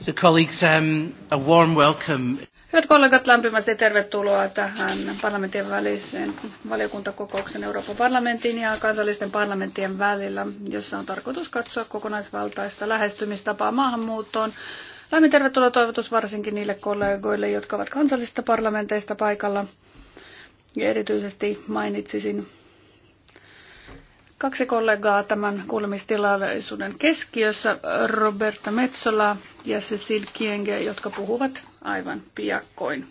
So colleagues, um, a warm welcome. Hyvät kollegat, lämpimästi tervetuloa tähän parlamentin väliseen valiokuntakokouksen Euroopan parlamentin ja kansallisten parlamenttien välillä, jossa on tarkoitus katsoa kokonaisvaltaista lähestymistapaa maahanmuuttoon. Lämmin tervetuloa toivotus varsinkin niille kollegoille, jotka ovat kansallisista parlamenteista paikalla. Ja erityisesti mainitsisin kaksi kollegaa tämän kuulemistilaisuuden keskiössä, Roberta Metsola ja Cecil Kienge, jotka puhuvat aivan piakkoin.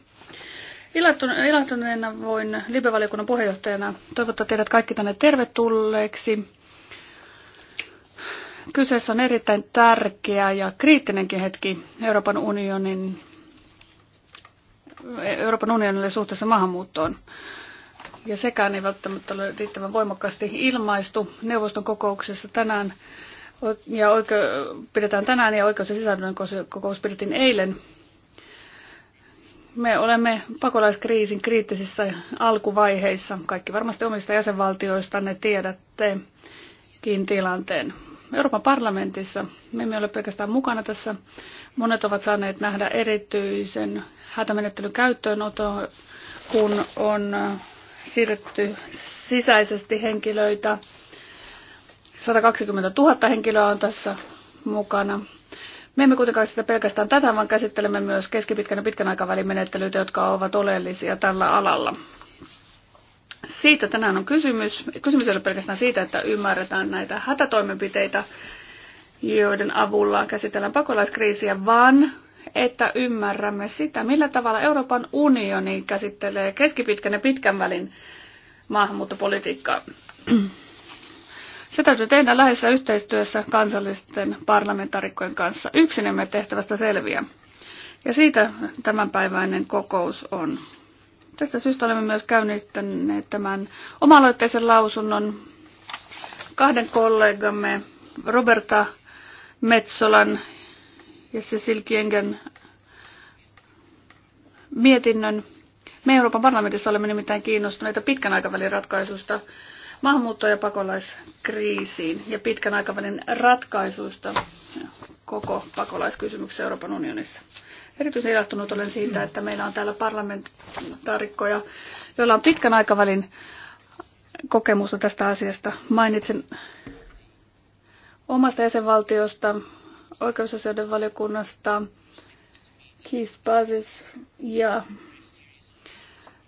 Ilahtuneena voin Libevaliokunnan puheenjohtajana toivottaa teidät kaikki tänne tervetulleeksi. Kyseessä on erittäin tärkeä ja kriittinenkin hetki Euroopan unionin Euroopan unionille suhteessa maahanmuuttoon ja sekään ei välttämättä ole riittävän voimakkaasti ilmaistu neuvoston kokouksessa tänään ja oike- pidetään tänään ja oikeus- ja sisällön kokous pidettiin eilen. Me olemme pakolaiskriisin kriittisissä alkuvaiheissa. Kaikki varmasti omista jäsenvaltioista ne tiedättekin tilanteen. Euroopan parlamentissa me emme ole pelkästään mukana tässä. Monet ovat saaneet nähdä erityisen hätämenettelyn käyttöönoton, kun on siirretty sisäisesti henkilöitä. 120 000 henkilöä on tässä mukana. Me emme kuitenkaan sitä pelkästään tätä, vaan käsittelemme myös keskipitkän ja pitkän aikavälin menettelyitä, jotka ovat oleellisia tällä alalla. Siitä tänään on kysymys. Kysymys ei ole pelkästään siitä, että ymmärretään näitä hätätoimenpiteitä, joiden avulla käsitellään pakolaiskriisiä, vaan että ymmärrämme sitä, millä tavalla Euroopan unioni käsittelee keskipitkän ja pitkän välin maahanmuuttopolitiikkaa. Se täytyy tehdä läheisessä yhteistyössä kansallisten parlamentaarikkojen kanssa. Yksin emme tehtävästä selviä. Ja siitä tämänpäiväinen kokous on. Tästä syystä olemme myös käynnistäneet tämän oma lausunnon kahden kollegamme Roberta Metsolan ja Cecil Kiengen mietinnön. Me Euroopan parlamentissa olemme nimittäin kiinnostuneita pitkän aikavälin ratkaisusta maahanmuutto- ja pakolaiskriisiin ja pitkän aikavälin ratkaisuista koko pakolaiskysymyksessä Euroopan unionissa. Erityisen ilahtunut olen siitä, että meillä on täällä parlamentaarikkoja, joilla on pitkän aikavälin kokemusta tästä asiasta. Mainitsen omasta jäsenvaltiosta oikeusasioiden valiokunnasta, Keith Basis, ja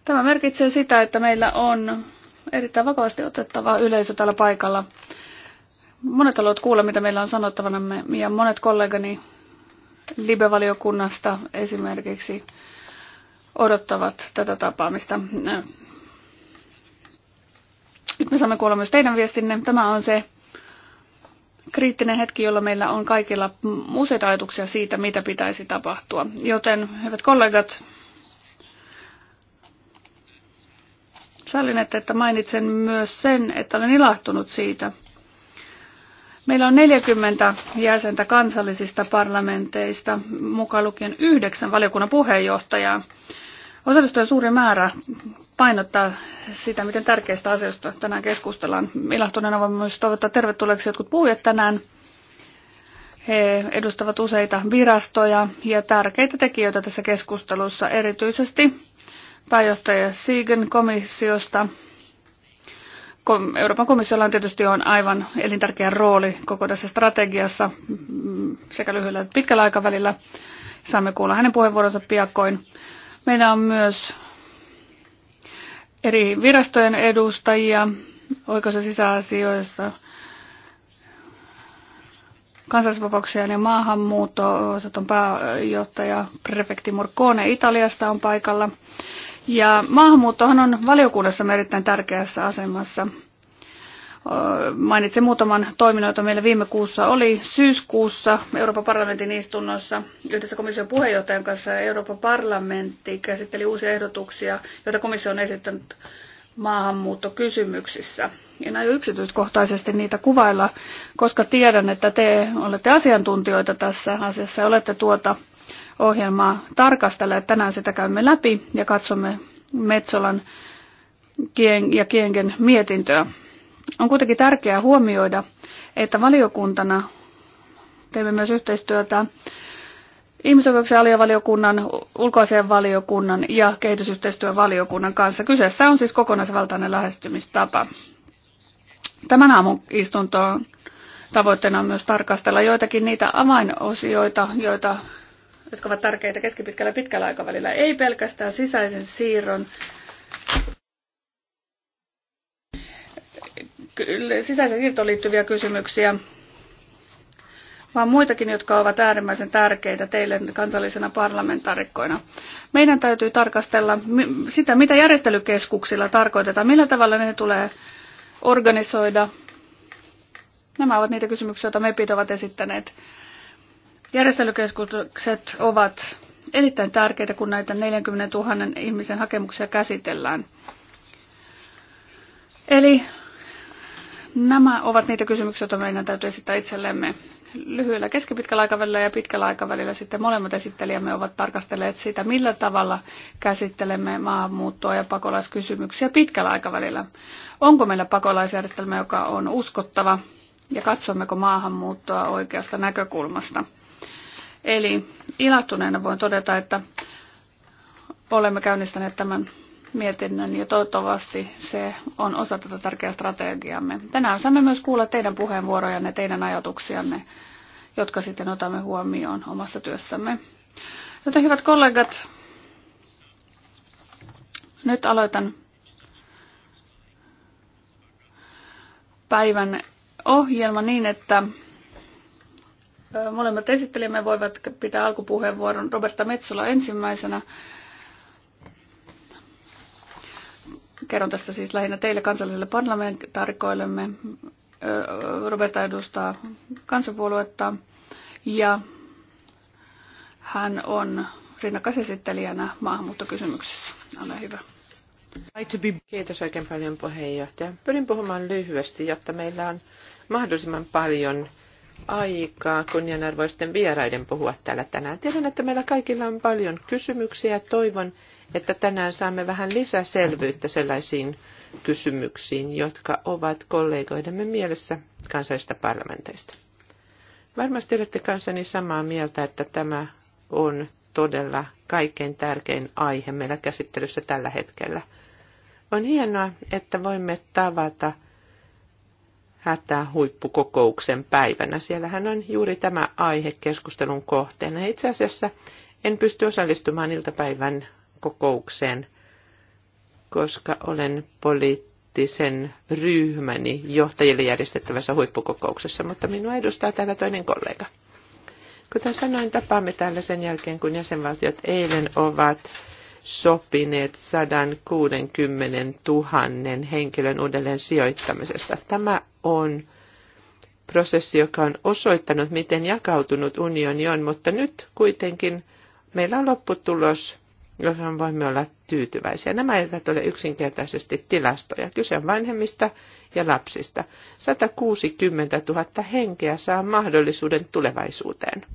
tämä merkitsee sitä, että meillä on erittäin vakavasti otettava yleisö täällä paikalla. Monet haluavat kuulla, mitä meillä on me, ja monet kollegani Libe-valiokunnasta esimerkiksi odottavat tätä tapaamista. Nyt me saamme kuulla myös teidän viestinne. Tämä on se kriittinen hetki, jolla meillä on kaikilla useita ajatuksia siitä, mitä pitäisi tapahtua. Joten, hyvät kollegat, sallin, että mainitsen myös sen, että olen ilahtunut siitä. Meillä on 40 jäsentä kansallisista parlamenteista, mukaan lukien yhdeksän valiokunnan puheenjohtajaa. Osallistujien suuri määrä painottaa sitä, miten tärkeistä asioista tänään keskustellaan. Ilahtuneena voin myös toivottaa tervetulleeksi jotkut puhujat tänään. He edustavat useita virastoja ja tärkeitä tekijöitä tässä keskustelussa, erityisesti pääjohtaja Siegen komissiosta. Euroopan komissiolla on tietysti on aivan elintärkeä rooli koko tässä strategiassa mm, sekä lyhyellä että pitkällä aikavälillä. Saamme kuulla hänen puheenvuoronsa piakkoin. Meillä on myös eri virastojen edustajia oikeus- ja sisäasioissa, kansallisvapauksien ja maahanmuutto osaton pääjohtaja prefekti Murkone Italiasta on paikalla. Ja maahanmuuttohan on valiokunnassa erittäin tärkeässä asemassa. Mainitsen muutaman toiminnon, joita meillä viime kuussa oli. Syyskuussa Euroopan parlamentin istunnossa yhdessä komission puheenjohtajan kanssa Euroopan parlamentti käsitteli uusia ehdotuksia, joita komissio on esittänyt maahanmuuttokysymyksissä. En aio yksityiskohtaisesti niitä kuvailla, koska tiedän, että te olette asiantuntijoita tässä asiassa ja olette tuota ohjelmaa tarkastelleet. Tänään sitä käymme läpi ja katsomme Metsolan ja Kienken mietintöä. On kuitenkin tärkeää huomioida, että valiokuntana teemme myös yhteistyötä ihmisoikeuksien aliovaliokunnan, ulkoisen valiokunnan ja kehitysyhteistyövaliokunnan kanssa. Kyseessä on siis kokonaisvaltainen lähestymistapa. Tämän aamun istuntoon tavoitteena on myös tarkastella joitakin niitä avainosioita, joita, jotka ovat tärkeitä keskipitkällä ja pitkällä aikavälillä. Ei pelkästään sisäisen siirron sisäisen siirtoon liittyviä kysymyksiä, vaan muitakin, jotka ovat äärimmäisen tärkeitä teille kansallisena parlamentaarikkoina. Meidän täytyy tarkastella sitä, mitä järjestelykeskuksilla tarkoitetaan, millä tavalla ne tulee organisoida. Nämä ovat niitä kysymyksiä, joita MEPit ovat esittäneet. Järjestelykeskukset ovat erittäin tärkeitä, kun näitä 40 000 ihmisen hakemuksia käsitellään. Eli Nämä ovat niitä kysymyksiä, joita meidän täytyy esittää itsellemme lyhyellä keskipitkällä aikavälillä ja pitkällä aikavälillä. Sitten molemmat esittelijämme ovat tarkastelleet sitä, millä tavalla käsittelemme maahanmuuttoa ja pakolaiskysymyksiä pitkällä aikavälillä. Onko meillä pakolaisjärjestelmä, joka on uskottava ja katsommeko maahanmuuttoa oikeasta näkökulmasta. Eli ilahtuneena voin todeta, että olemme käynnistäneet tämän mietinnön ja toivottavasti se on osa tätä tärkeää strategiamme. Tänään saamme myös kuulla teidän puheenvuorojanne, teidän ajatuksianne, jotka sitten otamme huomioon omassa työssämme. Joten hyvät kollegat, nyt aloitan päivän ohjelma niin, että molemmat esittelijämme voivat pitää alkupuheenvuoron Roberta Metsola ensimmäisenä. Kerron tästä siis lähinnä teille kansallisille parlamentaarikoillemme. Roberta edustaa kansanpuoluetta ja hän on rinnakkaisesittelijänä maahanmuuttokysymyksessä. Ole hyvä. Kiitos oikein paljon puheenjohtaja. Pyrin puhumaan lyhyesti, jotta meillä on mahdollisimman paljon aikaa kunnianarvoisten vieraiden puhua täällä tänään. Tiedän, että meillä kaikilla on paljon kysymyksiä toivon, että tänään saamme vähän lisää selvyyttä sellaisiin kysymyksiin, jotka ovat kollegoidemme mielessä kansallisista parlamenteista. Varmasti olette kanssani samaa mieltä, että tämä on todella kaikkein tärkein aihe meillä käsittelyssä tällä hetkellä. On hienoa, että voimme tavata hätää huippukokouksen päivänä. Siellähän on juuri tämä aihe keskustelun kohteena. Itse asiassa en pysty osallistumaan iltapäivän kokoukseen, koska olen poliittisen ryhmäni johtajille järjestettävässä huippukokouksessa, mutta minua edustaa täällä toinen kollega. Kuten sanoin, tapaamme täällä sen jälkeen, kun jäsenvaltiot eilen ovat sopineet 160 000 henkilön uudelleen sijoittamisesta. Tämä on prosessi, joka on osoittanut, miten jakautunut unioni on, mutta nyt kuitenkin meillä on lopputulos, jos johon voimme olla tyytyväisiä. Nämä eivät ole yksinkertaisesti tilastoja. Kyse on vanhemmista ja lapsista. 160 000 henkeä saa mahdollisuuden tulevaisuuteen.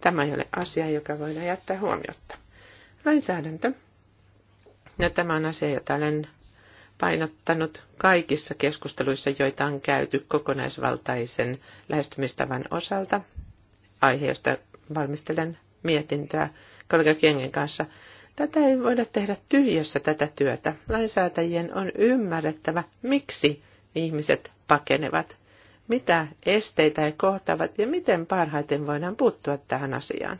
Tämä ei ole asia, joka voidaan jättää huomiotta. Lainsäädäntö. No, tämä on asia, jota olen painottanut kaikissa keskusteluissa, joita on käyty kokonaisvaltaisen lähestymistavan osalta. Aiheesta valmistelen mietintöä kollega Kiengen kanssa. Tätä ei voida tehdä tyhjössä tätä työtä. Lainsäätäjien on ymmärrettävä, miksi ihmiset pakenevat, mitä esteitä he kohtaavat ja miten parhaiten voidaan puuttua tähän asiaan.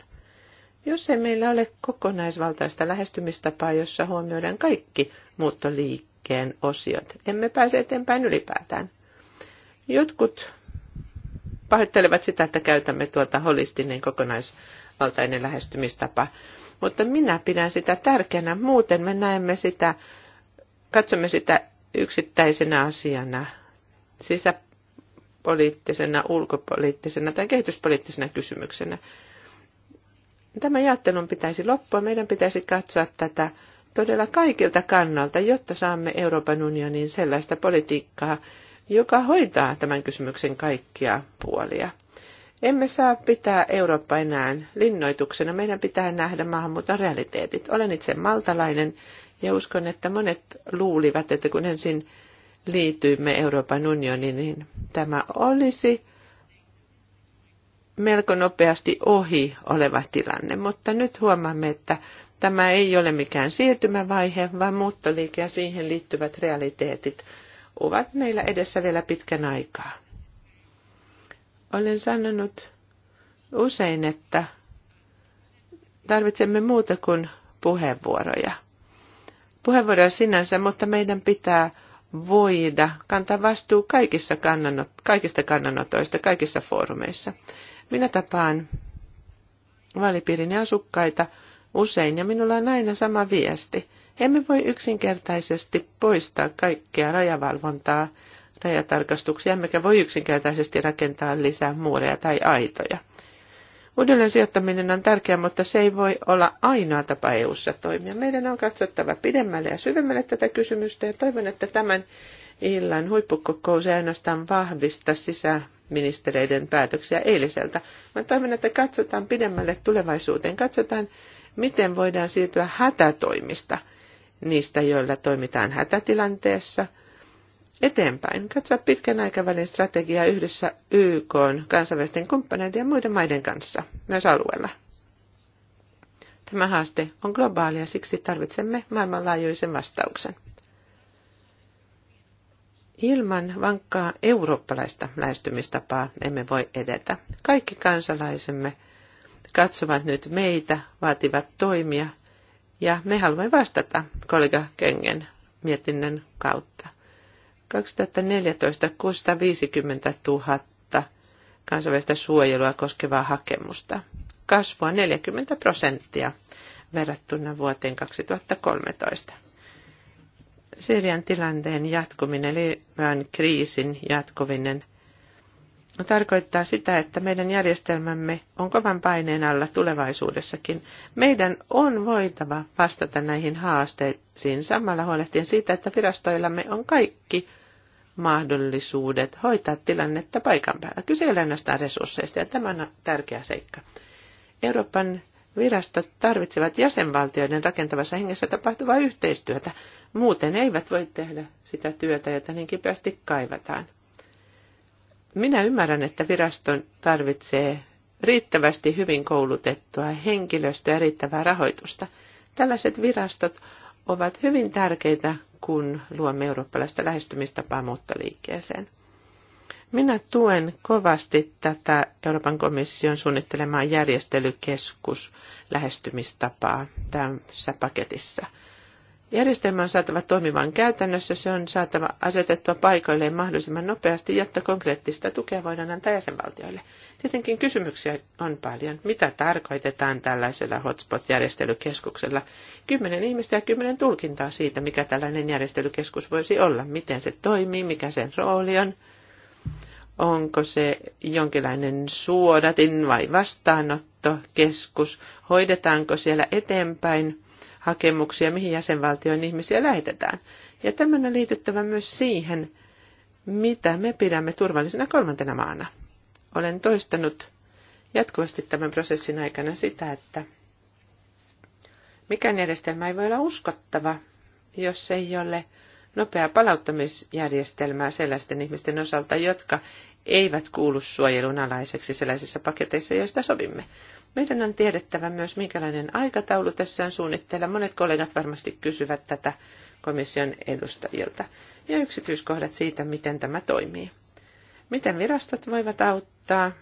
Jos ei meillä ole kokonaisvaltaista lähestymistapaa, jossa huomioidaan kaikki muuttoliikkeen osiot, emme pääse eteenpäin ylipäätään. Jotkut pahoittelevat sitä, että käytämme tuota holistinen kokonaisvaltainen lähestymistapa mutta minä pidän sitä tärkeänä. Muuten me näemme sitä, katsomme sitä yksittäisenä asiana, sisäpoliittisena, ulkopoliittisena tai kehityspoliittisena kysymyksenä. Tämä jaottelun pitäisi loppua. Meidän pitäisi katsoa tätä todella kaikilta kannalta, jotta saamme Euroopan unionin sellaista politiikkaa, joka hoitaa tämän kysymyksen kaikkia puolia. Emme saa pitää Eurooppa enää linnoituksena. Meidän pitää nähdä maahanmuuton realiteetit. Olen itse maltalainen ja uskon, että monet luulivat, että kun ensin liityimme Euroopan unioniin, niin tämä olisi melko nopeasti ohi oleva tilanne. Mutta nyt huomaamme, että tämä ei ole mikään siirtymävaihe, vaan muuttoliike ja siihen liittyvät realiteetit ovat meillä edessä vielä pitkän aikaa. Olen sanonut usein, että tarvitsemme muuta kuin puheenvuoroja. Puheenvuoroja sinänsä, mutta meidän pitää voida kantaa vastuu kaikissa kannanot, kaikista kannanotoista, kaikissa foorumeissa. Minä tapaan vaalipiirin asukkaita usein ja minulla on aina sama viesti. Emme voi yksinkertaisesti poistaa kaikkea rajavalvontaa rajatarkastuksia, mikä voi yksinkertaisesti rakentaa lisää muureja tai aitoja. Uudelleen sijoittaminen on tärkeää, mutta se ei voi olla ainoa tapa eu toimia. Meidän on katsottava pidemmälle ja syvemmälle tätä kysymystä ja toivon, että tämän illan huippukokous ei ainoastaan vahvista sisäministereiden päätöksiä eiliseltä, Mä toivon, että katsotaan pidemmälle tulevaisuuteen. Katsotaan, miten voidaan siirtyä hätätoimista niistä, joilla toimitaan hätätilanteessa – eteenpäin, katsoa pitkän aikavälin strategiaa yhdessä YK, kansainvälisten kumppaneiden ja muiden maiden kanssa, myös alueella. Tämä haaste on globaali ja siksi tarvitsemme maailmanlaajuisen vastauksen. Ilman vankkaa eurooppalaista lähestymistapaa emme voi edetä. Kaikki kansalaisemme katsovat nyt meitä, vaativat toimia, ja me haluamme vastata kollega Kengen mietinnön kautta. 2014 650 000 kansainvälistä suojelua koskevaa hakemusta. Kasvua 40 prosenttia verrattuna vuoteen 2013. Syyrian tilanteen jatkuminen, Libyan kriisin jatkuminen – tarkoittaa sitä, että meidän järjestelmämme on kovan paineen alla tulevaisuudessakin. Meidän on voitava vastata näihin haasteisiin samalla huolehtien siitä, että virastoillamme on kaikki mahdollisuudet hoitaa tilannetta paikan päällä. Kyse ei ole ainoastaan resursseista, ja tämä on tärkeä seikka. Euroopan virastot tarvitsevat jäsenvaltioiden rakentavassa hengessä tapahtuvaa yhteistyötä, muuten eivät voi tehdä sitä työtä, jota niin kipeästi kaivataan. Minä ymmärrän, että viraston tarvitsee riittävästi hyvin koulutettua henkilöstöä ja riittävää rahoitusta. Tällaiset virastot ovat hyvin tärkeitä, kun luomme eurooppalaista lähestymistapaa muuttoliikkeeseen. Minä tuen kovasti tätä Euroopan komission suunnittelemaa järjestelykeskus lähestymistapaa tässä paketissa – Järjestelmä on saatava toimimaan käytännössä, se on saatava asetettua paikoilleen mahdollisimman nopeasti, jotta konkreettista tukea voidaan antaa jäsenvaltioille. Tietenkin kysymyksiä on paljon. Mitä tarkoitetaan tällaisella hotspot-järjestelykeskuksella? Kymmenen ihmistä ja kymmenen tulkintaa siitä, mikä tällainen järjestelykeskus voisi olla, miten se toimii, mikä sen rooli on. Onko se jonkinlainen suodatin vai vastaanottokeskus? Hoidetaanko siellä eteenpäin hakemuksia, mihin jäsenvaltioon ihmisiä lähetetään. Ja tämän on liityttävä myös siihen, mitä me pidämme turvallisena kolmantena maana. Olen toistanut jatkuvasti tämän prosessin aikana sitä, että mikään järjestelmä ei voi olla uskottava, jos ei ole nopeaa palauttamisjärjestelmää sellaisten ihmisten osalta, jotka eivät kuulu suojelun alaiseksi sellaisissa paketeissa, joista sovimme. Meidän on tiedettävä myös, minkälainen aikataulu tässä on suunnitteilla. Monet kollegat varmasti kysyvät tätä komission edustajilta. Ja yksityiskohdat siitä, miten tämä toimii. Miten virastot voivat auttaa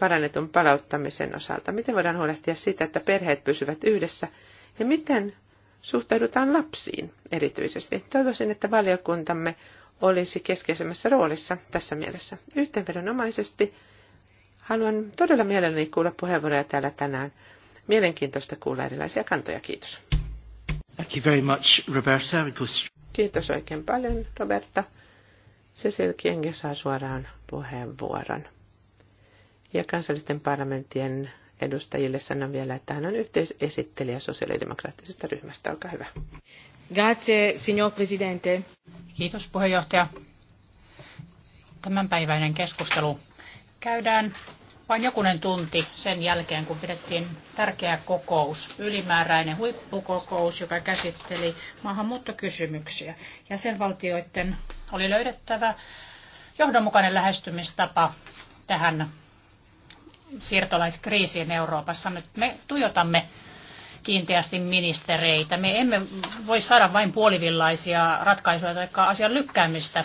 parannetun palauttamisen osalta? Miten voidaan huolehtia siitä, että perheet pysyvät yhdessä? Ja miten suhtaudutaan lapsiin erityisesti? Toivoisin, että valiokuntamme olisi keskeisemmässä roolissa tässä mielessä. Yhteenvedonomaisesti Haluan todella mielelläni kuulla puheenvuoroja täällä tänään. Mielenkiintoista kuulla erilaisia kantoja. Kiitos. Thank you very much, Roberta. Kiitos oikein paljon, Roberta. Cecil Kienge saa suoraan puheenvuoron. Ja kansallisten parlamenttien edustajille sanon vielä, että hän on yhteisesittelijä sosiaalidemokraattisesta ryhmästä. Olkaa hyvä. Grazie, signor Presidente. Kiitos puheenjohtaja. Tämänpäiväinen keskustelu käydään vain jokunen tunti sen jälkeen, kun pidettiin tärkeä kokous, ylimääräinen huippukokous, joka käsitteli maahanmuuttokysymyksiä. Jäsenvaltioiden oli löydettävä johdonmukainen lähestymistapa tähän siirtolaiskriisiin Euroopassa. Nyt me tuijotamme kiinteästi ministereitä. Me emme voi saada vain puolivillaisia ratkaisuja tai asian lykkäämistä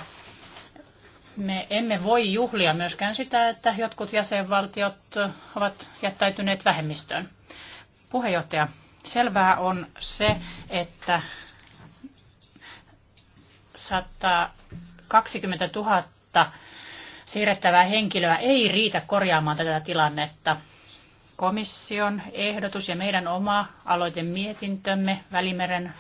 me emme voi juhlia myöskään sitä, että jotkut jäsenvaltiot ovat jättäytyneet vähemmistöön. Puheenjohtaja, selvää on se, että 120 000 siirrettävää henkilöä ei riitä korjaamaan tätä tilannetta. Komission ehdotus ja meidän oma aloitemietintömme Välimeren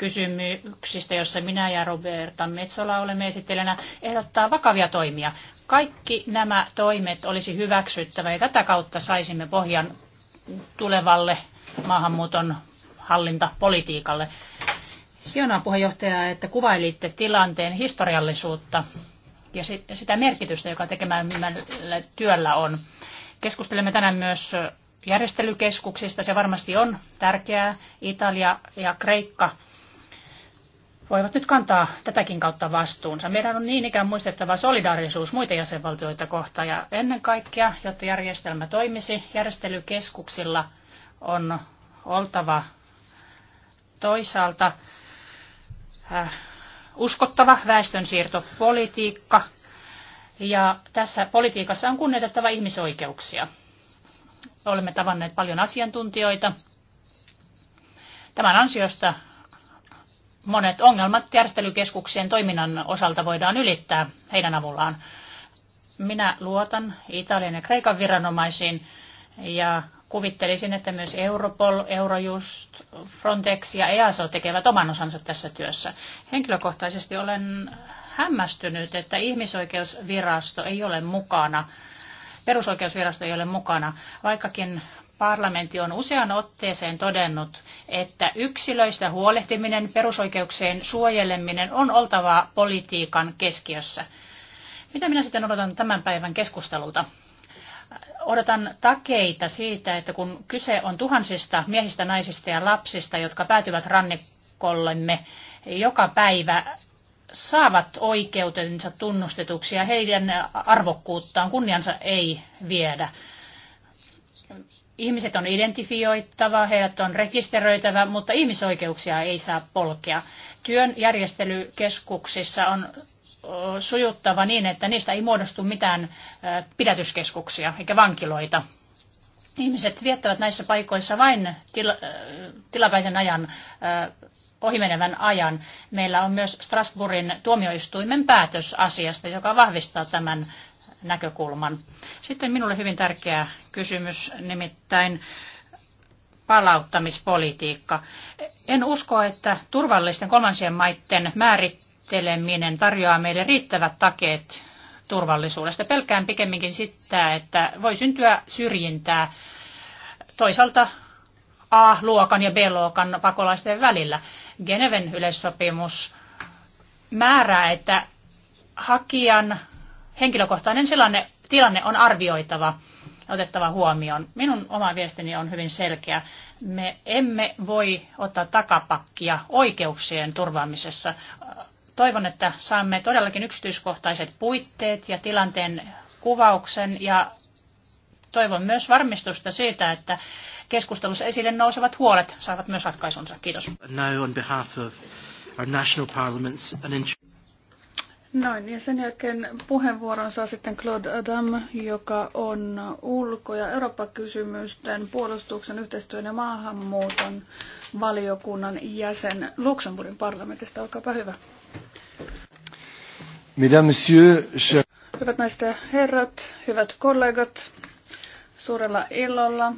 kysymyksistä, jossa minä ja Roberta Metsola olemme esittelijänä, ehdottaa vakavia toimia. Kaikki nämä toimet olisi hyväksyttävä ja tätä kautta saisimme pohjan tulevalle maahanmuuton hallintapolitiikalle. Hienoa puheenjohtaja, että kuvailitte tilanteen historiallisuutta ja sitä merkitystä, joka tekemällä työllä on. Keskustelemme tänään myös järjestelykeskuksista. Se varmasti on tärkeää. Italia ja Kreikka voivat nyt kantaa tätäkin kautta vastuunsa. Meidän on niin ikään muistettava solidaarisuus muita jäsenvaltioita kohtaan ja ennen kaikkea, jotta järjestelmä toimisi, järjestelykeskuksilla on oltava toisaalta äh, uskottava väestönsiirtopolitiikka ja tässä politiikassa on kunnioitettava ihmisoikeuksia. Olemme tavanneet paljon asiantuntijoita. Tämän ansiosta monet ongelmat järjestelykeskuksien toiminnan osalta voidaan ylittää heidän avullaan. Minä luotan Italian ja Kreikan viranomaisiin ja kuvittelisin, että myös Europol, Eurojust, Frontex ja EASO tekevät oman osansa tässä työssä. Henkilökohtaisesti olen hämmästynyt, että ihmisoikeusvirasto ei ole mukana, perusoikeusvirasto ei ole mukana, vaikkakin parlamentti on usean otteeseen todennut, että yksilöistä huolehtiminen, perusoikeuksien suojeleminen on oltava politiikan keskiössä. Mitä minä sitten odotan tämän päivän keskustelulta? Odotan takeita siitä, että kun kyse on tuhansista miehistä, naisista ja lapsista, jotka päätyvät rannikollemme joka päivä, saavat oikeutensa tunnustetuksi ja heidän arvokkuuttaan kunniansa ei viedä. Ihmiset on identifioittava, heidät on rekisteröitävä, mutta ihmisoikeuksia ei saa polkea. Työn järjestelykeskuksissa on sujuttava niin, että niistä ei muodostu mitään pidätyskeskuksia eikä vankiloita. Ihmiset viettävät näissä paikoissa vain tila, tilapäisen ajan, ohimenevän ajan. Meillä on myös Strasbourgin tuomioistuimen päätös asiasta, joka vahvistaa tämän näkökulman. Sitten minulle hyvin tärkeä kysymys, nimittäin palauttamispolitiikka. En usko, että turvallisten kolmansien maiden määritteleminen tarjoaa meille riittävät takeet turvallisuudesta. Pelkään pikemminkin sitä, että voi syntyä syrjintää toisaalta A-luokan ja B-luokan pakolaisten välillä. Geneven yleissopimus määrää, että hakijan henkilökohtainen tilanne, tilanne on arvioitava, otettava huomioon. Minun oma viestini on hyvin selkeä. Me emme voi ottaa takapakkia oikeuksien turvaamisessa. Toivon, että saamme todellakin yksityiskohtaiset puitteet ja tilanteen kuvauksen ja toivon myös varmistusta siitä, että keskustelussa esille nousevat huolet saavat myös ratkaisunsa. Kiitos. Now on behalf of our national parliaments and Noin, ja sen jälkeen puheenvuoron saa sitten Claude Adam, joka on ulko- ja Eurooppa-kysymysten, puolustuksen, yhteistyön ja maahanmuuton valiokunnan jäsen Luxemburgin parlamentista. Olkaapa hyvä. Hyvät naiset ja herrat, hyvät kollegat, suurella ilolla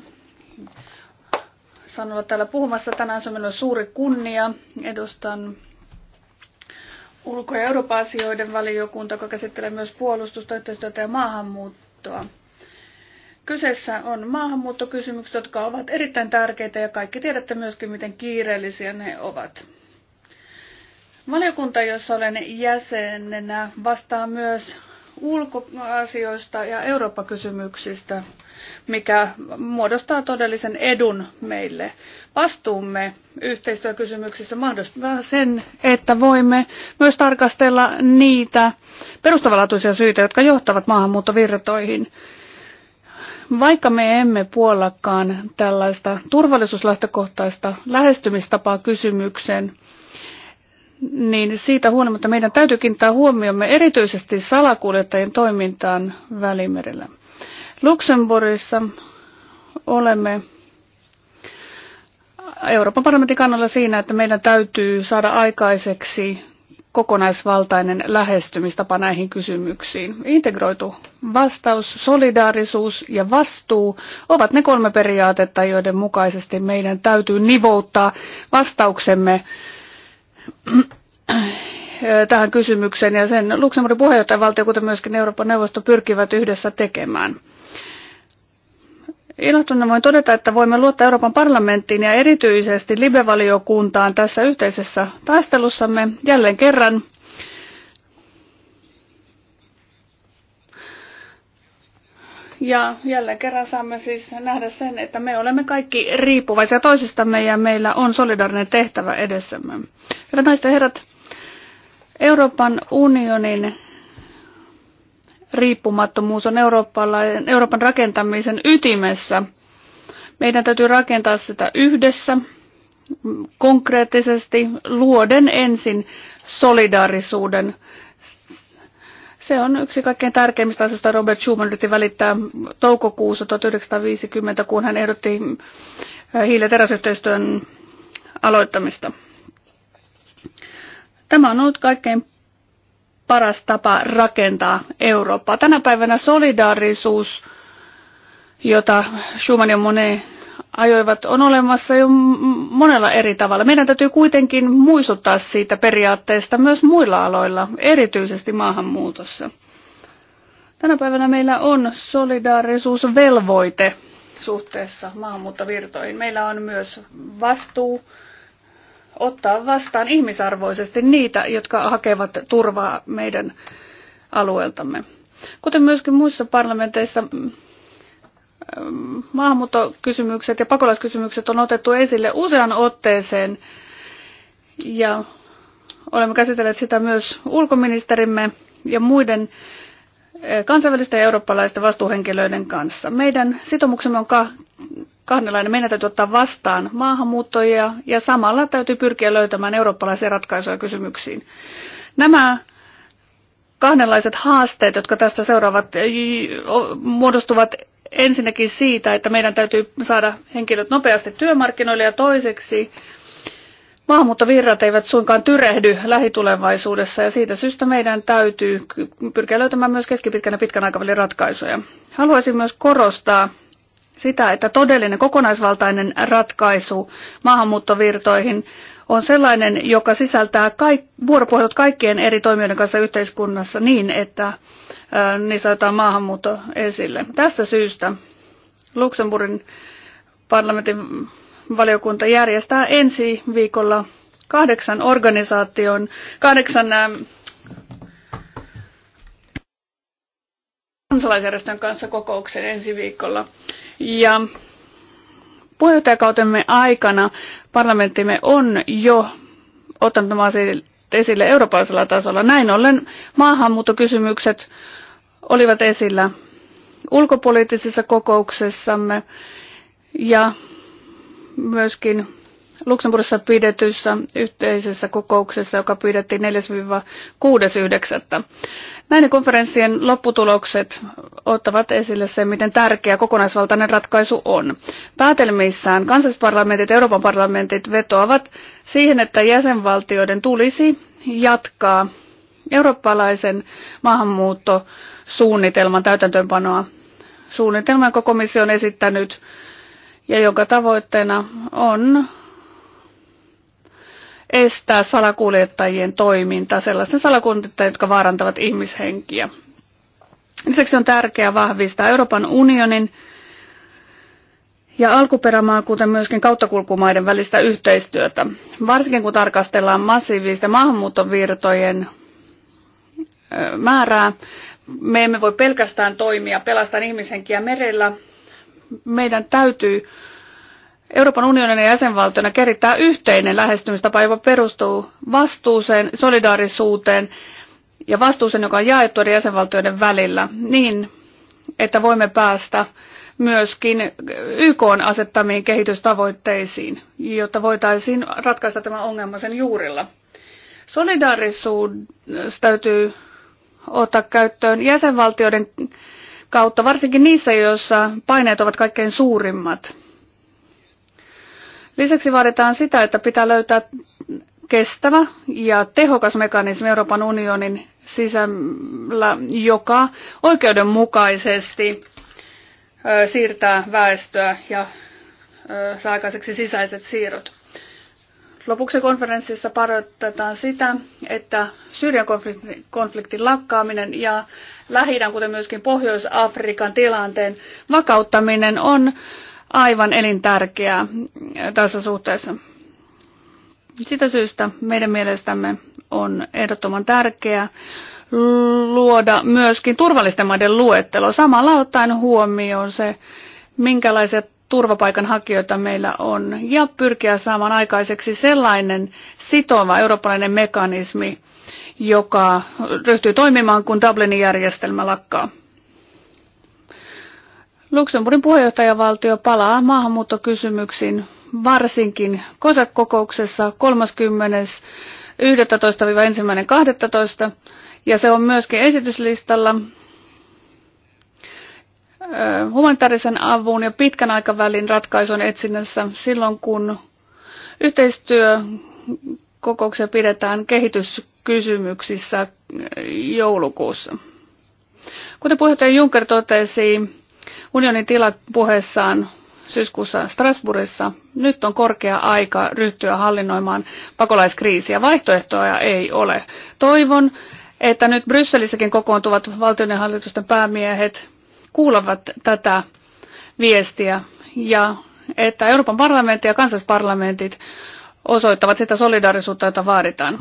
sanon olla täällä puhumassa. Tänään se on minulle suuri kunnia. Edustan ulko- ja Eurooppa-asioiden valiokunta, joka käsittelee myös puolustusta, yhteistyötä ja maahanmuuttoa. Kyseessä on maahanmuuttokysymykset, jotka ovat erittäin tärkeitä ja kaikki tiedätte myöskin, miten kiireellisiä ne ovat. Valiokunta, jossa olen jäsenenä, vastaa myös ulkoasioista ja Eurooppa-kysymyksistä, mikä muodostaa todellisen edun meille. Vastuumme yhteistyökysymyksissä mahdollistaa sen, että voimme myös tarkastella niitä perustavanlaatuisia syitä, jotka johtavat maahanmuuttovirtoihin. Vaikka me emme puollakaan tällaista turvallisuuslähtökohtaista lähestymistapaa kysymykseen, niin siitä huolimatta meidän täytyy kiinnittää huomiomme erityisesti salakuljettajien toimintaan Välimerellä. Luxemburgissa olemme Euroopan parlamentin kannalla siinä, että meidän täytyy saada aikaiseksi kokonaisvaltainen lähestymistapa näihin kysymyksiin. Integroitu vastaus, solidaarisuus ja vastuu ovat ne kolme periaatetta, joiden mukaisesti meidän täytyy nivouttaa vastauksemme tähän kysymykseen ja sen Luxemburgin puheenjohtajavaltio, kuten myöskin Euroopan neuvosto, pyrkivät yhdessä tekemään. Ilahtuneena voin todeta, että voimme luottaa Euroopan parlamenttiin ja erityisesti libevaliokuntaan tässä yhteisessä taistelussamme jälleen kerran. Ja jälleen kerran saamme siis nähdä sen, että me olemme kaikki riippuvaisia toisistamme ja meillä on solidaarinen tehtävä edessämme. Hyvät naiset ja herrat, Euroopan unionin riippumattomuus on Euroopan rakentamisen ytimessä. Meidän täytyy rakentaa sitä yhdessä, konkreettisesti, luoden ensin solidaarisuuden se on yksi kaikkein tärkeimmistä asioista Robert Schuman yritti välittää toukokuussa 1950, kun hän ehdotti äh, hiil- ja aloittamista. Tämä on ollut kaikkein paras tapa rakentaa Eurooppaa. Tänä päivänä solidaarisuus, jota Schuman ja Monet ajoivat, on olemassa jo monella eri tavalla. Meidän täytyy kuitenkin muistuttaa siitä periaatteesta myös muilla aloilla, erityisesti maahanmuutossa. Tänä päivänä meillä on solidaarisuusvelvoite suhteessa maahanmuuttovirtoihin. Meillä on myös vastuu ottaa vastaan ihmisarvoisesti niitä, jotka hakevat turvaa meidän alueeltamme. Kuten myöskin muissa parlamenteissa, maahanmuuttokysymykset ja pakolaiskysymykset on otettu esille usean otteeseen ja olemme käsitelleet sitä myös ulkoministerimme ja muiden eh, kansainvälisten ja eurooppalaisten vastuuhenkilöiden kanssa. Meidän sitoumuksemme on kahdenlainen. Meidän täytyy ottaa vastaan maahanmuuttajia ja samalla täytyy pyrkiä löytämään eurooppalaisia ratkaisuja kysymyksiin. Nämä kahdenlaiset haasteet, jotka tästä seuraavat, eh, muodostuvat ensinnäkin siitä, että meidän täytyy saada henkilöt nopeasti työmarkkinoille ja toiseksi maahanmuuttovirrat eivät suinkaan tyrehdy lähitulevaisuudessa ja siitä syystä meidän täytyy pyrkiä löytämään myös keskipitkän ja pitkän aikavälin ratkaisuja. Haluaisin myös korostaa sitä, että todellinen kokonaisvaltainen ratkaisu maahanmuuttovirtoihin on sellainen, joka sisältää kaik- vuoropuhelut kaikkien eri toimijoiden kanssa yhteiskunnassa niin, että niin otetaan maahanmuutto esille. Tästä syystä Luxemburgin parlamentin valiokunta järjestää ensi viikolla kahdeksan organisaation, kahdeksan kansalaisjärjestön kanssa kokouksen ensi viikolla. Ja puheenjohtajakautemme aikana parlamenttimme on jo ottanut nämä asiat esille eurooppalaisella tasolla. Näin ollen maahanmuuttokysymykset olivat esillä ulkopoliittisessa kokouksessamme ja myöskin Luxemburgissa pidetyssä yhteisessä kokouksessa, joka pidettiin 4-6.9. Näiden konferenssien lopputulokset ottavat esille sen, miten tärkeä kokonaisvaltainen ratkaisu on. Päätelmissään kansallisparlamentit ja Euroopan parlamentit vetoavat siihen, että jäsenvaltioiden tulisi jatkaa eurooppalaisen maahanmuutto- suunnitelman täytäntöönpanoa. Suunnitelma, jonka komissio on esittänyt ja jonka tavoitteena on estää salakuljettajien toiminta, sellaisten salakuljettajien, jotka vaarantavat ihmishenkiä. Lisäksi on tärkeää vahvistaa Euroopan unionin ja alkuperämaa, kuten myöskin kauttakulkumaiden välistä yhteistyötä, varsinkin kun tarkastellaan massiivisten maahanmuuttovirtojen määrää me emme voi pelkästään toimia pelastaen ihmishenkiä merellä. Meidän täytyy Euroopan unionin ja jäsenvaltiona kerittää yhteinen lähestymistapa, joka perustuu vastuuseen, solidaarisuuteen ja vastuuseen, joka on jaettu eri jäsenvaltioiden välillä, niin että voimme päästä myöskin YK asettamiin kehitystavoitteisiin, jotta voitaisiin ratkaista tämä ongelma sen juurilla. Solidaarisuus täytyy ottaa käyttöön jäsenvaltioiden kautta, varsinkin niissä, joissa paineet ovat kaikkein suurimmat. Lisäksi vaaditaan sitä, että pitää löytää kestävä ja tehokas mekanismi Euroopan unionin sisällä, joka oikeudenmukaisesti siirtää väestöä ja saa aikaiseksi sisäiset siirrot. Lopuksi konferenssissa parotetaan sitä, että Syyrian konfliktin lakkaaminen ja lähi kuten myöskin Pohjois-Afrikan tilanteen vakauttaminen on aivan elintärkeää tässä suhteessa. Sitä syystä meidän mielestämme on ehdottoman tärkeää luoda myöskin turvallisten maiden luettelo, samalla ottaen huomioon se, minkälaiset turvapaikanhakijoita meillä on ja pyrkiä saamaan aikaiseksi sellainen sitova eurooppalainen mekanismi, joka ryhtyy toimimaan, kun Dublinin järjestelmä lakkaa. Luxemburgin puheenjohtajavaltio palaa maahanmuuttokysymyksiin varsinkin COSAC-kokouksessa 30.11.–1.12. ja se on myöskin esityslistalla humanitaarisen avun ja pitkän aikavälin ratkaisun etsinnässä silloin, kun yhteistyö kokouksia pidetään kehityskysymyksissä joulukuussa. Kuten puheenjohtaja Juncker totesi unionin tilat puheessaan syyskuussa Strasbourgissa, nyt on korkea aika ryhtyä hallinnoimaan pakolaiskriisiä. Vaihtoehtoja ei ole. Toivon, että nyt Brysselissäkin kokoontuvat valtion ja hallitusten päämiehet kuulevat tätä viestiä ja että Euroopan parlamentti ja kansallisparlamentit osoittavat sitä solidaarisuutta, jota vaaditaan.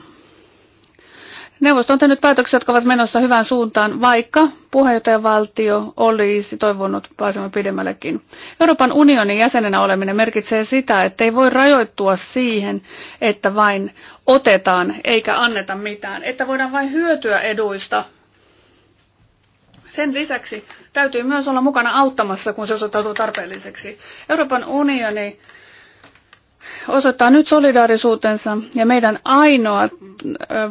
Neuvosto on tehnyt päätöksiä, jotka ovat menossa hyvään suuntaan, vaikka puheenjohtajavaltio olisi toivonut pääsemme pidemmällekin. Euroopan unionin jäsenenä oleminen merkitsee sitä, että ei voi rajoittua siihen, että vain otetaan eikä anneta mitään, että voidaan vain hyötyä eduista sen lisäksi täytyy myös olla mukana auttamassa, kun se osoittautuu tarpeelliseksi. Euroopan unioni osoittaa nyt solidaarisuutensa ja meidän ainoa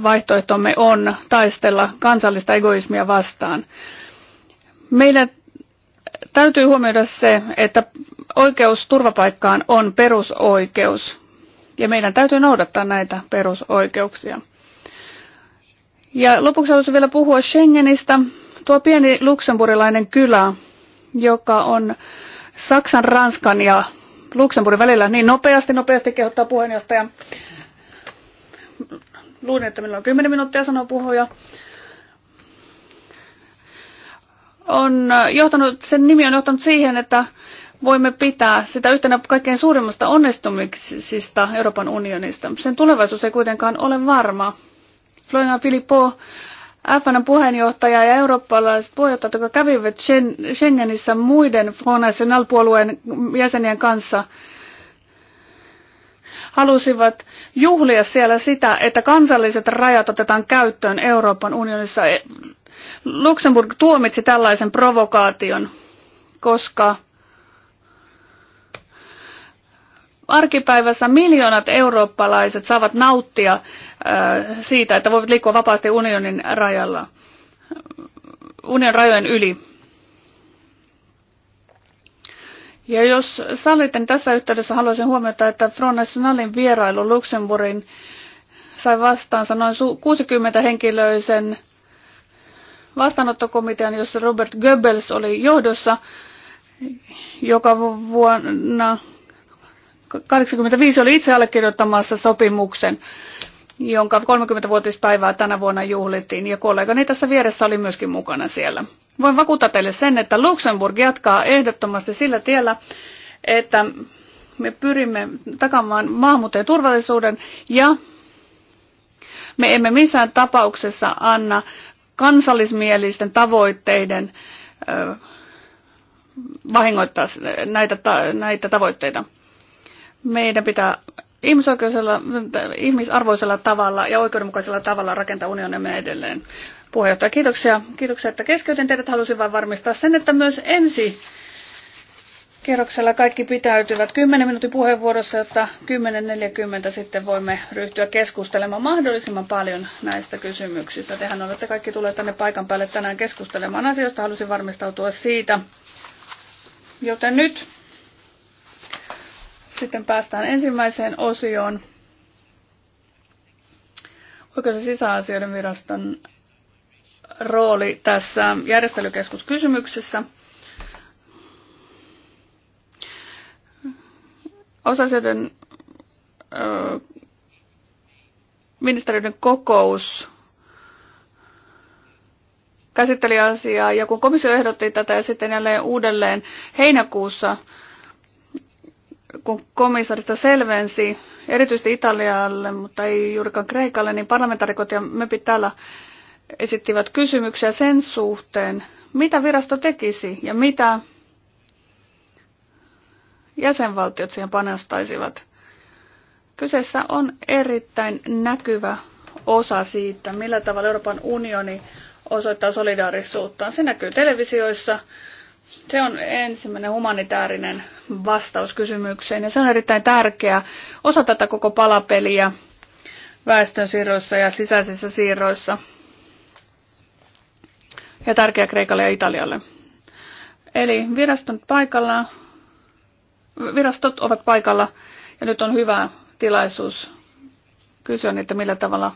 vaihtoehtomme on taistella kansallista egoismia vastaan. Meidän täytyy huomioida se, että oikeus turvapaikkaan on perusoikeus ja meidän täytyy noudattaa näitä perusoikeuksia. Ja lopuksi haluaisin vielä puhua Schengenistä. Tuo pieni luksemburilainen kylä, joka on Saksan, Ranskan ja Luxemburgin välillä niin nopeasti, nopeasti kehottaa puheenjohtaja. Luulin, että minulla on 10 minuuttia sanoa puhuja. On johtanut, sen nimi on johtanut siihen, että voimme pitää sitä yhtenä kaikkein suurimmasta onnistumisista Euroopan unionista. Sen tulevaisuus ei kuitenkaan ole varma. Florian Filippo FNn puheenjohtaja ja eurooppalaiset puheenjohtajat, jotka kävivät Schengenissä muiden Front National-puolueen jäsenien kanssa, halusivat juhlia siellä sitä, että kansalliset rajat otetaan käyttöön Euroopan unionissa. Luxemburg tuomitsi tällaisen provokaation, koska arkipäivässä miljoonat eurooppalaiset saavat nauttia äh, siitä, että voivat liikkua vapaasti unionin rajalla, unionin rajojen yli. Ja jos sallitte, niin tässä yhteydessä haluaisin huomata, että Front Nationalin vierailu Luxemburgin sai vastaansa noin 60 henkilöisen vastaanottokomitean, jossa Robert Goebbels oli johdossa, joka vuonna 1985 oli itse allekirjoittamassa sopimuksen, jonka 30-vuotispäivää tänä vuonna juhlittiin, ja kollegani tässä vieressä oli myöskin mukana siellä. Voin vakuuttaa teille sen, että Luxemburg jatkaa ehdottomasti sillä tiellä, että me pyrimme takamaan maahanmuuttajien turvallisuuden ja me emme missään tapauksessa anna kansallismielisten tavoitteiden vahingoittaa näitä, näitä tavoitteita. Meidän pitää ihmisoikeusella, ihmisarvoisella tavalla ja oikeudenmukaisella tavalla rakentaa unionimme edelleen. Puheenjohtaja, kiitoksia. Kiitoksia, että keskeytin teidät. Halusin vain varmistaa sen, että myös ensi kierroksella kaikki pitäytyvät 10 minuutin puheenvuorossa, jotta 10.40 sitten voimme ryhtyä keskustelemaan mahdollisimman paljon näistä kysymyksistä. Tehän olette kaikki tulleet tänne paikan päälle tänään keskustelemaan asioista. Halusin varmistautua siitä. Joten nyt sitten päästään ensimmäiseen osioon. Oikeus- ja sisäasioiden viraston rooli tässä järjestelykeskuskysymyksessä. Osasioiden ministeriöiden kokous käsitteli asiaa ja kun komissio ehdotti tätä ja sitten jälleen uudelleen heinäkuussa kun komissaarista selvensi, erityisesti Italialle, mutta ei juurikaan Kreikalle, niin parlamentaarikot ja MEPit täällä esittivät kysymyksiä sen suhteen, mitä virasto tekisi ja mitä jäsenvaltiot siihen panostaisivat. Kyseessä on erittäin näkyvä osa siitä, millä tavalla Euroopan unioni osoittaa solidaarisuuttaan. Se näkyy televisioissa, se on ensimmäinen humanitaarinen vastaus kysymykseen ja se on erittäin tärkeä osa tätä koko palapeliä väestönsiirroissa ja sisäisissä siirroissa ja tärkeä Kreikalle ja Italialle. Eli viraston paikalla, virastot ovat paikalla ja nyt on hyvä tilaisuus kysyä niitä, millä tavalla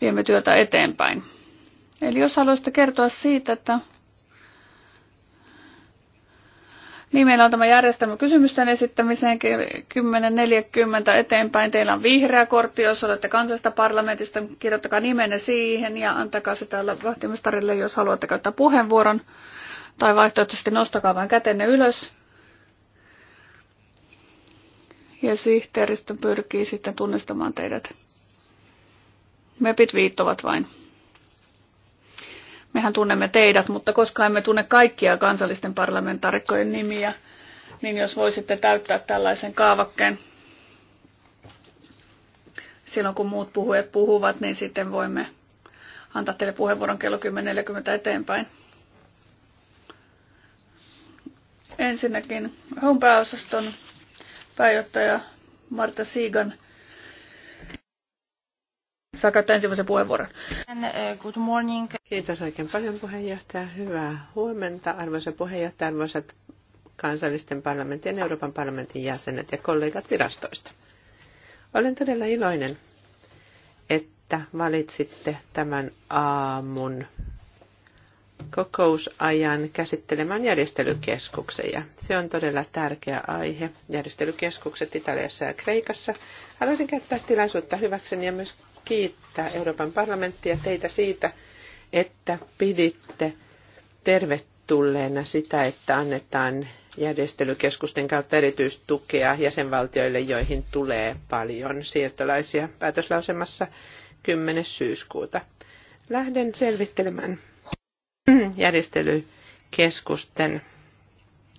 viemme työtä eteenpäin. Eli jos haluaisitte kertoa siitä, että Niin, meillä on tämä järjestelmä kysymysten esittämiseen 10.40 eteenpäin. Teillä on vihreä kortti, jos olette kansasta parlamentista. Kirjoittakaa nimenne siihen ja antakaa se täällä vahtimistarille, jos haluatte käyttää puheenvuoron. Tai vaihtoehtoisesti nostakaa vain kätenne ylös. Ja sihteeristö pyrkii sitten tunnistamaan teidät. Mepit viittovat vain. Mehän tunnemme teidät, mutta koska emme tunne kaikkia kansallisten parlamentaarikkojen nimiä, niin jos voisitte täyttää tällaisen kaavakkeen silloin, kun muut puhujat puhuvat, niin sitten voimme antaa teille puheenvuoron kello 10.40 eteenpäin. Ensinnäkin Home pääosaston pääjohtaja Marta Siigan – Saa käyttää ensimmäisen puheenvuoron. Uh, good morning. Kiitos oikein paljon puheenjohtaja. Hyvää huomenta arvoisa puheenjohtaja, arvoisat kansallisten ja Euroopan parlamentin jäsenet ja kollegat virastoista. Olen todella iloinen, että valitsitte tämän aamun kokousajan käsittelemään järjestelykeskuksia. Se on todella tärkeä aihe. Järjestelykeskukset Italiassa ja Kreikassa. Haluaisin käyttää tilaisuutta hyväkseni ja myös kiittää Euroopan parlamenttia teitä siitä, että piditte tervetulleena sitä, että annetaan järjestelykeskusten kautta erityistukea jäsenvaltioille, joihin tulee paljon siirtolaisia päätöslausemassa 10. syyskuuta. Lähden selvittelemään järjestelykeskusten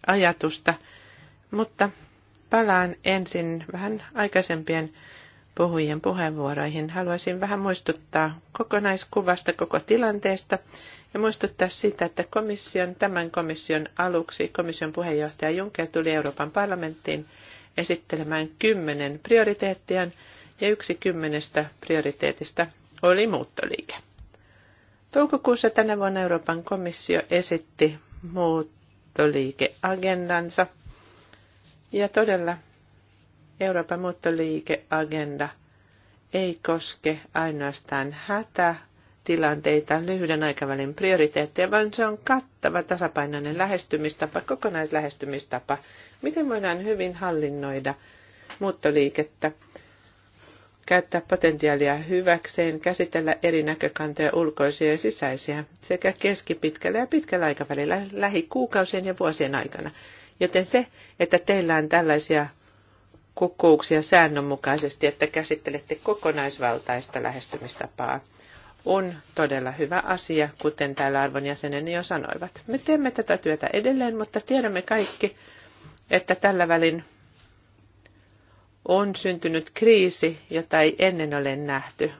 ajatusta, mutta palaan ensin vähän aikaisempien puhujien puheenvuoroihin. Haluaisin vähän muistuttaa kokonaiskuvasta koko tilanteesta ja muistuttaa siitä, että komission, tämän komission aluksi komission puheenjohtaja Juncker tuli Euroopan parlamenttiin esittelemään kymmenen prioriteettia ja yksi kymmenestä prioriteetista oli muuttoliike. Toukokuussa tänä vuonna Euroopan komissio esitti muuttoliikeagendansa ja todella Euroopan muuttoliikeagenda ei koske ainoastaan tilanteita lyhyen aikavälin prioriteetteja, vaan se on kattava tasapainoinen lähestymistapa, kokonaislähestymistapa. Miten voidaan hyvin hallinnoida muuttoliikettä, käyttää potentiaalia hyväkseen, käsitellä eri näkökantoja ulkoisia ja sisäisiä sekä keskipitkällä ja pitkällä aikavälillä lähikuukausien ja vuosien aikana. Joten se, että teillä on tällaisia kokouksia säännönmukaisesti, että käsittelette kokonaisvaltaista lähestymistapaa, on todella hyvä asia, kuten täällä arvon jäseneni jo sanoivat. Me teemme tätä työtä edelleen, mutta tiedämme kaikki, että tällä välin on syntynyt kriisi, jota ei ennen ole nähty.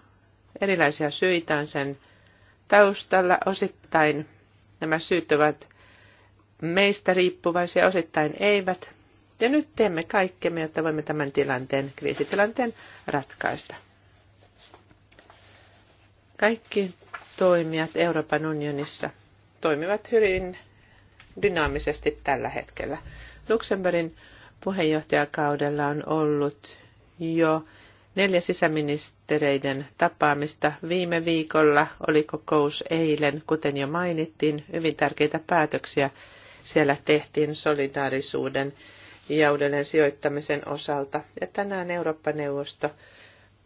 Erilaisia syitä on sen taustalla. Osittain nämä syyt ovat meistä riippuvaisia, osittain eivät. Ja nyt teemme kaikkemme, jotta voimme tämän tilanteen, kriisitilanteen ratkaista. Kaikki toimijat Euroopan unionissa toimivat hyvin dynaamisesti tällä hetkellä. Luxemburgin puheenjohtajakaudella on ollut jo neljä sisäministereiden tapaamista. Viime viikolla oli kokous eilen, kuten jo mainittiin, hyvin tärkeitä päätöksiä siellä tehtiin solidaarisuuden ja uudelleen sijoittamisen osalta. Ja tänään Eurooppa-neuvosto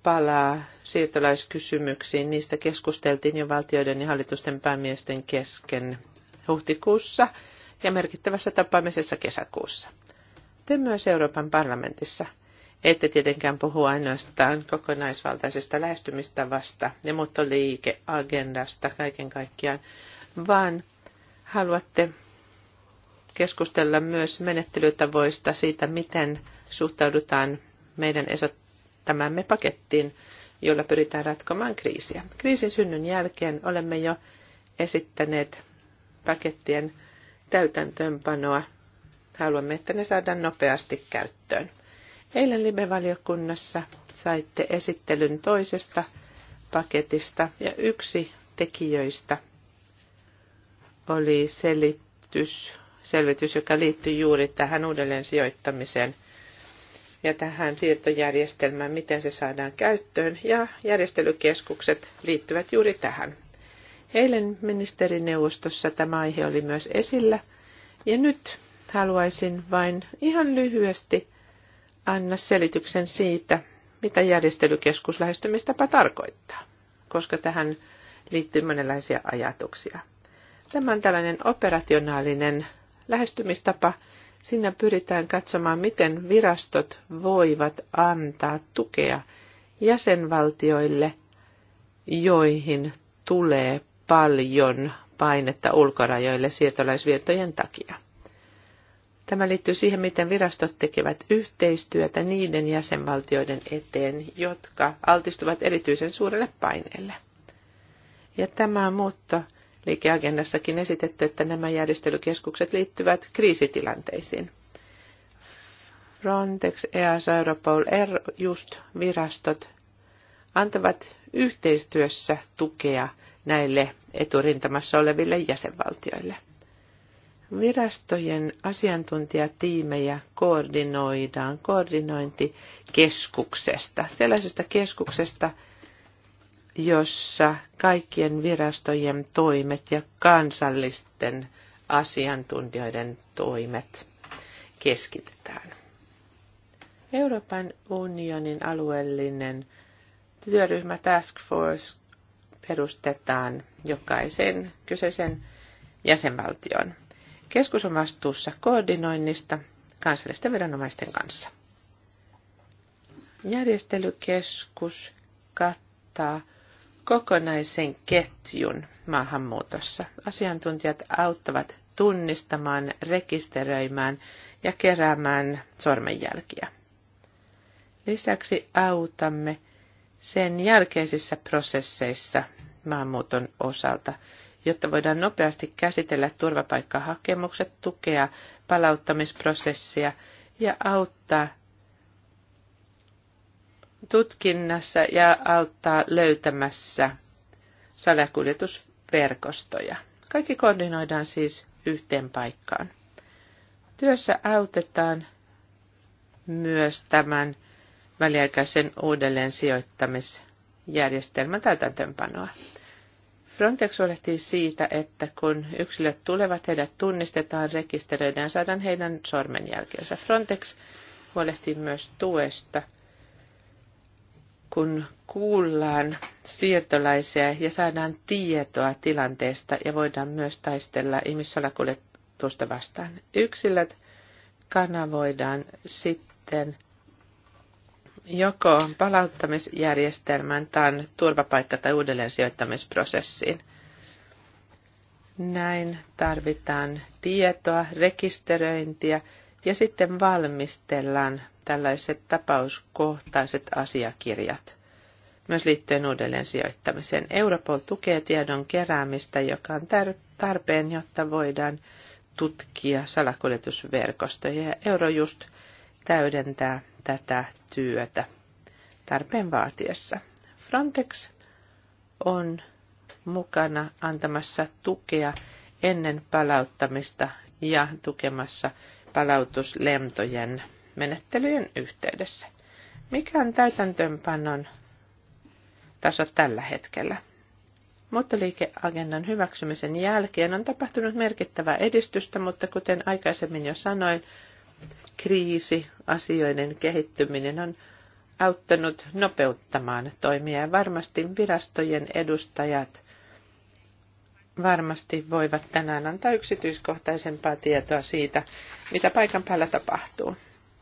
palaa siirtolaiskysymyksiin. Niistä keskusteltiin jo valtioiden ja hallitusten päämiesten kesken huhtikuussa ja merkittävässä tapaamisessa kesäkuussa. Te myös Euroopan parlamentissa ette tietenkään puhu ainoastaan kokonaisvaltaisesta lähestymistavasta ja muuttoliikeagendasta kaiken kaikkiaan, vaan haluatte keskustella myös menettelytavoista siitä, miten suhtaudutaan meidän esittämämme pakettiin, jolla pyritään ratkomaan kriisiä. Kriisin synnyn jälkeen olemme jo esittäneet pakettien täytäntöönpanoa. Haluamme, että ne saadaan nopeasti käyttöön. Eilen live-valiokunnassa saitte esittelyn toisesta paketista ja yksi tekijöistä oli selitys selvitys, joka liittyy juuri tähän uudelleen sijoittamiseen ja tähän siirtojärjestelmään, miten se saadaan käyttöön, ja järjestelykeskukset liittyvät juuri tähän. Eilen ministerineuvostossa tämä aihe oli myös esillä, ja nyt haluaisin vain ihan lyhyesti anna selityksen siitä, mitä järjestelykeskus lähestymistapa tarkoittaa, koska tähän liittyy monenlaisia ajatuksia. Tämä on tällainen operationaalinen lähestymistapa. Siinä pyritään katsomaan, miten virastot voivat antaa tukea jäsenvaltioille, joihin tulee paljon painetta ulkorajoille siirtolaisvirtojen takia. Tämä liittyy siihen, miten virastot tekevät yhteistyötä niiden jäsenvaltioiden eteen, jotka altistuvat erityisen suurelle paineelle. Ja tämä muutto liikeagendassakin esitetty, että nämä järjestelykeskukset liittyvät kriisitilanteisiin. Frontex, EASA, Europol, R, just virastot antavat yhteistyössä tukea näille eturintamassa oleville jäsenvaltioille. Virastojen asiantuntijatiimejä koordinoidaan koordinointikeskuksesta, sellaisesta keskuksesta, jossa kaikkien virastojen toimet ja kansallisten asiantuntijoiden toimet keskitetään. Euroopan unionin alueellinen työryhmä Task Force perustetaan jokaisen kyseisen jäsenvaltion. Keskus on vastuussa koordinoinnista kansallisten viranomaisten kanssa. Järjestelykeskus kattaa kokonaisen ketjun maahanmuutossa. Asiantuntijat auttavat tunnistamaan, rekisteröimään ja keräämään sormenjälkiä. Lisäksi autamme sen jälkeisissä prosesseissa maahanmuuton osalta, jotta voidaan nopeasti käsitellä turvapaikkahakemukset, tukea palauttamisprosessia ja auttaa tutkinnassa ja auttaa löytämässä salakuljetusverkostoja. Kaikki koordinoidaan siis yhteen paikkaan. Työssä autetaan myös tämän väliaikaisen uudelleen sijoittamisjärjestelmän täytäntöönpanoa. Frontex huolehtii siitä, että kun yksilöt tulevat, heidät tunnistetaan, rekisteröidään, saadaan heidän sormenjälkensä. Frontex huolehtii myös tuesta – kun kuullaan siirtolaisia ja saadaan tietoa tilanteesta ja voidaan myös taistella ihmissalakuljetusta vastaan. Yksilöt kanavoidaan sitten joko palauttamisjärjestelmään tai turvapaikka- tai uudelleen sijoittamisprosessiin. Näin tarvitaan tietoa, rekisteröintiä ja sitten valmistellaan tällaiset tapauskohtaiset asiakirjat, myös liittyen uudelleen sijoittamiseen. Europol tukee tiedon keräämistä, joka on tarpeen, jotta voidaan tutkia salakuljetusverkostoja ja Eurojust täydentää tätä työtä tarpeen vaatiessa. Frontex on mukana antamassa tukea ennen palauttamista ja tukemassa palautuslentojen menettelyjen yhteydessä. Mikä on täytäntöönpannon taso tällä hetkellä? Muuttoliikeagendan hyväksymisen jälkeen on tapahtunut merkittävää edistystä, mutta kuten aikaisemmin jo sanoin, kriisi, asioiden kehittyminen on auttanut nopeuttamaan toimia ja varmasti virastojen edustajat varmasti voivat tänään antaa yksityiskohtaisempaa tietoa siitä, mitä paikan päällä tapahtuu.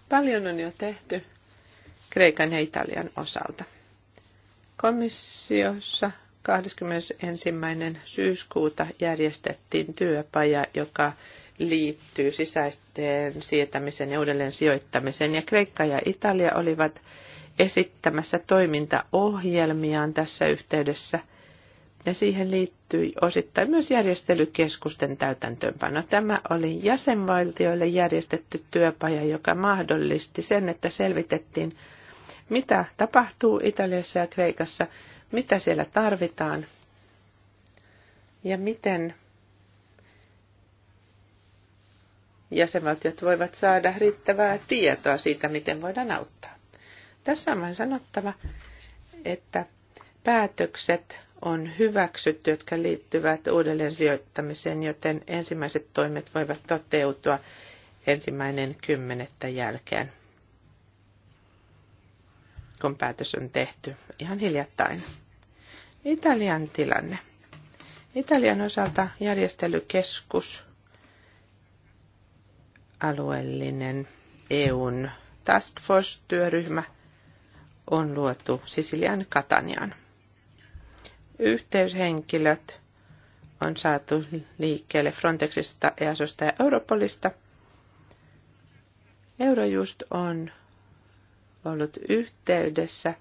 Paljon on jo tehty Kreikan ja Italian osalta. Komissiossa 21. syyskuuta järjestettiin työpaja, joka liittyy sisäisteen siirtämisen ja uudelleen sijoittamiseen. Ja Kreikka ja Italia olivat esittämässä toimintaohjelmiaan tässä yhteydessä – ja siihen liittyi osittain myös järjestelykeskusten täytäntöönpano. Tämä oli jäsenvaltioille järjestetty työpaja, joka mahdollisti sen, että selvitettiin, mitä tapahtuu Italiassa ja Kreikassa, mitä siellä tarvitaan ja miten jäsenvaltiot voivat saada riittävää tietoa siitä, miten voidaan auttaa. Tässä on vain sanottava, että päätökset on hyväksytty, jotka liittyvät uudelleen sijoittamiseen, joten ensimmäiset toimet voivat toteutua ensimmäinen kymmenettä jälkeen, kun päätös on tehty ihan hiljattain. Italian tilanne. Italian osalta järjestelykeskus, alueellinen EUn task force-työryhmä on luotu Sisilian Kataniaan. Yhteyshenkilöt on saatu liikkeelle Frontexista, EASOsta ja Europolista. Eurojust on ollut yhteydessä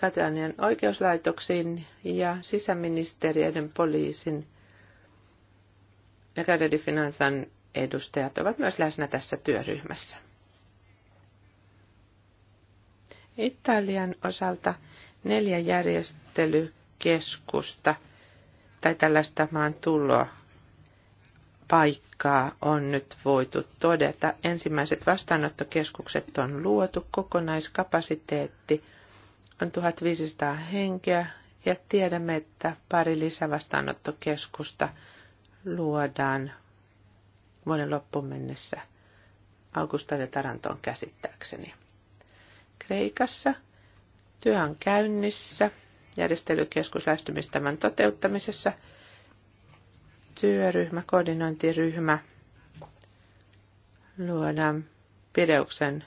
Katalanian oikeuslaitoksiin ja sisäministeriöiden poliisin ja Kadedi Finansan edustajat ovat myös läsnä tässä työryhmässä. Italian osalta neljä järjestely keskusta tai tällaista maan tuloa paikkaa on nyt voitu todeta. Ensimmäiset vastaanottokeskukset on luotu, kokonaiskapasiteetti on 1500 henkeä ja tiedämme, että pari lisävastaanottokeskusta luodaan vuoden loppuun mennessä Augustan ja Tarantoon käsittääkseni. Kreikassa työ on käynnissä järjestelykeskus lähestymistävän toteuttamisessa. Työryhmä, koordinointiryhmä luodaan Pireuksen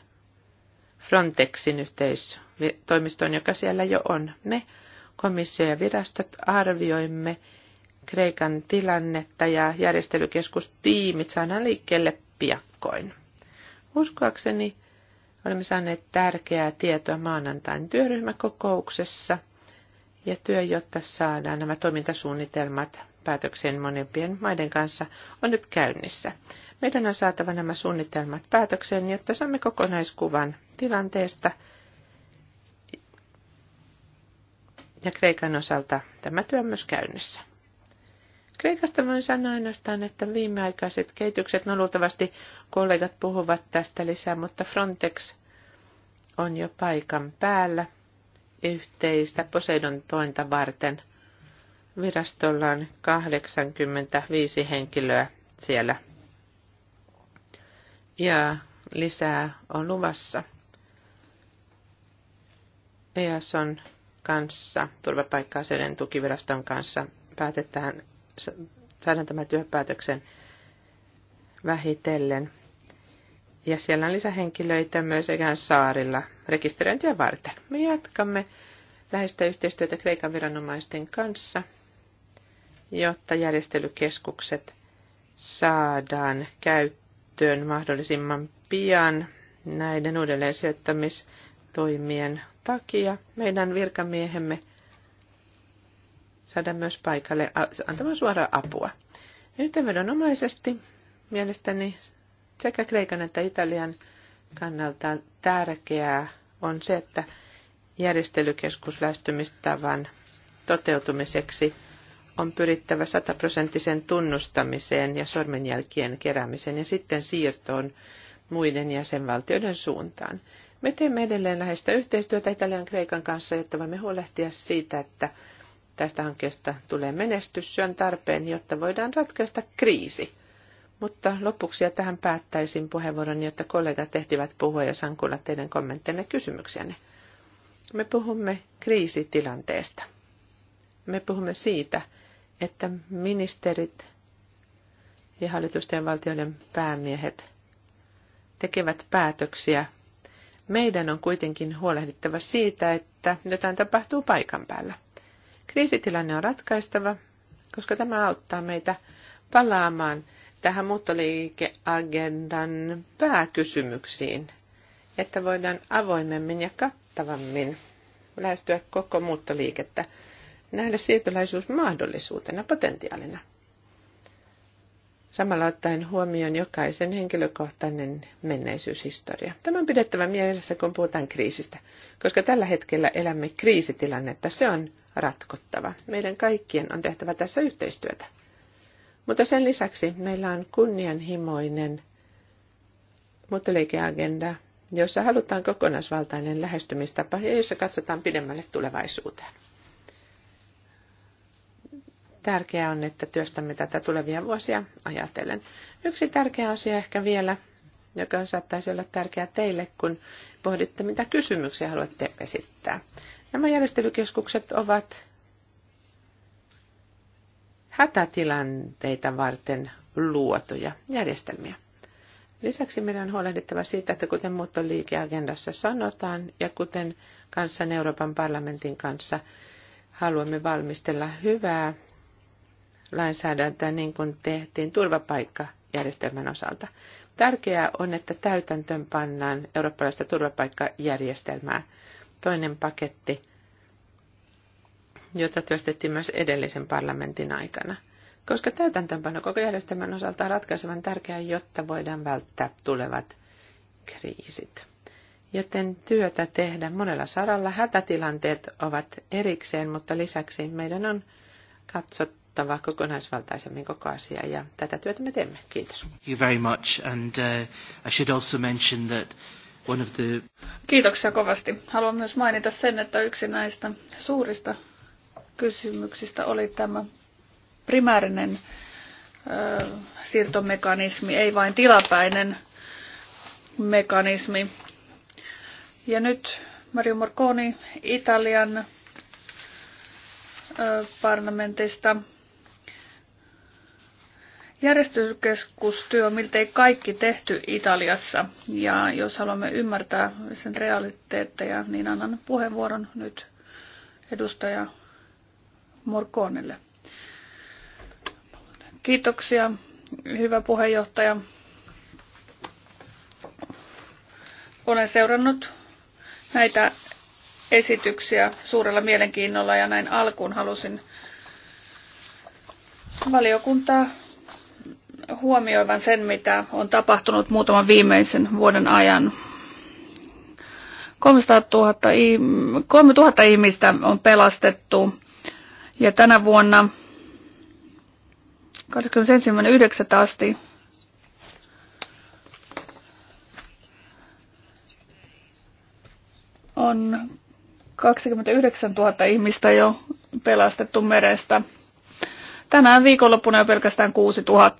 Frontexin yhteistoimistoon, joka siellä jo on. Me, komissio ja virastot, arvioimme Kreikan tilannetta ja järjestelykeskustiimit saadaan liikkeelle piakkoin. Uskoakseni olemme saaneet tärkeää tietoa maanantain työryhmäkokouksessa – ja työ, jotta saadaan nämä toimintasuunnitelmat päätökseen monempien maiden kanssa, on nyt käynnissä. Meidän on saatava nämä suunnitelmat päätökseen, jotta saamme kokonaiskuvan tilanteesta. Ja Kreikan osalta tämä työ on myös käynnissä. Kreikasta voin sanoa ainoastaan, että viimeaikaiset kehitykset, no luultavasti kollegat puhuvat tästä lisää, mutta Frontex on jo paikan päällä – yhteistä Poseidon tointa varten. Virastolla on 85 henkilöä siellä. Ja lisää on luvassa. EASON kanssa, turvapaikka-asioiden tukiviraston kanssa, päätetään, saada tämä työpäätöksen vähitellen. Ja siellä on lisähenkilöitä myös Egan saarilla rekisteröintiä varten. Me jatkamme läheistä yhteistyötä Kreikan viranomaisten kanssa, jotta järjestelykeskukset saadaan käyttöön mahdollisimman pian näiden uudelleen sijoittamistoimien takia. Meidän virkamiehemme saada myös paikalle antamaan suoraa apua. Yhteenvedonomaisesti mielestäni sekä Kreikan että Italian kannalta tärkeää on se, että järjestelykeskus lähestymistavan toteutumiseksi on pyrittävä sataprosenttisen tunnustamiseen ja sormenjälkien keräämiseen ja sitten siirtoon muiden jäsenvaltioiden suuntaan. Me teemme edelleen läheistä yhteistyötä Italian Kreikan kanssa, jotta voimme huolehtia siitä, että tästä hankkeesta tulee menestys, syön tarpeen, jotta voidaan ratkaista kriisi. Mutta lopuksi ja tähän päättäisin puheenvuoron, jotta kollegat ehtivät puhua ja saan kuulla teidän kommenttejanne kysymyksenne. Me puhumme kriisitilanteesta. Me puhumme siitä, että ministerit ja hallitusten ja valtioiden päämiehet tekevät päätöksiä. Meidän on kuitenkin huolehdittava siitä, että jotain tapahtuu paikan päällä. Kriisitilanne on ratkaistava, koska tämä auttaa meitä palaamaan – tähän muuttoliikeagendan pääkysymyksiin, että voidaan avoimemmin ja kattavammin lähestyä koko muuttoliikettä, nähdä siirtolaisuus mahdollisuutena, potentiaalina. Samalla ottaen huomioon jokaisen henkilökohtainen menneisyyshistoria. Tämä on pidettävä mielessä, kun puhutaan kriisistä, koska tällä hetkellä elämme kriisitilannetta. Se on ratkottava. Meidän kaikkien on tehtävä tässä yhteistyötä. Mutta sen lisäksi meillä on kunnianhimoinen muuttoliikeagenda, jossa halutaan kokonaisvaltainen lähestymistapa ja jossa katsotaan pidemmälle tulevaisuuteen. Tärkeää on, että työstämme tätä tulevia vuosia ajatellen. Yksi tärkeä asia ehkä vielä, joka saattaisi olla tärkeä teille, kun pohditte, mitä kysymyksiä haluatte esittää. Nämä järjestelykeskukset ovat hätätilanteita varten luotuja järjestelmiä. Lisäksi meidän on huolehdittava siitä, että kuten muuttoliikeagendassa sanotaan ja kuten kanssa Euroopan parlamentin kanssa haluamme valmistella hyvää lainsäädäntöä niin kuin tehtiin turvapaikkajärjestelmän osalta. Tärkeää on, että täytäntöön pannaan eurooppalaista turvapaikkajärjestelmää. Toinen paketti jota työstettiin myös edellisen parlamentin aikana, koska täytäntöönpano koko järjestelmän osalta on ratkaisevan tärkeää, jotta voidaan välttää tulevat kriisit. Joten työtä tehdään monella saralla. Hätätilanteet ovat erikseen, mutta lisäksi meidän on katsottava kokonaisvaltaisemmin koko asia ja tätä työtä me teemme. Kiitos. you very much and uh, I should also mention that Kiitoksia kovasti. Haluan myös mainita sen, että yksi näistä suurista kysymyksistä oli tämä primäärinen ö, siirtomekanismi, ei vain tilapäinen mekanismi. Ja nyt Mario Morconi Italian parlamentista. Järjestökeskustyö on miltei kaikki tehty Italiassa ja jos haluamme ymmärtää sen realiteetteja, niin annan puheenvuoron nyt edustaja Morkoonelle. Kiitoksia, hyvä puheenjohtaja. Olen seurannut näitä esityksiä suurella mielenkiinnolla ja näin alkuun halusin valiokuntaa huomioivan sen, mitä on tapahtunut muutaman viimeisen vuoden ajan. 300 000, 3000 ihmistä on pelastettu ja tänä vuonna 21.9. asti on 29 000 ihmistä jo pelastettu merestä. Tänään viikonloppuna jo pelkästään 6 000.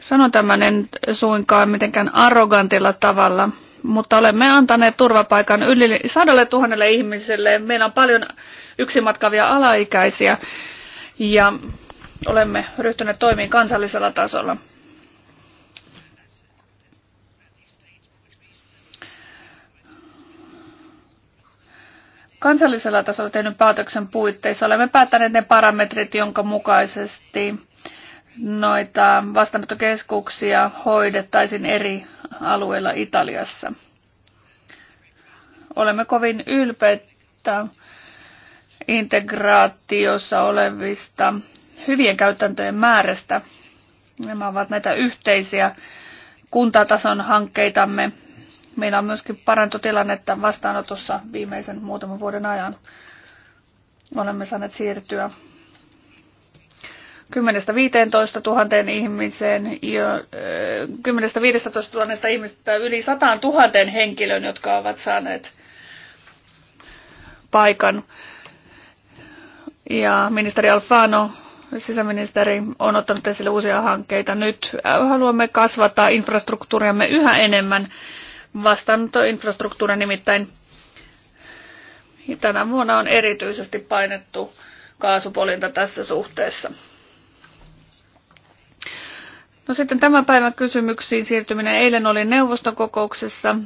Sanon tämän en suinkaan mitenkään arrogantilla tavalla mutta olemme antaneet turvapaikan yli sadalle tuhannelle ihmiselle. Meillä on paljon yksimatkavia alaikäisiä ja olemme ryhtyneet toimiin kansallisella tasolla. Kansallisella tasolla tehnyt päätöksen puitteissa olemme päättäneet ne parametrit, jonka mukaisesti noita vastaanottokeskuksia hoidettaisiin eri alueilla Italiassa. Olemme kovin ylpeitä integraatiossa olevista hyvien käytäntöjen määrästä. Nämä ovat näitä yhteisiä kuntatason hankkeitamme. Meillä on myöskin parantu tilannetta vastaanotossa viimeisen muutaman vuoden ajan. Olemme saaneet siirtyä 10 15 000 ihmiseen, jo, 10 15 000 ihmistä yli 100 000 henkilön, jotka ovat saaneet paikan. Ja ministeri Alfano, sisäministeri, on ottanut esille uusia hankkeita. Nyt haluamme kasvattaa infrastruktuuriamme yhä enemmän. vastaanottoinfrastruktuuria nimittäin tänä vuonna on erityisesti painettu kaasupolinta tässä suhteessa. No sitten tämän päivän kysymyksiin siirtyminen. Eilen oli neuvostokokouksessa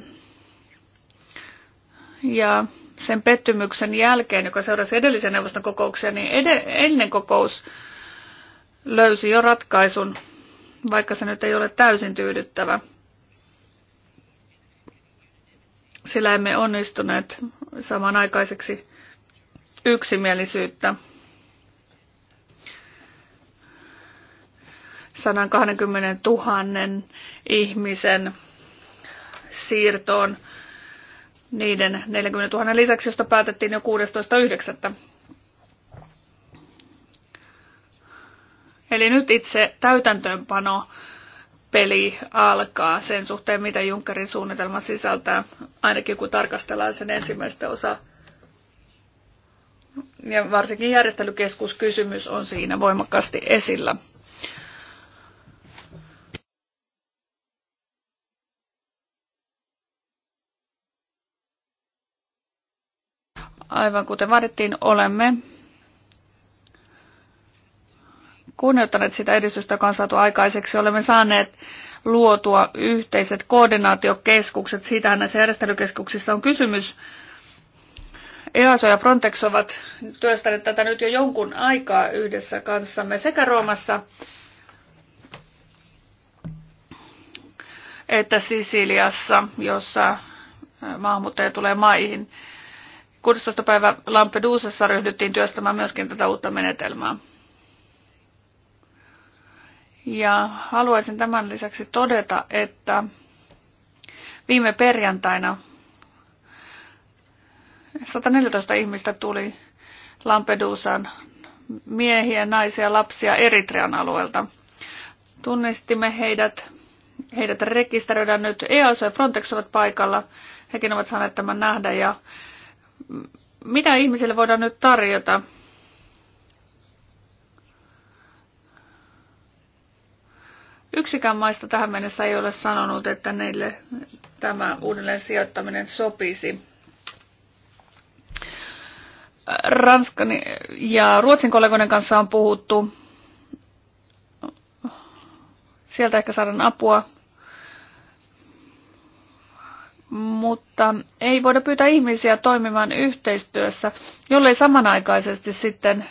ja sen pettymyksen jälkeen, joka seurasi edellisen neuvoston kokouksia, niin ennen kokous löysi jo ratkaisun, vaikka se nyt ei ole täysin tyydyttävä. Sillä emme onnistuneet samanaikaiseksi yksimielisyyttä 120 000 ihmisen siirtoon niiden 40 000 lisäksi, josta päätettiin jo 16.9. Eli nyt itse täytäntöönpano peli alkaa sen suhteen, mitä Junckerin suunnitelma sisältää, ainakin kun tarkastellaan sen ensimmäistä osaa. Ja varsinkin järjestelykeskuskysymys on siinä voimakkaasti esillä. Aivan kuten vaadittiin, olemme kunnioittaneet sitä edistystä, joka on saatu aikaiseksi. Olemme saaneet luotua yhteiset koordinaatiokeskukset. Siitähän näissä järjestelykeskuksissa on kysymys. EASO ja Frontex ovat työstäneet tätä nyt jo jonkun aikaa yhdessä kanssamme sekä Roomassa että Sisiliassa, jossa maahanmuuttaja tulee maihin. 16. päivä Lampedusassa ryhdyttiin työstämään myöskin tätä uutta menetelmää. Ja haluaisin tämän lisäksi todeta, että viime perjantaina 114 ihmistä tuli Lampedusan miehiä, naisia, lapsia Eritrean alueelta. Tunnistimme heidät, heidät rekisteröidään nyt. EAS ja Frontex ovat paikalla, hekin ovat saaneet tämän nähdä ja mitä ihmiselle voidaan nyt tarjota? Yksikään maista tähän mennessä ei ole sanonut, että niille tämä uudelleen sijoittaminen sopisi. Ranskan ja Ruotsin kollegoiden kanssa on puhuttu. Sieltä ehkä saadaan apua mutta ei voida pyytää ihmisiä toimimaan yhteistyössä, jollei samanaikaisesti sitten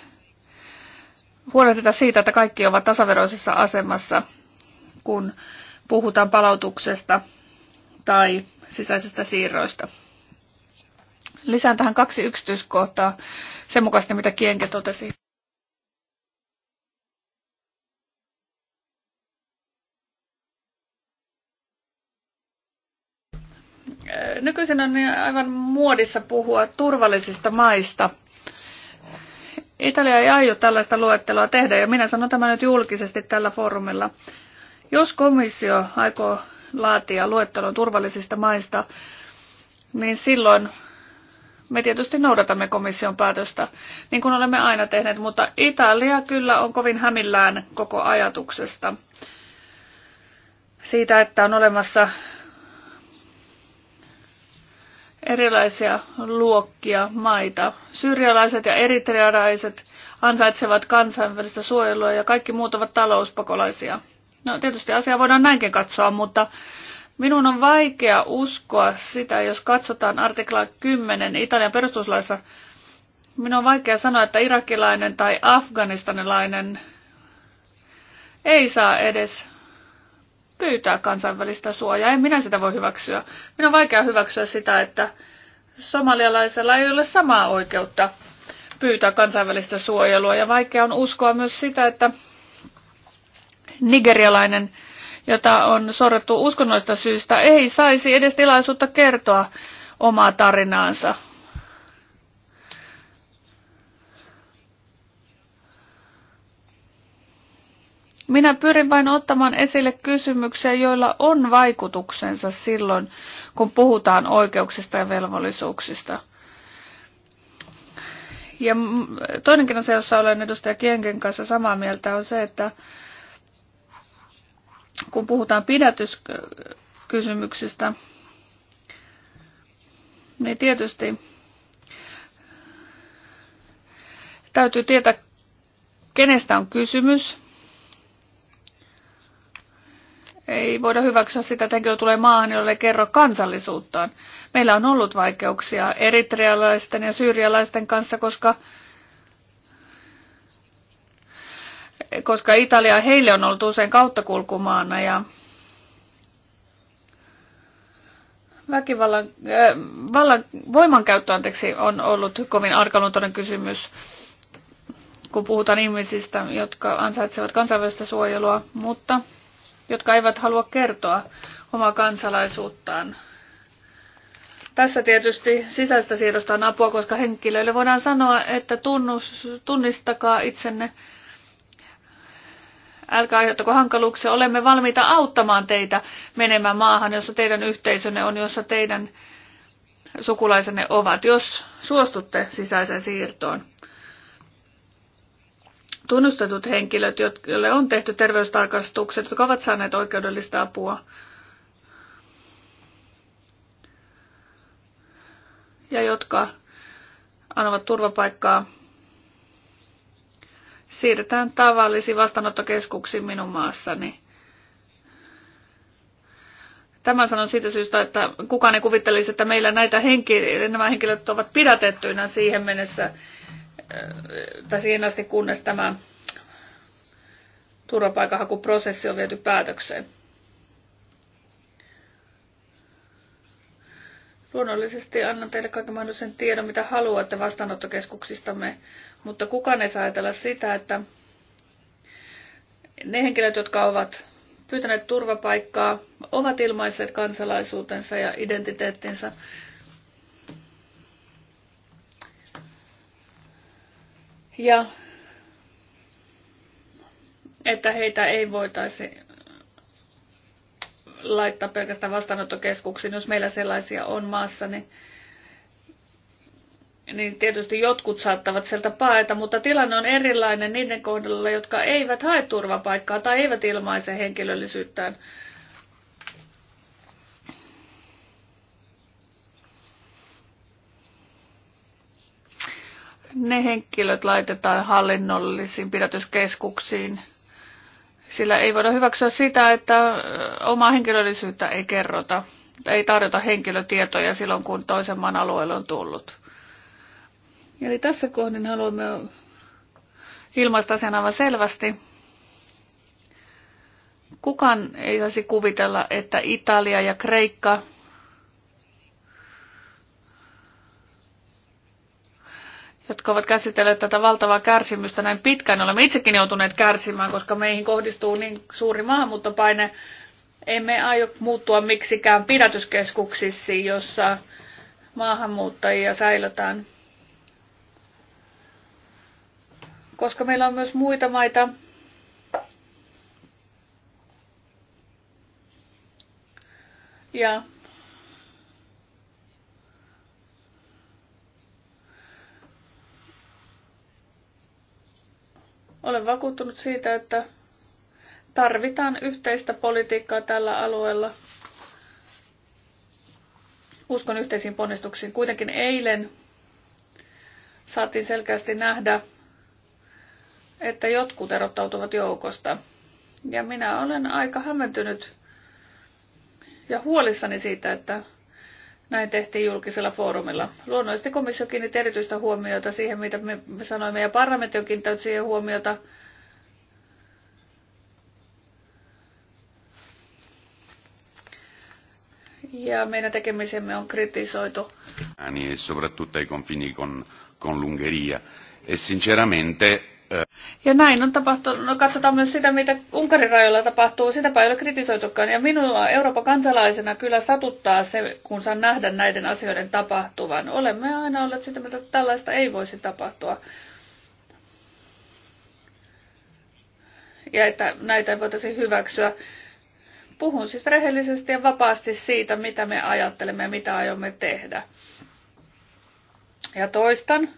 huolehdita siitä, että kaikki ovat tasaveroisessa asemassa, kun puhutaan palautuksesta tai sisäisistä siirroista. Lisään tähän kaksi yksityiskohtaa sen mukaisesti, mitä Kienke totesi. nykyisin on aivan muodissa puhua turvallisista maista. Italia ei aio tällaista luetteloa tehdä, ja minä sanon tämän nyt julkisesti tällä foorumilla. Jos komissio aikoo laatia luettelon turvallisista maista, niin silloin me tietysti noudatamme komission päätöstä, niin kuin olemme aina tehneet, mutta Italia kyllä on kovin hämillään koko ajatuksesta siitä, että on olemassa erilaisia luokkia maita. Syyrialaiset ja eritrealaiset ansaitsevat kansainvälistä suojelua ja kaikki muut ovat talouspakolaisia. No tietysti asiaa voidaan näinkin katsoa, mutta minun on vaikea uskoa sitä, jos katsotaan artiklaa 10 Italian perustuslaissa. Minun on vaikea sanoa, että irakilainen tai afganistanilainen ei saa edes pyytää kansainvälistä suojaa. En minä sitä voi hyväksyä. Minun on vaikea hyväksyä sitä, että somalialaisella ei ole samaa oikeutta pyytää kansainvälistä suojelua. Ja vaikea on uskoa myös sitä, että nigerialainen, jota on sorrettu uskonnoista syystä, ei saisi edes tilaisuutta kertoa omaa tarinaansa. Minä pyrin vain ottamaan esille kysymyksiä, joilla on vaikutuksensa silloin, kun puhutaan oikeuksista ja velvollisuuksista. Ja toinenkin asia, jossa olen edustaja Kienken kanssa samaa mieltä, on se, että kun puhutaan pidätyskysymyksistä, niin tietysti täytyy tietää, kenestä on kysymys ei voida hyväksyä sitä, että henkilö tulee maahan, jolle ei kerro kansallisuuttaan. Meillä on ollut vaikeuksia eritrealaisten ja syyrialaisten kanssa, koska, koska Italia heille on ollut usein kauttakulkumaana ja väkivallan, äh, vallan, voimankäyttö anteeksi, on ollut kovin arkaluntoinen kysymys, kun puhutaan ihmisistä, jotka ansaitsevat kansainvälistä suojelua, mutta jotka eivät halua kertoa omaa kansalaisuuttaan. Tässä tietysti sisäistä siirrosta on apua, koska henkilöille voidaan sanoa, että tunnus, tunnistakaa itsenne, älkää aiheuttako hankaluuksia, olemme valmiita auttamaan teitä menemään maahan, jossa teidän yhteisönne on, jossa teidän sukulaisenne ovat, jos suostutte sisäiseen siirtoon tunnustetut henkilöt, joille on tehty terveystarkastukset, jotka ovat saaneet oikeudellista apua. Ja jotka annavat turvapaikkaa, siirretään tavallisiin vastaanottokeskuksiin minun maassani. Tämän sanon siitä syystä, että kukaan ei kuvittelisi, että meillä näitä henki, nämä henkilöt ovat pidätettyinä siihen mennessä Äh, tai siihen asti, kunnes tämä turvapaikanhakuprosessi on viety päätökseen. Luonnollisesti annan teille kaiken mahdollisen tiedon, mitä haluatte vastaanottokeskuksistamme, mutta kukaan ei saa ajatella sitä, että ne henkilöt, jotka ovat pyytäneet turvapaikkaa, ovat ilmaisseet kansalaisuutensa ja identiteettinsä. ja että heitä ei voitaisi laittaa pelkästään vastaanottokeskuksiin, jos meillä sellaisia on maassa, niin, niin tietysti jotkut saattavat sieltä paeta, mutta tilanne on erilainen niiden kohdalla, jotka eivät hae turvapaikkaa tai eivät ilmaise henkilöllisyyttään ne henkilöt laitetaan hallinnollisiin pidätyskeskuksiin, sillä ei voida hyväksyä sitä, että omaa henkilöllisyyttä ei kerrota, ei tarjota henkilötietoja silloin, kun toisen maan alueelle on tullut. Eli tässä kohdin haluamme ilmaista sen aivan selvästi. Kukaan ei saisi kuvitella, että Italia ja Kreikka jotka ovat käsitelleet tätä valtavaa kärsimystä näin pitkään. Olemme itsekin joutuneet kärsimään, koska meihin kohdistuu niin suuri maahanmuuttopaine. Emme aio muuttua miksikään pidätyskeskuksissa, jossa maahanmuuttajia säilötään. Koska meillä on myös muita maita, ja Olen vakuuttunut siitä, että tarvitaan yhteistä politiikkaa tällä alueella. Uskon yhteisiin ponnistuksiin. Kuitenkin eilen saatiin selkeästi nähdä, että jotkut erottautuvat joukosta. Ja minä olen aika hämmentynyt ja huolissani siitä, että näin tehtiin julkisella foorumilla. Luonnollisesti komissio kiinnitti erityistä huomiota siihen, mitä me sanoimme, ja parlamentti on kiinnittänyt siihen huomiota. Ja meidän tekemisemme on kritisoitu. E soprattutto ai confini con, con l'Ungheria. E sinceramente ja näin on tapahtunut. No, katsotaan myös sitä, mitä Unkarin rajoilla tapahtuu. Sitäpä ei ole kritisoitukaan. Ja minua Euroopan kansalaisena kyllä satuttaa se, kun saan nähdä näiden asioiden tapahtuvan. Olemme aina olleet sitä että tällaista ei voisi tapahtua. Ja että näitä ei voitaisi hyväksyä. Puhun siis rehellisesti ja vapaasti siitä, mitä me ajattelemme ja mitä aiomme tehdä. Ja toistan,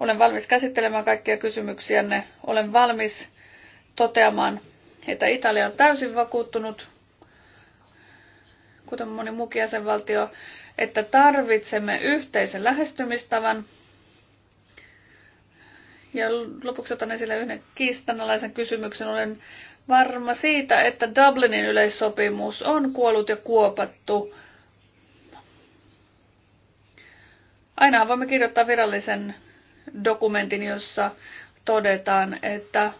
olen valmis käsittelemään kaikkia kysymyksiänne. Olen valmis toteamaan, että Italia on täysin vakuuttunut, kuten moni muukin jäsenvaltio, että tarvitsemme yhteisen lähestymistavan. Ja lopuksi otan esille yhden kiistanalaisen kysymyksen. Olen varma siitä, että Dublinin yleissopimus on kuollut ja kuopattu. Aina voimme kirjoittaa virallisen dokumentin, jossa todetaan, että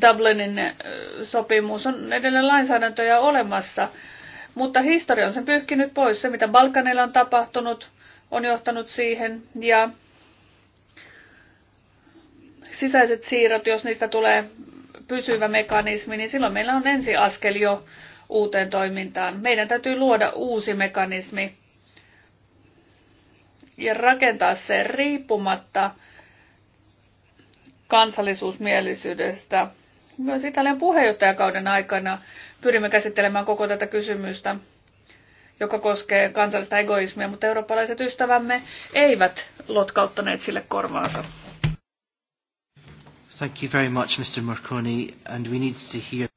Dublinin sopimus on edelleen lainsäädäntöjä olemassa, mutta historia on sen pyyhkinyt pois. Se, mitä Balkanilla on tapahtunut, on johtanut siihen. Ja sisäiset siirrot, jos niistä tulee pysyvä mekanismi, niin silloin meillä on ensiaskel jo uuteen toimintaan. Meidän täytyy luoda uusi mekanismi, ja rakentaa se riippumatta kansallisuusmielisyydestä. Myös Italian puheenjohtajakauden aikana pyrimme käsittelemään koko tätä kysymystä, joka koskee kansallista egoismia, mutta eurooppalaiset ystävämme eivät lotkauttaneet sille korvaansa. Thank you very much, Mr. Marconi, and we need to hear...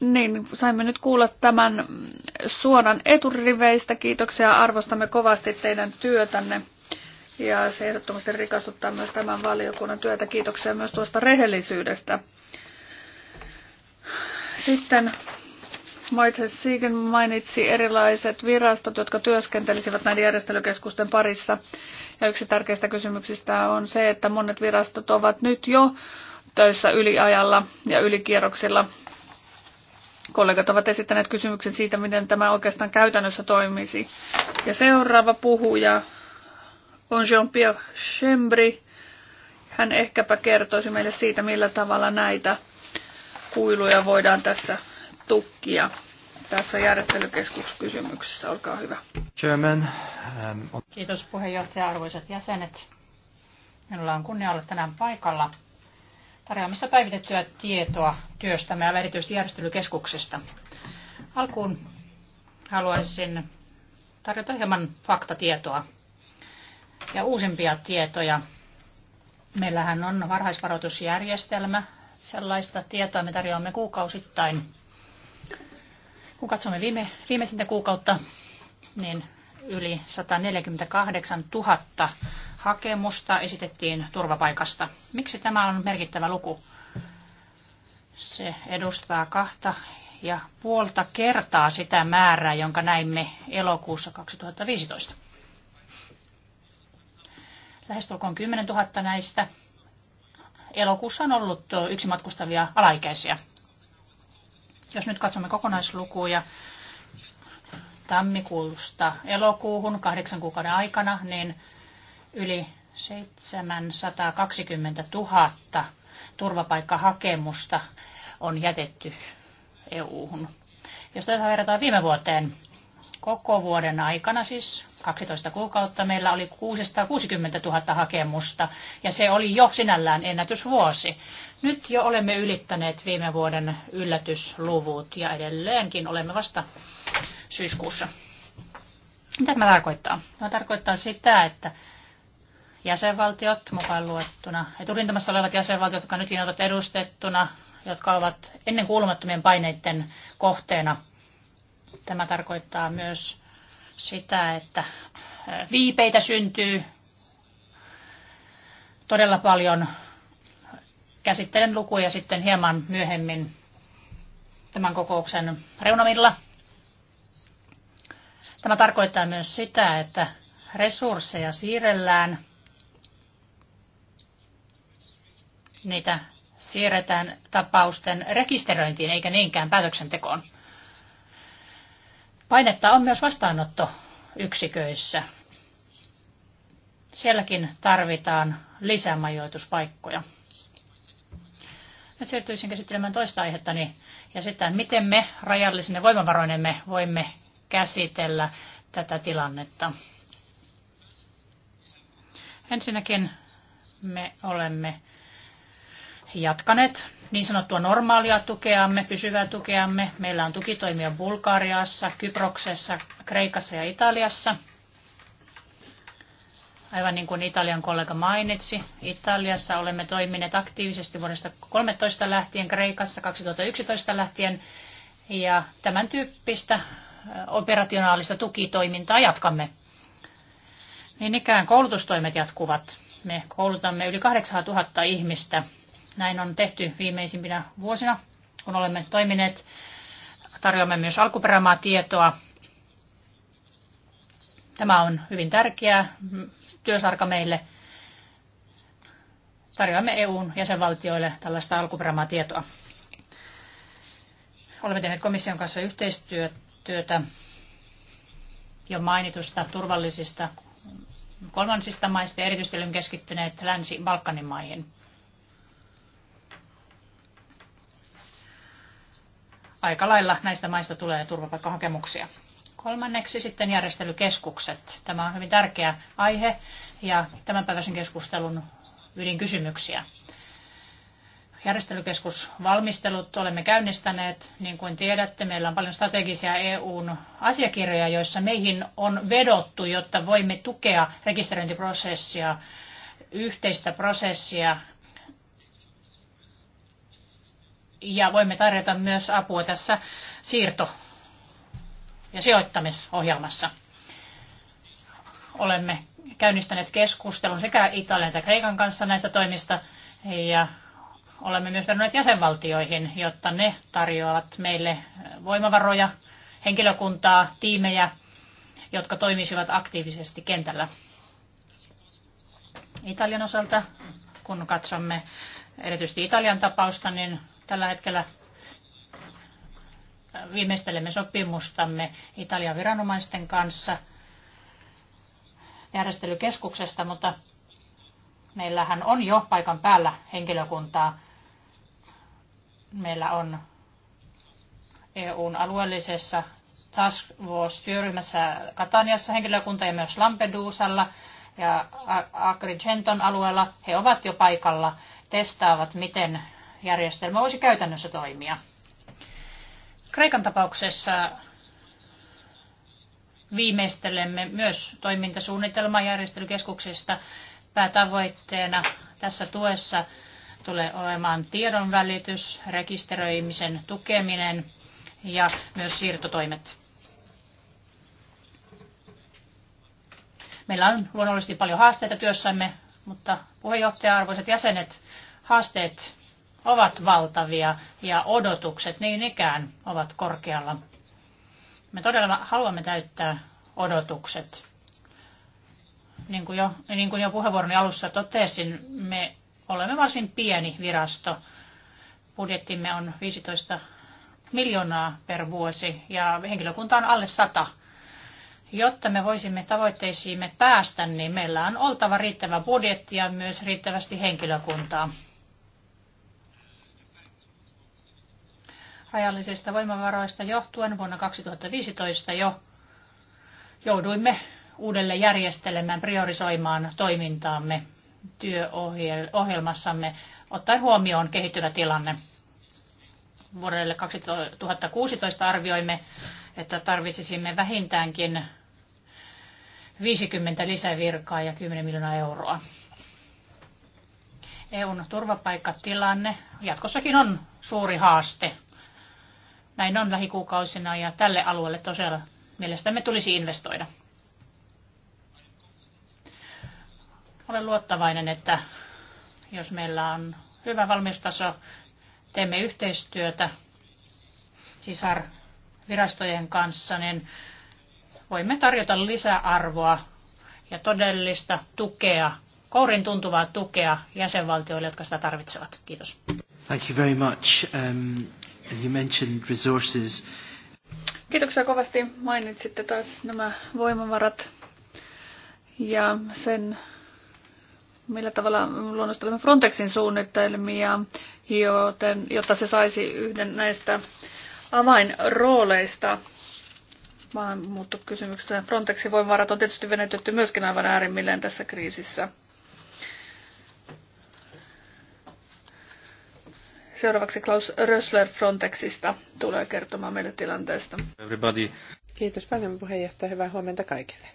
Niin, saimme nyt kuulla tämän suoran eturiveistä. Kiitoksia, arvostamme kovasti teidän työtänne. Ja se ehdottomasti rikastuttaa myös tämän valiokunnan työtä. Kiitoksia myös tuosta rehellisyydestä. Sitten Maitse Siegen mainitsi erilaiset virastot, jotka työskentelisivät näiden järjestelykeskusten parissa. Ja yksi tärkeistä kysymyksistä on se, että monet virastot ovat nyt jo töissä yliajalla ja ylikierroksilla Kollegat ovat esittäneet kysymyksen siitä, miten tämä oikeastaan käytännössä toimisi. Ja seuraava puhuja on Jean-Pierre Chembri. Hän ehkäpä kertoisi meille siitä, millä tavalla näitä kuiluja voidaan tässä tukkia tässä järjestelykeskuskysymyksessä. Olkaa hyvä. German, um... Kiitos puheenjohtaja, arvoisat jäsenet. Minulla on kunnia olla tänään paikalla tarjoamassa päivitettyä tietoa työstämme ja erityisesti järjestelykeskuksesta. Alkuun haluaisin tarjota hieman faktatietoa ja uusimpia tietoja. Meillähän on varhaisvaroitusjärjestelmä, sellaista tietoa me tarjoamme kuukausittain. Kun katsomme viime, viimeisintä kuukautta, niin yli 148 000 hakemusta esitettiin turvapaikasta. Miksi tämä on merkittävä luku? Se edustaa kahta ja puolta kertaa sitä määrää, jonka näimme elokuussa 2015. Lähestulkoon 10 000 näistä elokuussa on ollut yksi matkustavia alaikäisiä. Jos nyt katsomme kokonaislukuja tammikuusta elokuuhun kahdeksan kuukauden aikana, niin yli 720 000 turvapaikkahakemusta on jätetty EU-hun. Jos tätä verrataan viime vuoteen, koko vuoden aikana, siis 12 kuukautta, meillä oli 660 000 hakemusta, ja se oli jo sinällään ennätysvuosi. Nyt jo olemme ylittäneet viime vuoden yllätysluvut, ja edelleenkin olemme vasta syyskuussa. Mitä tämä tarkoittaa? Tämä tarkoittaa sitä, että jäsenvaltiot mukaan luettuna, eturintamassa olevat jäsenvaltiot, jotka nytkin ovat edustettuna, jotka ovat ennen kuulumattomien paineiden kohteena. Tämä tarkoittaa myös sitä, että viipeitä syntyy todella paljon. Käsittelen lukuja sitten hieman myöhemmin tämän kokouksen reunamilla. Tämä tarkoittaa myös sitä, että resursseja siirrellään – Niitä siirretään tapausten rekisteröintiin eikä niinkään päätöksentekoon. Painetta on myös vastaanottoyksiköissä. Sielläkin tarvitaan lisämajoituspaikkoja. Nyt siirtyisin käsittelemään toista aihettani niin- ja sitä, miten me rajallisine voimavaroinemme voimme käsitellä tätä tilannetta. Ensinnäkin me olemme jatkaneet niin sanottua normaalia tukeamme, pysyvää tukeamme. Meillä on tukitoimia Bulgariassa, Kyproksessa, Kreikassa ja Italiassa. Aivan niin kuin Italian kollega mainitsi, Italiassa olemme toimineet aktiivisesti vuodesta 2013 lähtien, Kreikassa 2011 lähtien, ja tämän tyyppistä operationaalista tukitoimintaa jatkamme. Niin ikään koulutustoimet jatkuvat. Me koulutamme yli 8000 ihmistä näin on tehty viimeisimpinä vuosina, kun olemme toimineet. Tarjoamme myös alkuperämaa tietoa. Tämä on hyvin tärkeä työsarka meille. Tarjoamme EUn jäsenvaltioille tällaista alkuperämaa tietoa. Olemme tehneet komission kanssa yhteistyötä jo mainitusta turvallisista kolmansista maista ja erityisesti olemme keskittyneet Länsi-Balkanin maihin. aika lailla näistä maista tulee turvapaikkahakemuksia. Kolmanneksi sitten järjestelykeskukset. Tämä on hyvin tärkeä aihe ja tämän päiväisen keskustelun ydinkysymyksiä. Järjestelykeskusvalmistelut olemme käynnistäneet. Niin kuin tiedätte, meillä on paljon strategisia EUn asiakirjoja, joissa meihin on vedottu, jotta voimme tukea rekisteröintiprosessia, yhteistä prosessia ja voimme tarjota myös apua tässä siirto- ja sijoittamisohjelmassa. Olemme käynnistäneet keskustelun sekä Italian että Kreikan kanssa näistä toimista ja olemme myös verranneet jäsenvaltioihin, jotta ne tarjoavat meille voimavaroja, henkilökuntaa, tiimejä, jotka toimisivat aktiivisesti kentällä. Italian osalta, kun katsomme erityisesti Italian tapausta, niin Tällä hetkellä viimeistelemme sopimustamme Italian viranomaisten kanssa järjestelykeskuksesta, mutta meillähän on jo paikan päällä henkilökuntaa. Meillä on EUn alueellisessa task force-työryhmässä Kataniassa henkilökunta ja myös Lampedusalla ja Agrigenton alueella. He ovat jo paikalla, testaavat, miten järjestelmä voisi käytännössä toimia. Kreikan tapauksessa viimeistelemme myös toimintasuunnitelmaa järjestelykeskuksesta Päätavoitteena tässä tuessa tulee olemaan tiedonvälitys, rekisteröimisen tukeminen ja myös siirtotoimet. Meillä on luonnollisesti paljon haasteita työssämme, mutta puheenjohtaja, arvoisat jäsenet, haasteet ovat valtavia ja odotukset niin ikään ovat korkealla. Me todella haluamme täyttää odotukset. Niin kuin jo, niin kuin jo puheenvuoroni alussa totesin, me olemme varsin pieni virasto. Budjettimme on 15 miljoonaa per vuosi ja henkilökunta on alle 100. Jotta me voisimme tavoitteisiimme päästä, niin meillä on oltava riittävä budjetti ja myös riittävästi henkilökuntaa. rajallisista voimavaroista johtuen vuonna 2015 jo jouduimme uudelleen järjestelemään, priorisoimaan toimintaamme työohjelmassamme ottaen huomioon kehittyvä tilanne. Vuodelle 2016 arvioimme, että tarvitsisimme vähintäänkin 50 lisävirkaa ja 10 miljoonaa euroa. EUn turvapaikkatilanne jatkossakin on suuri haaste näin on lähikuukausina ja tälle alueelle tosiaan mielestämme tulisi investoida. Olen luottavainen, että jos meillä on hyvä valmistaso, teemme yhteistyötä sisarvirastojen kanssa, niin voimme tarjota lisäarvoa ja todellista tukea, kourin tuntuvaa tukea jäsenvaltioille, jotka sitä tarvitsevat. Kiitos. Thank you very much. Um... And you mentioned resources. Kiitoksia kovasti. Mainitsitte taas nämä voimavarat ja sen, millä tavalla luonnostelemme Frontexin suunnitelmia, joten, jotta se saisi yhden näistä avainrooleista maahanmuuttokysymyksestä. Frontexin voimavarat on tietysti venetetty myöskin aivan äärimmilleen tässä kriisissä. Seuraavaksi Klaus Rössler Frontexista tulee kertomaan meille tilanteesta. Everybody. Kiitos paljon puheenjohtaja. Hyvää huomenta kaikille.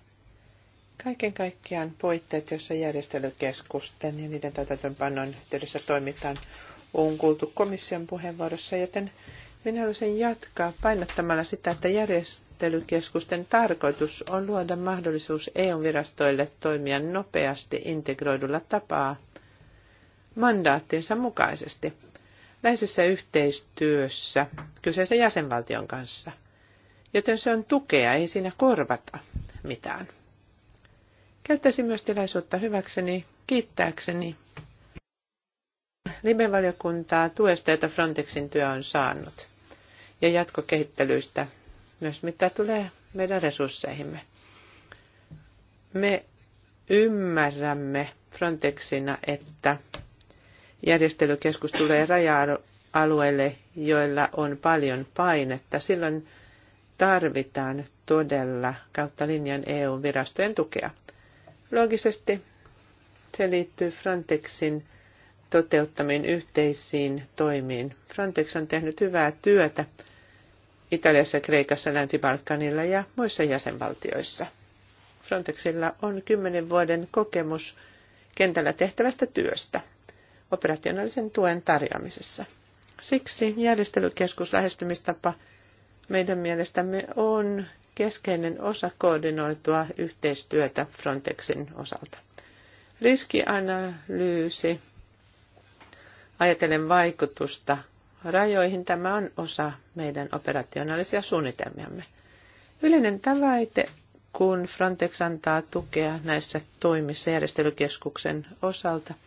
Kaiken kaikkiaan puitteet, joissa järjestelykeskusten ja niiden täytäntöönpanon yhteydessä toimitaan, on kuultu komission puheenvuorossa, joten minä haluaisin jatkaa painottamalla sitä, että järjestelykeskusten tarkoitus on luoda mahdollisuus EU-virastoille toimia nopeasti integroidulla tapaa mandaattinsa mukaisesti läheisessä yhteistyössä kyseisen jäsenvaltion kanssa. Joten se on tukea, ei siinä korvata mitään. Käyttäisin myös tilaisuutta hyväkseni, kiittääkseni libe valiokuntaa tuesta, jota Frontexin työ on saanut, ja jatkokehittelyistä myös mitä tulee meidän resursseihimme. Me ymmärrämme Frontexina, että järjestelykeskus tulee raja-alueille, joilla on paljon painetta, silloin tarvitaan todella kautta linjan EU-virastojen tukea. Loogisesti se liittyy Frontexin toteuttamiin yhteisiin toimiin. Frontex on tehnyt hyvää työtä Italiassa, Kreikassa, Länsi-Balkanilla ja muissa jäsenvaltioissa. Frontexilla on kymmenen vuoden kokemus kentällä tehtävästä työstä operationaalisen tuen tarjoamisessa. Siksi järjestelykeskus lähestymistapa meidän mielestämme on keskeinen osa koordinoitua yhteistyötä Frontexin osalta. Riskianalyysi, ajatellen vaikutusta rajoihin, tämä on osa meidän operationaalisia suunnitelmiamme. Yleinen tavoite, kun Frontex antaa tukea näissä toimissa järjestelykeskuksen osalta –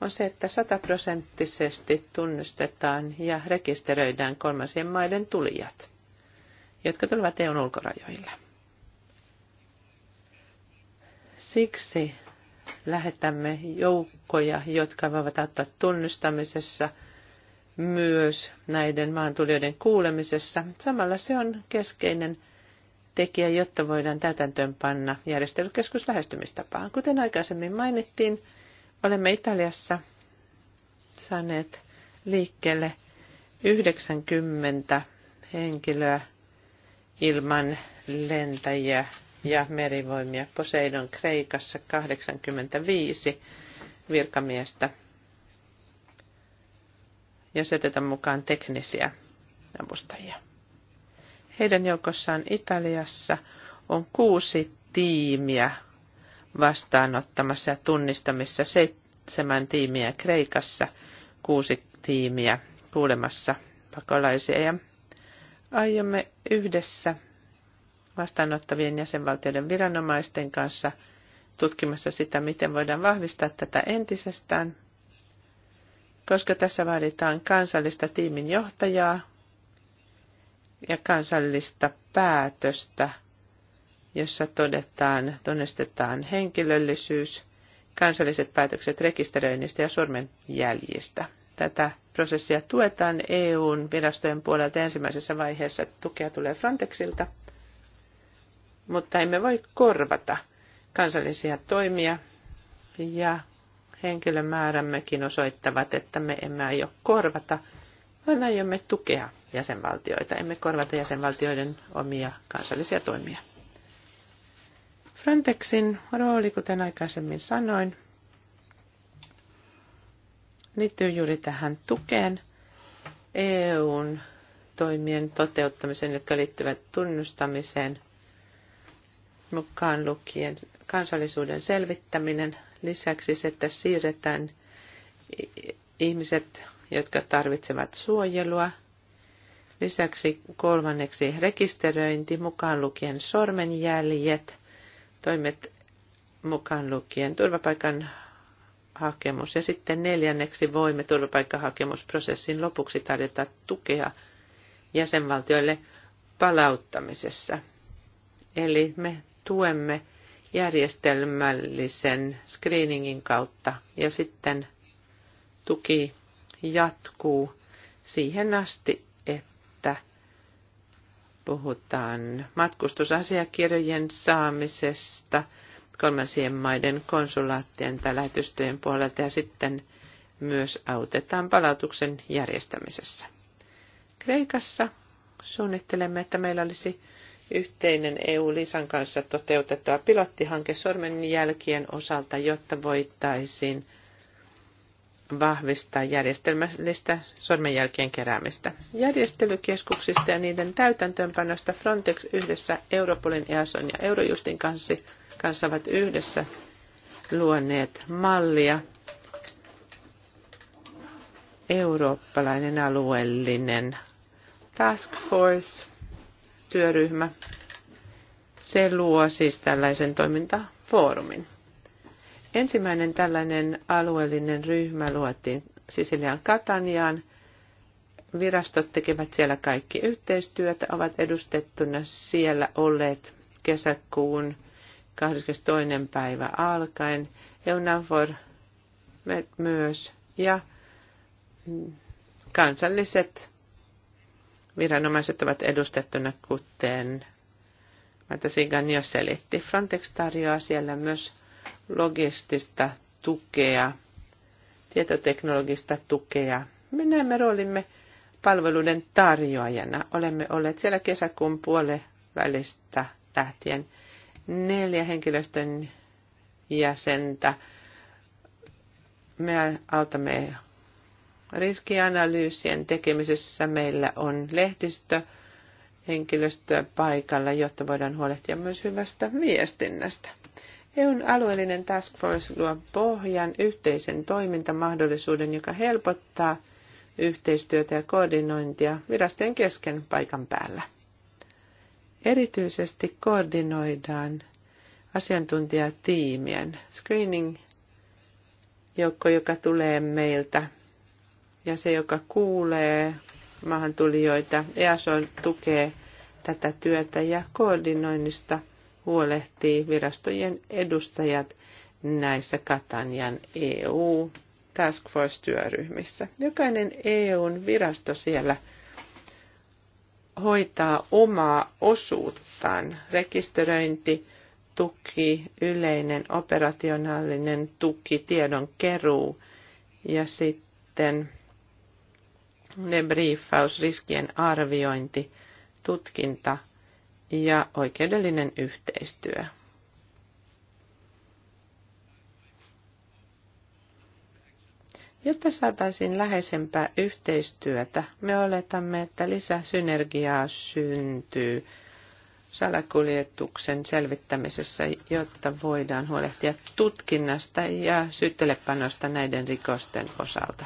on se, että sataprosenttisesti tunnustetaan ja rekisteröidään kolmansien maiden tulijat, jotka tulevat EUn ulkorajoille. Siksi lähetämme joukkoja, jotka voivat auttaa tunnustamisessa, myös näiden maantulijoiden kuulemisessa. Samalla se on keskeinen tekijä, jotta voidaan täytäntöönpanna järjestelykeskus lähestymistapaan. Kuten aikaisemmin mainittiin, Olemme Italiassa saaneet liikkeelle 90 henkilöä ilman lentäjiä ja merivoimia. Poseidon Kreikassa 85 virkamiestä ja syötetään mukaan teknisiä avustajia. Heidän joukossaan Italiassa on kuusi tiimiä vastaanottamassa ja tunnistamissa seitsemän tiimiä Kreikassa, kuusi tiimiä kuulemassa pakolaisia ja aiomme yhdessä vastaanottavien jäsenvaltioiden viranomaisten kanssa tutkimassa sitä, miten voidaan vahvistaa tätä entisestään, koska tässä vaaditaan kansallista tiimin johtajaa ja kansallista päätöstä – jossa todetaan, tunnistetaan henkilöllisyys, kansalliset päätökset rekisteröinnistä ja sormenjäljistä. Tätä prosessia tuetaan EUn virastojen puolelta ensimmäisessä vaiheessa. Tukea tulee Frontexilta, mutta emme voi korvata kansallisia toimia ja henkilömäärämmekin osoittavat, että me emme aio korvata, vaan aiomme tukea jäsenvaltioita. Emme korvata jäsenvaltioiden omia kansallisia toimia. Frontexin rooli, kuten aikaisemmin sanoin, liittyy juuri tähän tukeen EUn toimien toteuttamiseen, jotka liittyvät tunnustamiseen, mukaan lukien kansallisuuden selvittäminen. Lisäksi se, että siirretään ihmiset, jotka tarvitsevat suojelua. Lisäksi kolmanneksi rekisteröinti, mukaan lukien sormenjäljet – toimet mukaan lukien turvapaikan hakemus. Ja sitten neljänneksi voimme turvapaikkahakemusprosessin lopuksi tarjota tukea jäsenvaltioille palauttamisessa. Eli me tuemme järjestelmällisen screeningin kautta ja sitten tuki jatkuu siihen asti, puhutaan matkustusasiakirjojen saamisesta kolmansien maiden konsulaattien tai lähetystöjen puolelta ja sitten myös autetaan palautuksen järjestämisessä. Kreikassa suunnittelemme, että meillä olisi yhteinen EU-lisan kanssa toteutettava pilottihanke sormenjälkien osalta, jotta voitaisiin vahvistaa järjestelmällistä sormenjälkien keräämistä. Järjestelykeskuksista ja niiden täytäntöönpanosta Frontex yhdessä Europolin, EASON ja Eurojustin kanssa, kanssa ovat yhdessä luoneet mallia. Eurooppalainen alueellinen task force työryhmä. Se luo siis tällaisen toimintafoorumin. Ensimmäinen tällainen alueellinen ryhmä luotiin Sisilian Kataniaan. Virastot tekevät siellä kaikki yhteistyötä, ovat edustettuna siellä olleet kesäkuun 22. päivä alkaen. Eunavor myös ja kansalliset viranomaiset ovat edustettuna, kuten Matasingan jo selitti. Frontex tarjoaa siellä myös logistista tukea, tietoteknologista tukea. Me näemme roolimme palveluiden tarjoajana. Olemme olleet siellä kesäkuun puolen välistä lähtien neljä henkilöstön jäsentä. Me autamme riskianalyysien tekemisessä. Meillä on lehdistö henkilöstöä paikalla, jotta voidaan huolehtia myös hyvästä viestinnästä. EUn alueellinen task force luo pohjan yhteisen toimintamahdollisuuden, joka helpottaa yhteistyötä ja koordinointia virastojen kesken paikan päällä. Erityisesti koordinoidaan asiantuntijatiimien screening-joukko, joka tulee meiltä ja se, joka kuulee maahantulijoita. EASO tukee tätä työtä ja koordinoinnista – huolehtii virastojen edustajat näissä Katanjan EU Task Force-työryhmissä. Jokainen EUn virasto siellä hoitaa omaa osuuttaan. Rekisteröinti, tuki, yleinen operationaalinen tuki, tiedon keruu ja sitten briefaus, riskien arviointi, tutkinta – ja oikeudellinen yhteistyö. Jotta saataisiin läheisempää yhteistyötä, me oletamme, että lisäsynergiaa syntyy salakuljetuksen selvittämisessä, jotta voidaan huolehtia tutkinnasta ja syyttelepanosta näiden rikosten osalta.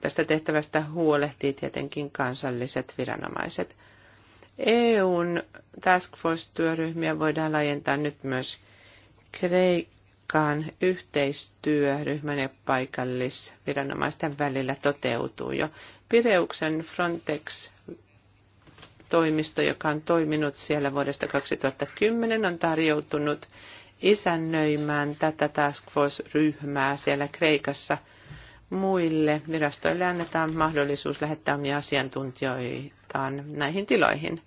Tästä tehtävästä huolehtii tietenkin kansalliset viranomaiset – EUn task force-työryhmiä voidaan laajentaa nyt myös Kreikan yhteistyöryhmän ja paikallisviranomaisten välillä toteutuu jo. Pireuksen Frontex toimisto, joka on toiminut siellä vuodesta 2010, on tarjoutunut isännöimään tätä task force-ryhmää siellä Kreikassa – muille virastoille annetaan mahdollisuus lähettää omia asiantuntijoitaan näihin tiloihin.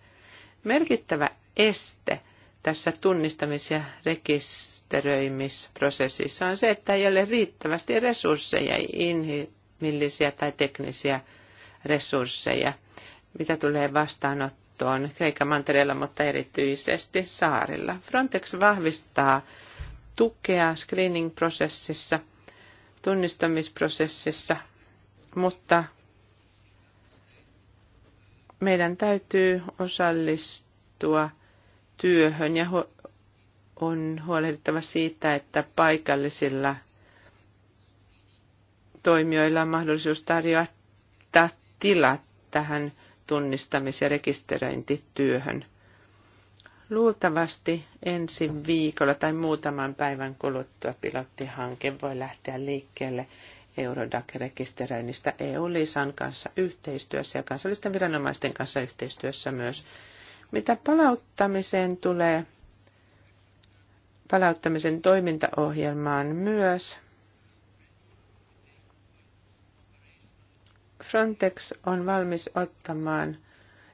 Merkittävä este tässä tunnistamis- ja rekisteröimisprosessissa on se, että ei ole riittävästi resursseja, inhimillisiä tai teknisiä resursseja, mitä tulee vastaanottoon Kreikan mantereella, mutta erityisesti saarilla. Frontex vahvistaa tukea screening-prosessissa – tunnistamisprosessissa, mutta meidän täytyy osallistua työhön ja on huolehdittava siitä, että paikallisilla toimijoilla on mahdollisuus tarjota tilat tähän tunnistamis- ja rekisteröintityöhön. Luultavasti ensi viikolla tai muutaman päivän kuluttua pilottihanke voi lähteä liikkeelle Eurodac-rekisteröinnistä EU-liisan kanssa yhteistyössä ja kansallisten viranomaisten kanssa yhteistyössä myös. Mitä palauttamiseen tulee, palauttamisen toimintaohjelmaan myös, Frontex on valmis ottamaan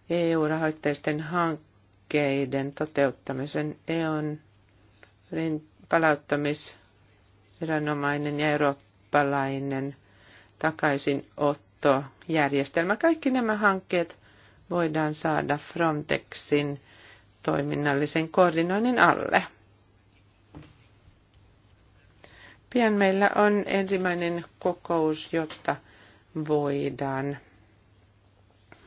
EU-rahoitteisten hankkeiden hankkeiden toteuttamisen EUn palauttamisviranomainen ja eurooppalainen takaisinottojärjestelmä. Kaikki nämä hankkeet voidaan saada Frontexin toiminnallisen koordinoinnin alle. Pian meillä on ensimmäinen kokous, jotta voidaan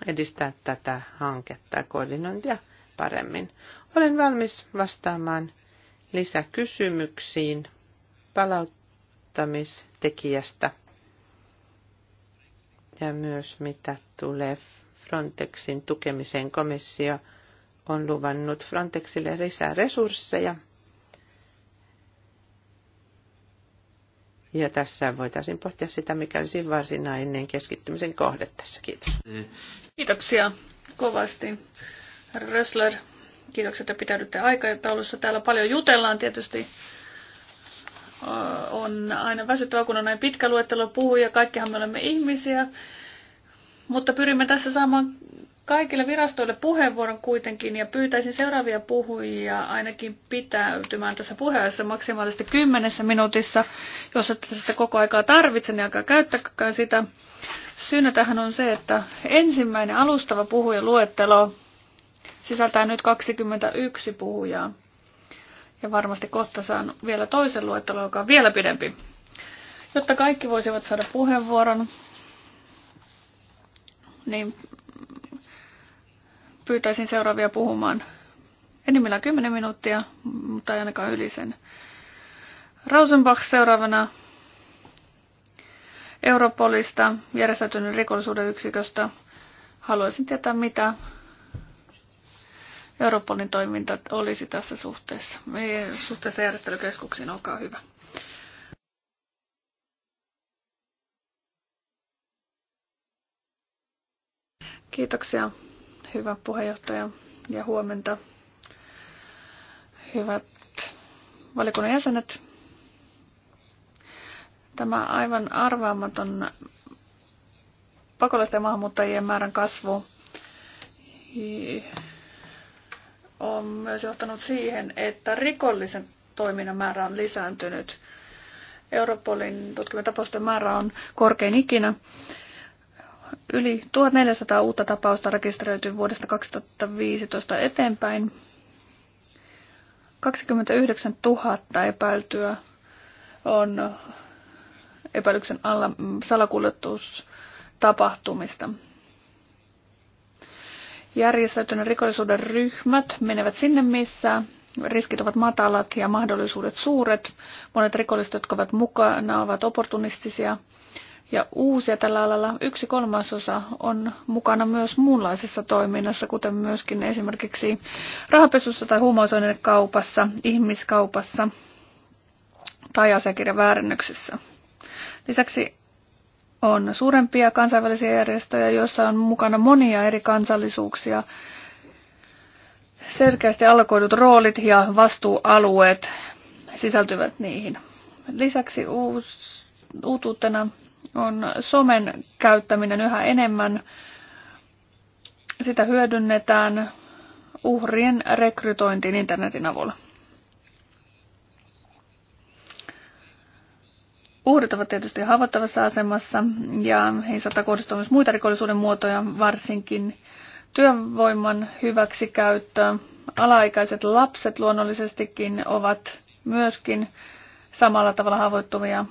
edistää tätä hanketta ja koordinointia paremmin. Olen valmis vastaamaan lisäkysymyksiin palauttamistekijästä ja myös mitä tulee Frontexin tukemiseen. Komissio on luvannut Frontexille lisää resursseja. Ja tässä voitaisiin pohtia sitä, mikä olisi varsinainen keskittymisen kohde tässä. Kiitos. Kiitoksia kovasti Herra Rössler, kiitokset, että pitäydytte aikataulussa. Täällä paljon jutellaan tietysti. On aina väsyttävää, kun on näin pitkä luettelo puhuja. Kaikkihan me olemme ihmisiä. Mutta pyrimme tässä saamaan kaikille virastoille puheenvuoron kuitenkin ja pyytäisin seuraavia puhujia ainakin pitäytymään tässä puheessa maksimaalisesti kymmenessä minuutissa, jos et sitä koko aikaa tarvitse, niin aikaa käyttäkää sitä. Syynä tähän on se, että ensimmäinen alustava puhuja luettelo sisältää nyt 21 puhujaa. Ja varmasti kohta saan vielä toisen luettelon, joka on vielä pidempi. Jotta kaikki voisivat saada puheenvuoron, niin pyytäisin seuraavia puhumaan enimmillään 10 minuuttia, mutta ei ainakaan yli sen. Rausenbach seuraavana Europolista, järjestäytynyt rikollisuuden yksiköstä. Haluaisin tietää, mitä Europolin toiminta olisi tässä suhteessa, suhteessa järjestelykeskuksiin. Olkaa hyvä. Kiitoksia, hyvä puheenjohtaja ja huomenta, hyvät valikunnan jäsenet. Tämä aivan arvaamaton pakolaisten ja maahanmuuttajien määrän kasvu on myös johtanut siihen, että rikollisen toiminnan määrä on lisääntynyt. Europolin tutkimatapausten määrä on korkein ikinä. Yli 1400 uutta tapausta rekisteröityy vuodesta 2015 eteenpäin. 29 000 epäiltyä on epäilyksen alla salakuljetustapahtumista järjestäytyneen rikollisuuden ryhmät menevät sinne, missä riskit ovat matalat ja mahdollisuudet suuret. Monet rikolliset, jotka ovat mukana, ovat opportunistisia ja uusia tällä alalla. Yksi kolmasosa on mukana myös muunlaisessa toiminnassa, kuten myöskin esimerkiksi rahapesussa tai huumausaineiden kaupassa, ihmiskaupassa tai asiakirjan Lisäksi on suurempia kansainvälisiä järjestöjä, joissa on mukana monia eri kansallisuuksia, selkeästi allokoidut roolit ja vastuualueet sisältyvät niihin. Lisäksi uutuutena on somen käyttäminen yhä enemmän. Sitä hyödynnetään uhrien rekrytointiin internetin avulla. Uhrit ovat tietysti haavoittavassa asemassa ja heihin saattaa kohdistua myös muita rikollisuuden muotoja, varsinkin työvoiman hyväksikäyttöä. Alaikäiset lapset luonnollisestikin ovat myöskin samalla tavalla haavoittuvia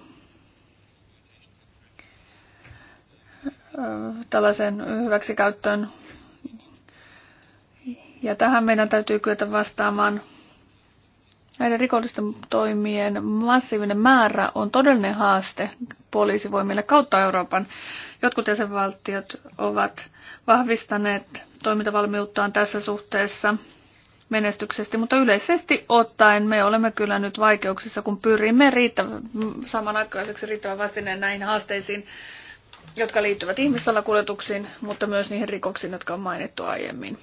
tällaisen hyväksikäyttöön. Ja tähän meidän täytyy kyetä vastaamaan Näiden rikollisten toimien massiivinen määrä on todellinen haaste poliisivoimille kautta Euroopan. Jotkut jäsenvaltiot ovat vahvistaneet toimintavalmiuttaan tässä suhteessa menestyksesti, mutta yleisesti ottaen me olemme kyllä nyt vaikeuksissa, kun pyrimme riittävän, samanaikaiseksi riittävän vastineen näihin haasteisiin, jotka liittyvät ihmissalakuljetuksiin, mutta myös niihin rikoksiin, jotka on mainittu aiemmin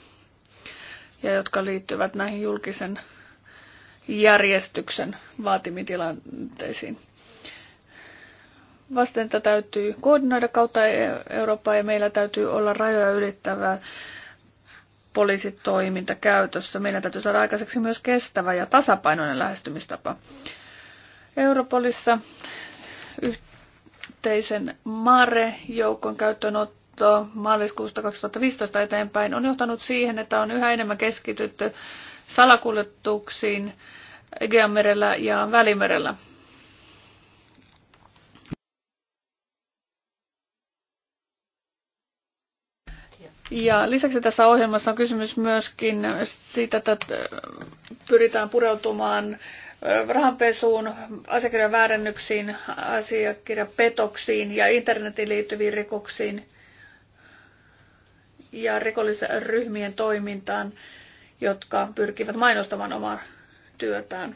ja jotka liittyvät näihin julkisen järjestyksen vaatimiin tilanteisiin. Vastenta täytyy koordinoida kautta Eurooppaa ja meillä täytyy olla rajoja ylittävää poliisitoiminta käytössä. Meidän täytyy saada aikaiseksi myös kestävä ja tasapainoinen lähestymistapa. Europolissa yhteisen MARE-joukon käyttöönotto maaliskuusta 2015 eteenpäin on johtanut siihen, että on yhä enemmän keskitytty salakuljetuksiin Egeanmerellä ja Välimerellä. Ja lisäksi tässä ohjelmassa on kysymys myöskin siitä, että äh, pyritään pureutumaan äh, rahanpesuun, asiakirjan väärennyksiin, petoksiin ja internetiin liittyviin rikoksiin ja rikollisryhmien toimintaan, jotka pyrkivät mainostamaan omaa työtään.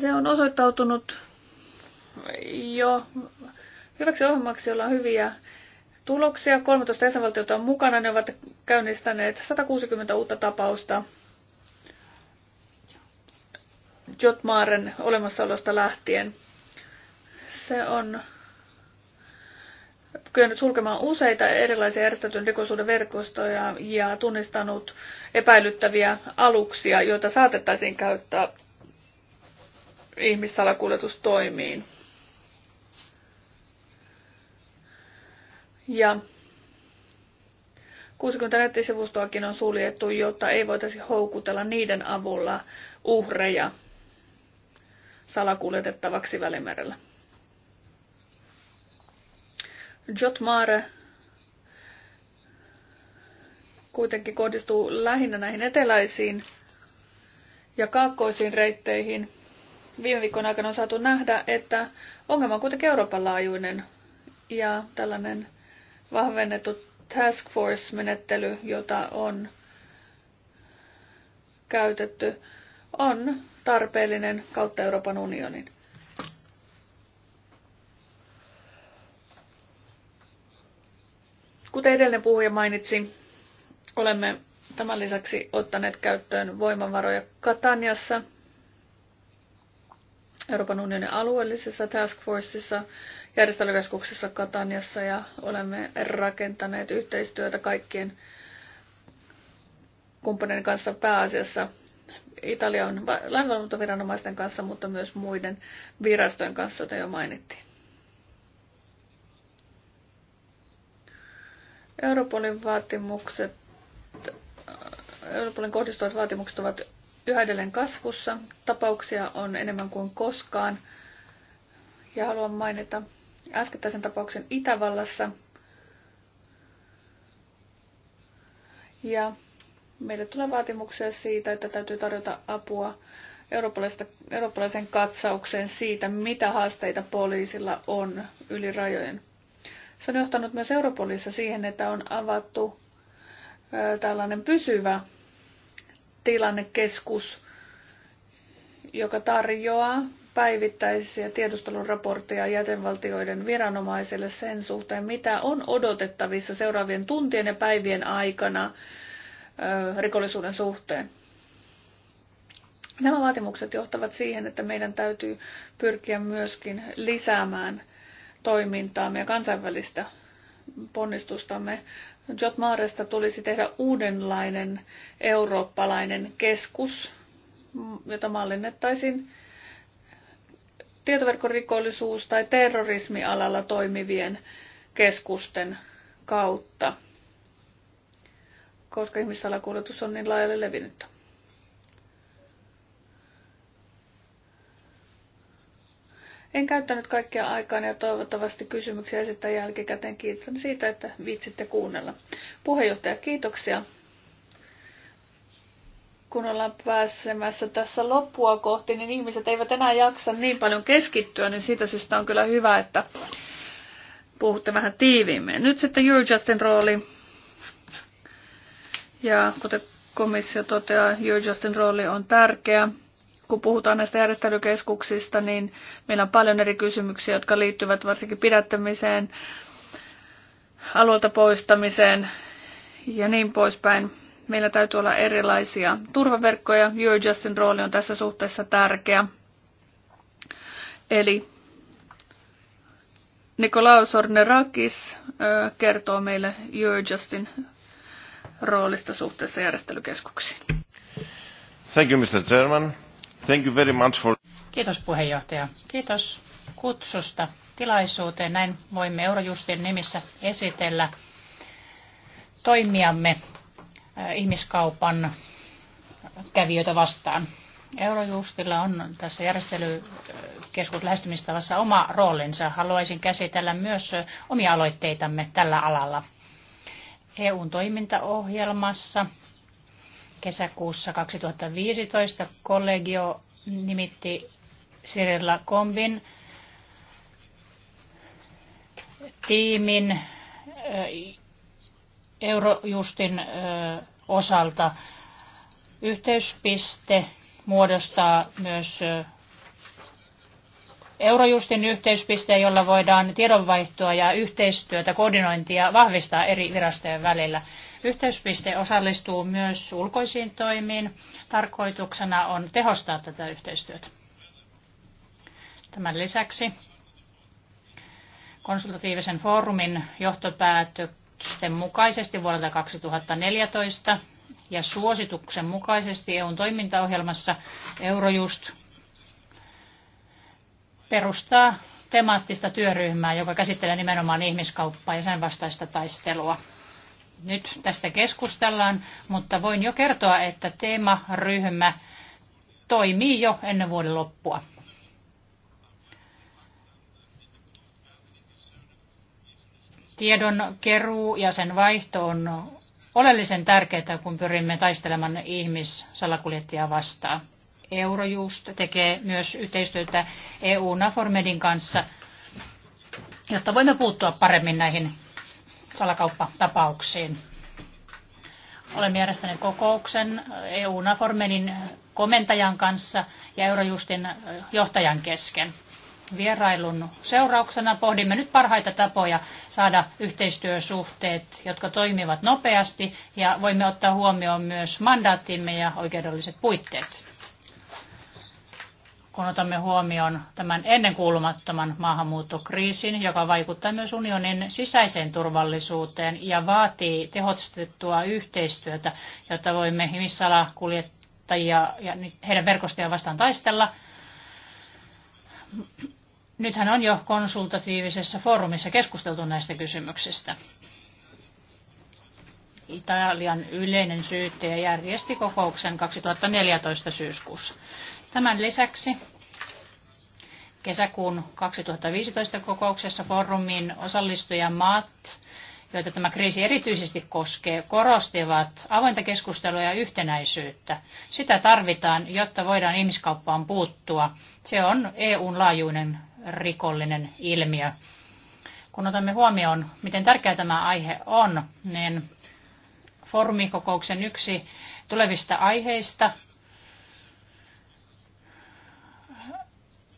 Se on osoittautunut jo hyväksi ohjelmaksi, jolla on hyviä tuloksia. 13 jäsenvaltiota on mukana, ne ovat käynnistäneet 160 uutta tapausta Jotmaaren olemassaolosta lähtien. Se on kyennyt sulkemaan useita erilaisia järjestetyn rikollisuuden verkostoja ja tunnistanut epäilyttäviä aluksia, joita saatettaisiin käyttää ihmissalakuljetustoimiin. Ja 60 nettisivustoakin on suljettu, jotta ei voitaisi houkutella niiden avulla uhreja salakuljetettavaksi Välimerellä. Jotmare kuitenkin kohdistuu lähinnä näihin eteläisiin ja kaakkoisiin reitteihin. Viime viikon aikana on saatu nähdä, että ongelma on kuitenkin Euroopan laajuinen ja tällainen vahvennettu task force-menettely, jota on käytetty, on tarpeellinen kautta Euroopan unionin. Kuten edellinen puhuja mainitsi, olemme tämän lisäksi ottaneet käyttöön voimavaroja Kataniassa, Euroopan unionin alueellisessa task forceissa, järjestelykeskuksessa Kataniassa ja olemme rakentaneet yhteistyötä kaikkien kumppaneiden kanssa pääasiassa Italian lainvalvontaviranomaisten kanssa, mutta myös muiden virastojen kanssa, joita jo mainittiin. Europolin vaatimukset, Europolin kohdistuvat vaatimukset ovat yhä edelleen kasvussa. Tapauksia on enemmän kuin koskaan. Ja haluan mainita äskettäisen tapauksen Itävallassa. Ja meille tulee vaatimuksia siitä, että täytyy tarjota apua eurooppalaisen katsaukseen siitä, mitä haasteita poliisilla on yli rajojen. Se on johtanut myös Europolissa siihen, että on avattu tällainen pysyvä tilannekeskus, joka tarjoaa päivittäisiä tiedusteluraportteja jäsenvaltioiden viranomaisille sen suhteen, mitä on odotettavissa seuraavien tuntien ja päivien aikana rikollisuuden suhteen. Nämä vaatimukset johtavat siihen, että meidän täytyy pyrkiä myöskin lisäämään toimintaamme ja kansainvälistä ponnistustamme. Jot Maaresta tulisi tehdä uudenlainen eurooppalainen keskus, jota mallinnettaisiin tietoverkkorikollisuus- tai terrorismialalla toimivien keskusten kautta, koska ihmissalakuljetus on niin laajalle levinnyt. En käyttänyt kaikkia aikaa ja toivottavasti kysymyksiä esittää jälkikäteen. Kiitos siitä, että viitsitte kuunnella. Puheenjohtaja, kiitoksia. Kun ollaan pääsemässä tässä loppua kohti, niin ihmiset eivät enää jaksa niin paljon keskittyä, niin siitä syystä on kyllä hyvä, että puhutte vähän tiiviimmin. Nyt sitten Justin rooli. Ja kuten komissio toteaa, Justin rooli on tärkeä kun puhutaan näistä järjestelykeskuksista, niin meillä on paljon eri kysymyksiä, jotka liittyvät varsinkin pidättämiseen, alueelta poistamiseen ja niin poispäin. Meillä täytyy olla erilaisia turvaverkkoja. Justin rooli on tässä suhteessa tärkeä. Eli Nikolaus Ornerakis kertoo meille Justin roolista suhteessa järjestelykeskuksiin. Thank you, Mr. Chairman. Thank you very much for... Kiitos puheenjohtaja. Kiitos kutsusta tilaisuuteen. Näin voimme Eurojustin nimissä esitellä toimiamme äh, ihmiskaupan kävijöitä vastaan. Eurojustilla on tässä järjestelykeskus lähestymistavassa oma roolinsa. Haluaisin käsitellä myös äh, omia aloitteitamme tällä alalla. EUn toimintaohjelmassa Kesäkuussa 2015 kollegio nimitti Sirilla Kombin tiimin Eurojustin osalta. Yhteyspiste muodostaa myös Eurojustin yhteyspiste, jolla voidaan tiedonvaihtoa ja yhteistyötä, koordinointia vahvistaa eri virastojen välillä. Yhteyspiste osallistuu myös ulkoisiin toimiin. Tarkoituksena on tehostaa tätä yhteistyötä. Tämän lisäksi konsultatiivisen foorumin johtopäätösten mukaisesti vuodelta 2014 ja suosituksen mukaisesti EUn toimintaohjelmassa Eurojust perustaa temaattista työryhmää, joka käsittelee nimenomaan ihmiskauppaa ja sen vastaista taistelua. Nyt tästä keskustellaan, mutta voin jo kertoa, että teemaryhmä toimii jo ennen vuoden loppua. Tiedon keruu ja sen vaihto on oleellisen tärkeää, kun pyrimme taistelemaan ihmissalakuljettia vastaan. Eurojust tekee myös yhteistyötä EU-Naformedin kanssa, jotta voimme puuttua paremmin näihin salakauppatapauksiin. Olemme järjestäneet kokouksen EU-Naformenin komentajan kanssa ja Eurojustin johtajan kesken. Vierailun seurauksena pohdimme nyt parhaita tapoja saada yhteistyösuhteet, jotka toimivat nopeasti ja voimme ottaa huomioon myös mandaattimme ja oikeudelliset puitteet kun otamme huomioon tämän ennenkuulumattoman maahanmuuttokriisin, joka vaikuttaa myös unionin sisäiseen turvallisuuteen ja vaatii tehostettua yhteistyötä, jotta voimme ihmissalakuljettajia ja heidän verkostojaan vastaan taistella. Nythän on jo konsultatiivisessa foorumissa keskusteltu näistä kysymyksistä. Italian yleinen syyttäjä järjesti kokouksen 2014 syyskuussa. Tämän lisäksi kesäkuun 2015 kokouksessa forumin osallistujamaat, joita tämä kriisi erityisesti koskee, korostivat avointa keskustelua ja yhtenäisyyttä. Sitä tarvitaan, jotta voidaan ihmiskauppaan puuttua. Se on EUn laajuinen rikollinen ilmiö. Kun otamme huomioon, miten tärkeä tämä aihe on, niin foorumikokouksen yksi tulevista aiheista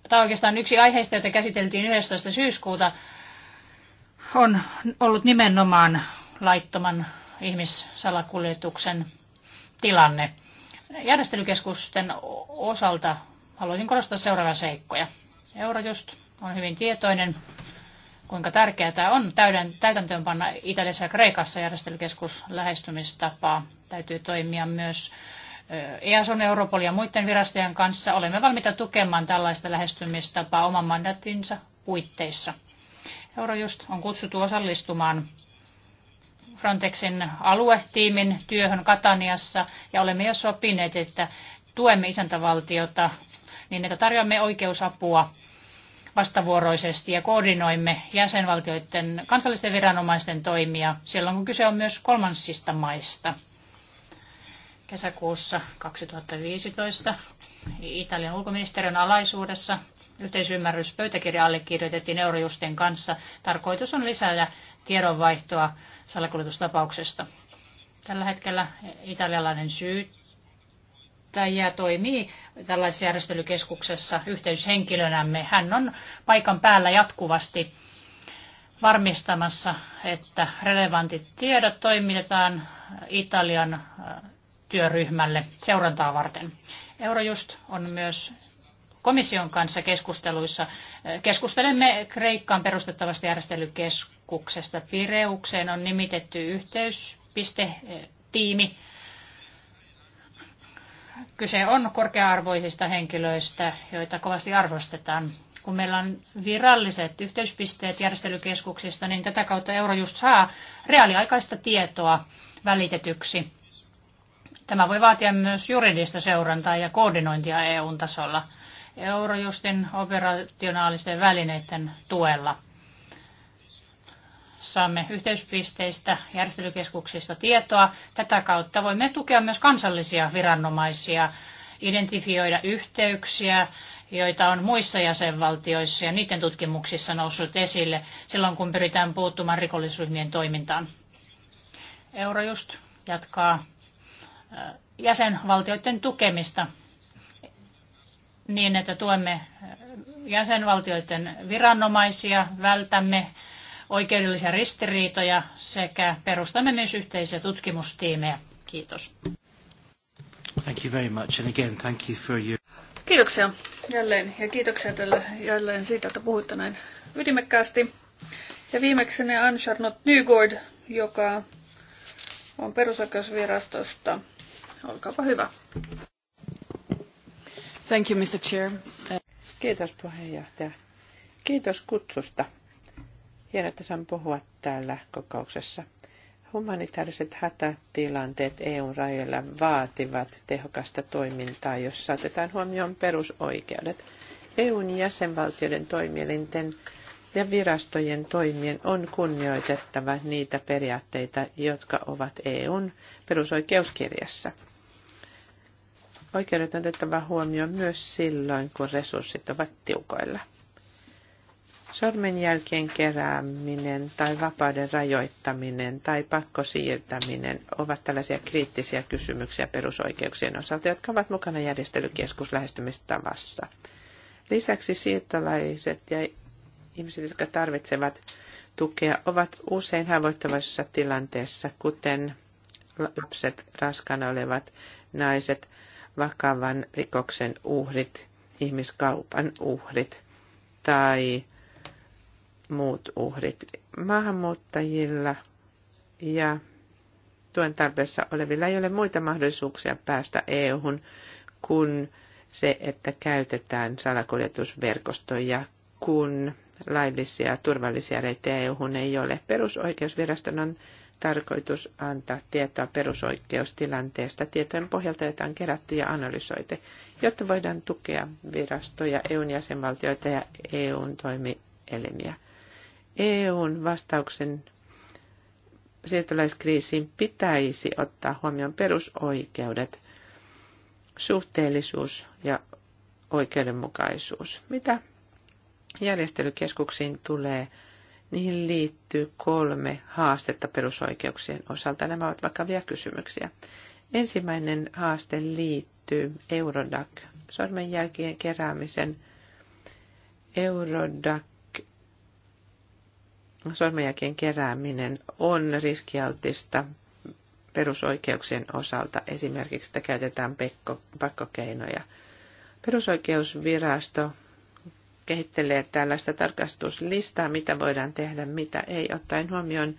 Tämä oikeastaan yksi aiheista, jota käsiteltiin 11. syyskuuta, on ollut nimenomaan laittoman ihmissalakuljetuksen tilanne. Järjestelykeskusten osalta haluaisin korostaa seuraavia seikkoja. Eurojust on hyvin tietoinen, kuinka tärkeää tämä on täyden, täytäntöönpanna Italiassa ja Kreikassa järjestelykeskus lähestymistapaa. Täytyy toimia myös EASON, Europol ja muiden virastojen kanssa. Olemme valmiita tukemaan tällaista lähestymistapaa oman mandatinsa puitteissa. Eurojust on kutsuttu osallistumaan Frontexin aluetiimin työhön Kataniassa ja olemme jo sopineet, että tuemme isäntävaltiota niin, että tarjoamme oikeusapua vastavuoroisesti ja koordinoimme jäsenvaltioiden kansallisten viranomaisten toimia silloin, kun kyse on myös kolmansista maista kesäkuussa 2015 Italian ulkoministeriön alaisuudessa yhteisymmärrys pöytäkirja allekirjoitettiin Eurojusten kanssa. Tarkoitus on lisätä tiedonvaihtoa salakuljetustapauksesta. Tällä hetkellä italialainen syyttäjä toimii tällaisessa järjestelykeskuksessa yhteyshenkilönämme. Hän on paikan päällä jatkuvasti varmistamassa, että relevantit tiedot toimitetaan Italian työryhmälle seurantaa varten. Eurojust on myös komission kanssa keskusteluissa. Keskustelemme Kreikkaan perustettavasta järjestelykeskuksesta. Pireukseen on nimitetty yhteyspistetiimi. Kyse on korkea-arvoisista henkilöistä, joita kovasti arvostetaan. Kun meillä on viralliset yhteyspisteet järjestelykeskuksista, niin tätä kautta Eurojust saa reaaliaikaista tietoa välitetyksi Tämä voi vaatia myös juridista seurantaa ja koordinointia EUn tasolla Eurojustin operationaalisten välineiden tuella. Saamme yhteyspisteistä, järjestelykeskuksista tietoa. Tätä kautta voimme tukea myös kansallisia viranomaisia, identifioida yhteyksiä, joita on muissa jäsenvaltioissa ja niiden tutkimuksissa noussut esille silloin, kun pyritään puuttumaan rikollisryhmien toimintaan. Eurojust jatkaa jäsenvaltioiden tukemista niin, että tuemme jäsenvaltioiden viranomaisia, vältämme oikeudellisia ristiriitoja sekä perustamme myös yhteisiä tutkimustiimejä. Kiitos. Thank you very much and again thank you for your... Kiitoksia jälleen ja kiitoksia tälle jälleen siitä, että puhuitte näin ydimekkäästi. Ja viimeksi ne Ann Charlotte Nygård, joka on perusoikeusvirastosta Olkaapa hyvä. Thank you, Mr. Chair. Kiitos puheenjohtaja. Kiitos kutsusta. Hienoa, että saan puhua täällä kokouksessa. Humanitaariset hätätilanteet EUn rajoilla vaativat tehokasta toimintaa, jossa otetaan huomioon perusoikeudet. EUn jäsenvaltioiden toimielinten ja virastojen toimien on kunnioitettava niitä periaatteita, jotka ovat EUn perusoikeuskirjassa. Oikeudet on otettava huomioon myös silloin, kun resurssit ovat tiukoilla. Sormenjälkien kerääminen tai vapauden rajoittaminen tai pakkosiirtäminen ovat tällaisia kriittisiä kysymyksiä perusoikeuksien osalta, jotka ovat mukana järjestelykeskus lähestymistavassa. Lisäksi siirtolaiset ja ihmiset, jotka tarvitsevat tukea, ovat usein haavoittuvaisessa tilanteessa, kuten lapset, raskana olevat naiset – vakavan rikoksen uhrit, ihmiskaupan uhrit tai muut uhrit. Maahanmuuttajilla ja tuen tarpeessa olevilla ei ole muita mahdollisuuksia päästä EU-hun kuin se, että käytetään salakuljetusverkostoja, kun laillisia turvallisia reittejä EU-hun ei ole. Perusoikeusviraston on tarkoitus antaa tietoa perusoikeustilanteesta tietojen pohjalta, joita on kerätty ja analysoitu, jotta voidaan tukea virastoja, EUn jäsenvaltioita ja EUn toimielimiä. EUn vastauksen siirtolaiskriisiin pitäisi ottaa huomioon perusoikeudet, suhteellisuus ja oikeudenmukaisuus. Mitä järjestelykeskuksiin tulee, Niihin liittyy kolme haastetta perusoikeuksien osalta. Nämä ovat vakavia kysymyksiä. Ensimmäinen haaste liittyy Eurodac-sormenjälkien keräämisen. Eurodac-sormenjälkien kerääminen on riskialtista perusoikeuksien osalta. Esimerkiksi sitä käytetään pakkokeinoja. Perusoikeusvirasto kehittelee tällaista tarkastuslistaa, mitä voidaan tehdä, mitä ei, ottaen huomioon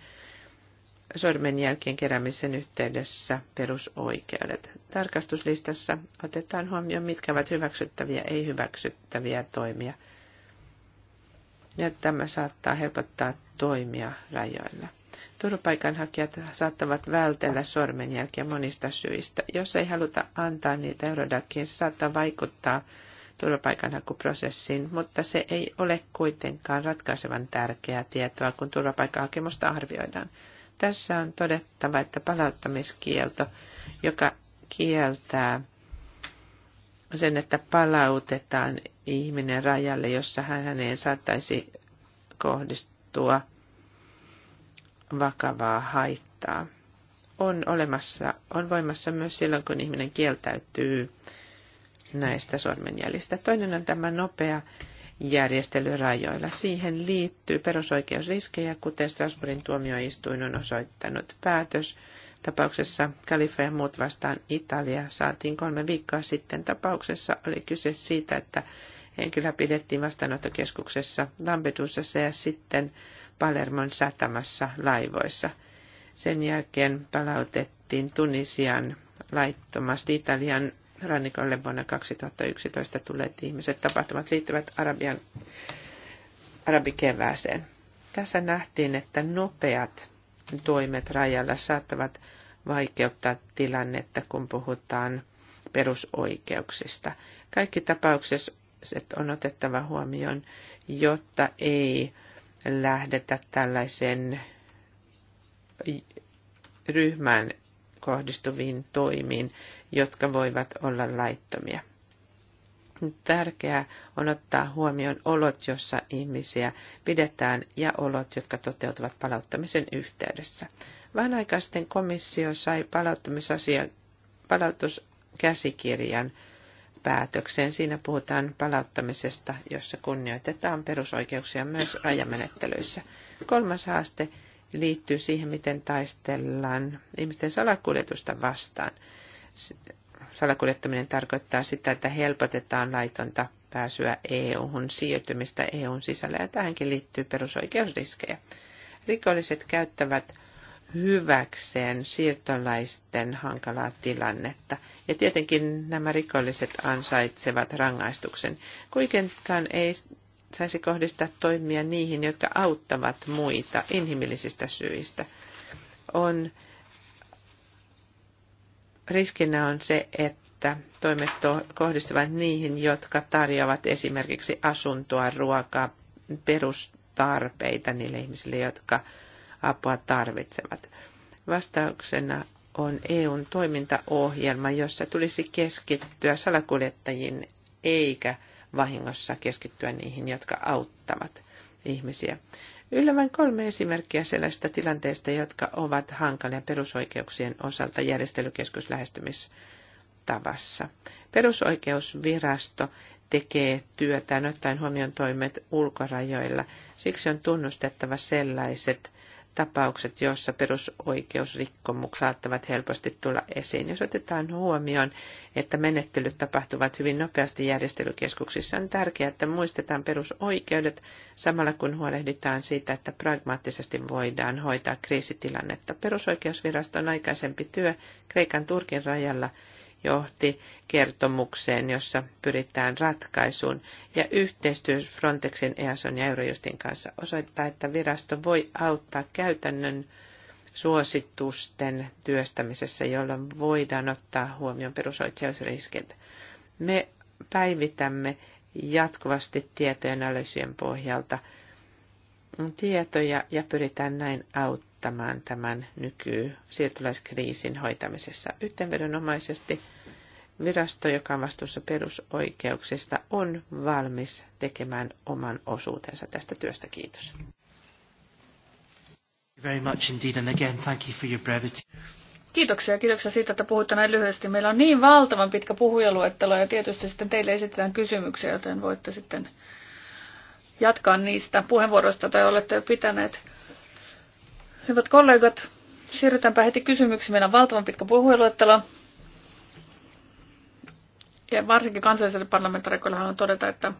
sormenjälkien keräämisen yhteydessä perusoikeudet. Tarkastuslistassa otetaan huomioon, mitkä ovat hyväksyttäviä ei hyväksyttäviä toimia. Ja tämä saattaa helpottaa toimia rajoilla. Turvapaikanhakijat saattavat vältellä sormenjälkiä monista syistä. Jos ei haluta antaa niitä Eurodaciin, se saattaa vaikuttaa turvapaikanhakuprosessiin, mutta se ei ole kuitenkaan ratkaisevan tärkeää tietoa, kun turvapaikanhakemusta arvioidaan. Tässä on todettava, että palauttamiskielto, joka kieltää sen, että palautetaan ihminen rajalle, jossa häneen saattaisi kohdistua vakavaa haittaa. On olemassa, on voimassa myös silloin, kun ihminen kieltäytyy näistä sormenjäljistä. Toinen on tämä nopea järjestely rajoilla. Siihen liittyy perusoikeusriskejä, kuten Strasbourgin tuomioistuin on osoittanut päätös. Tapauksessa Kalifa ja muut vastaan Italia saatiin kolme viikkoa sitten. Tapauksessa oli kyse siitä, että henkilö pidettiin vastaanottokeskuksessa Lampedusassa ja sitten Palermon satamassa laivoissa. Sen jälkeen palautettiin Tunisian laittomasti Italian rannikolle vuonna 2011 tulleet ihmiset tapahtumat liittyvät Arabian, arabikevääseen. Tässä nähtiin, että nopeat toimet rajalla saattavat vaikeuttaa tilannetta, kun puhutaan perusoikeuksista. Kaikki tapaukset on otettava huomioon, jotta ei lähdetä tällaisen ryhmään kohdistuviin toimiin, jotka voivat olla laittomia. Tärkeää on ottaa huomioon olot, jossa ihmisiä pidetään, ja olot, jotka toteutuvat palauttamisen yhteydessä. Vähän aikaa sitten komissio sai palautuskäsikirjan päätökseen. Siinä puhutaan palauttamisesta, jossa kunnioitetaan perusoikeuksia myös rajamenettelyissä. Kolmas haaste liittyy siihen, miten taistellaan ihmisten salakuljetusta vastaan salakuljettaminen tarkoittaa sitä, että helpotetaan laitonta pääsyä EU-hun, siirtymistä EUn sisällä, ja tähänkin liittyy perusoikeusriskejä. Rikolliset käyttävät hyväkseen siirtolaisten hankalaa tilannetta. Ja tietenkin nämä rikolliset ansaitsevat rangaistuksen. Kuitenkaan ei saisi kohdistaa toimia niihin, jotka auttavat muita inhimillisistä syistä. On riskinä on se, että toimet kohdistuvat niihin, jotka tarjoavat esimerkiksi asuntoa, ruokaa, perustarpeita niille ihmisille, jotka apua tarvitsevat. Vastauksena on EUn toimintaohjelma, jossa tulisi keskittyä salakuljettajiin eikä vahingossa keskittyä niihin, jotka auttavat ihmisiä. Yllä vain kolme esimerkkiä sellaisista tilanteista, jotka ovat hankalia perusoikeuksien osalta järjestelykeskus lähestymistavassa. Perusoikeusvirasto tekee työtään ottaen huomioon toimet ulkorajoilla. Siksi on tunnustettava sellaiset tapaukset, joissa perusoikeusrikkomukset saattavat helposti tulla esiin. Jos otetaan huomioon, että menettelyt tapahtuvat hyvin nopeasti järjestelykeskuksissa, on tärkeää, että muistetaan perusoikeudet samalla kun huolehditaan siitä, että pragmaattisesti voidaan hoitaa kriisitilannetta. Perusoikeusviraston aikaisempi työ Kreikan Turkin rajalla – johti kertomukseen, jossa pyritään ratkaisuun, ja yhteistyö Frontexin, EASON ja Eurojustin kanssa osoittaa, että virasto voi auttaa käytännön suositusten työstämisessä, jolloin voidaan ottaa huomioon perusoikeusriskit. Me päivitämme jatkuvasti tietojen analyysien pohjalta tietoja ja pyritään näin auttamaan auttamaan tämän nyky siirtolaiskriisin hoitamisessa. Yhteenvedonomaisesti virasto, joka on vastuussa perusoikeuksista, on valmis tekemään oman osuutensa tästä työstä. Kiitos. Kiitoksia, kiitoksia siitä, että puhuitte näin lyhyesti. Meillä on niin valtavan pitkä puhujaluettelo ja tietysti sitten teille esitetään kysymyksiä, joten voitte sitten jatkaa niistä puheenvuoroista, tai olette jo pitäneet. Hyvät kollegat, siirrytäänpä heti kysymyksiin. Meillä on valtavan pitkä puhujaluettelo. Ja varsinkin kansalliselle parlamentaarikolle haluan todeta, että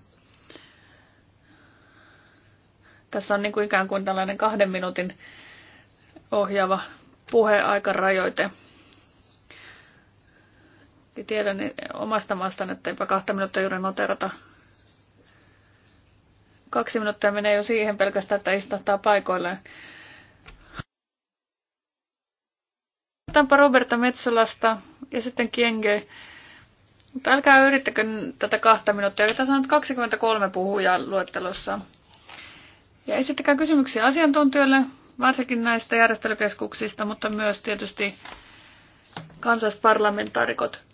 tässä on niin kuin ikään kuin tällainen kahden minuutin ohjaava puheaikarajoite. Ja tiedän omasta maastani, että eipä kahta minuuttia juuri noterata. Kaksi minuuttia menee jo siihen pelkästään, että istahtaa paikoilleen. Otetaanpa Roberta Metsolasta ja sitten Kienge. Mutta älkää yrittäkö tätä kahta minuuttia. Tässä on 23 puhujaa luettelossa. Ja esittäkää kysymyksiä asiantuntijoille, varsinkin näistä järjestelykeskuksista, mutta myös tietysti kansallisparlamentaarikot.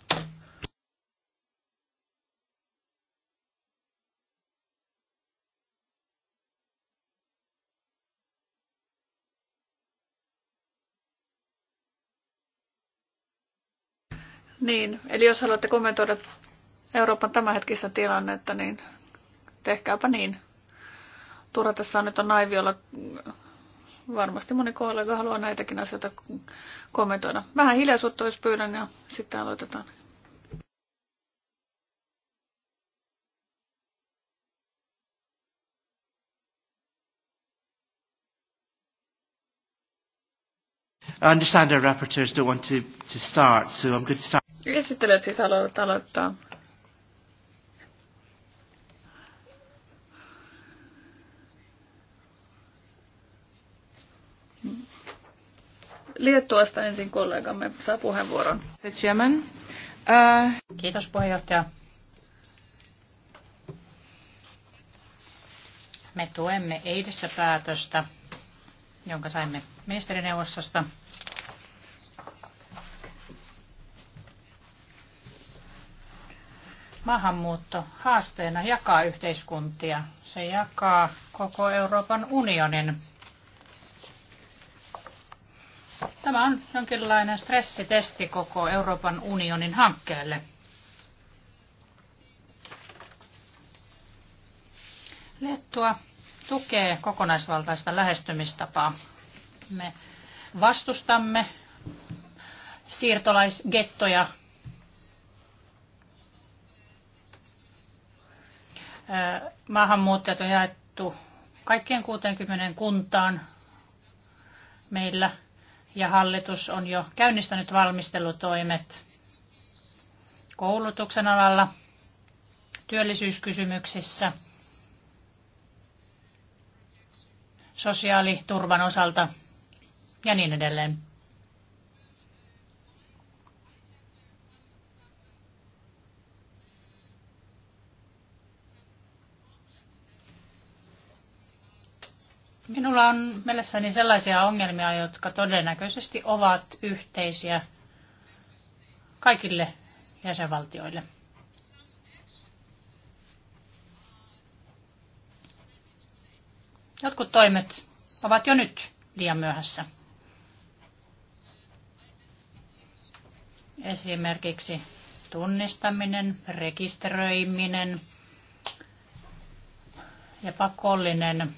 Niin, eli jos haluatte kommentoida Euroopan tämänhetkistä tilannetta, niin tehkääpä niin. Turha tässä on nyt on naivi olla. Varmasti moni kollega haluaa näitäkin asioita kommentoida. Vähän hiljaisuutta olisi pyydän ja sitten aloitetaan. I understand our rapporteurs don't want to, to start, so I'm going to start. Esittelijät siis haluavat aloittaa. Liettuasta ensin kollegamme saa puheenvuoron. chairman. Uh... Kiitos puheenjohtaja. Me tuemme eidessä päätöstä, jonka saimme ministerineuvostosta Maahanmuutto haasteena jakaa yhteiskuntia. Se jakaa koko Euroopan unionin. Tämä on jonkinlainen stressitesti koko Euroopan unionin hankkeelle. Lettua tukee kokonaisvaltaista lähestymistapaa. Me vastustamme siirtolaisgettoja Maahanmuuttajat on jaettu kaikkien 60 kuntaan meillä ja hallitus on jo käynnistänyt valmistelutoimet koulutuksen alalla, työllisyyskysymyksissä, sosiaaliturvan osalta ja niin edelleen. Minulla on mielessäni sellaisia ongelmia, jotka todennäköisesti ovat yhteisiä kaikille jäsenvaltioille. Jotkut toimet ovat jo nyt liian myöhässä. Esimerkiksi tunnistaminen, rekisteröiminen ja pakollinen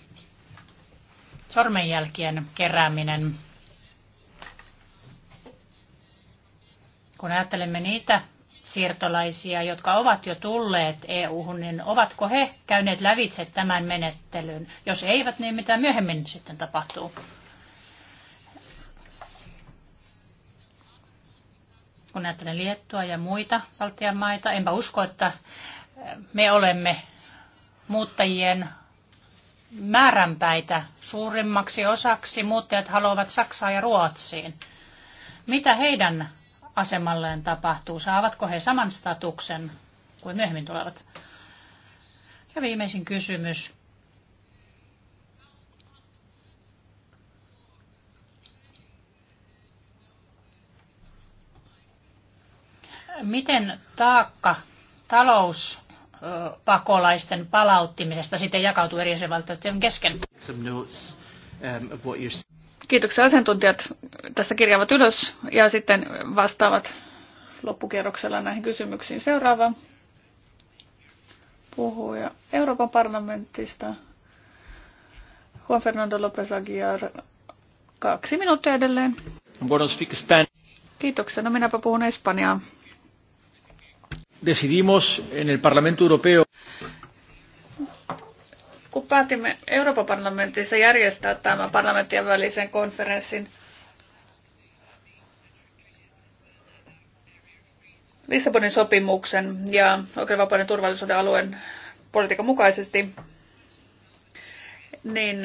sormenjälkien kerääminen. Kun ajattelemme niitä siirtolaisia, jotka ovat jo tulleet EU-hun, niin ovatko he käyneet lävitse tämän menettelyn? Jos eivät, niin mitä myöhemmin sitten tapahtuu? Kun ajattelen Liettua ja muita Baltian maita, enpä usko, että me olemme muuttajien määränpäitä suurimmaksi osaksi. Muuttajat haluavat Saksaa ja Ruotsiin. Mitä heidän asemalleen tapahtuu? Saavatko he saman statuksen kuin myöhemmin tulevat? Ja viimeisin kysymys. Miten taakka, talous pakolaisten palauttimisesta sitten jakautuu eri jäsenvaltioiden kesken. Um, Kiitoksia asiantuntijat. Tässä kirjaavat ylös ja sitten vastaavat loppukierroksella näihin kysymyksiin. Seuraava puhuja Euroopan parlamentista. Juan Fernando López Aguiar, kaksi minuuttia edelleen. Kiitoksia. No minäpä puhun Espanjaa decidimos en el Parlamento Europeo kun päätimme Euroopan parlamentissa järjestää tämän parlamenttien välisen konferenssin, Lissabonin sopimuksen ja oikeudenvapauden turvallisuuden alueen politiikan mukaisesti, niin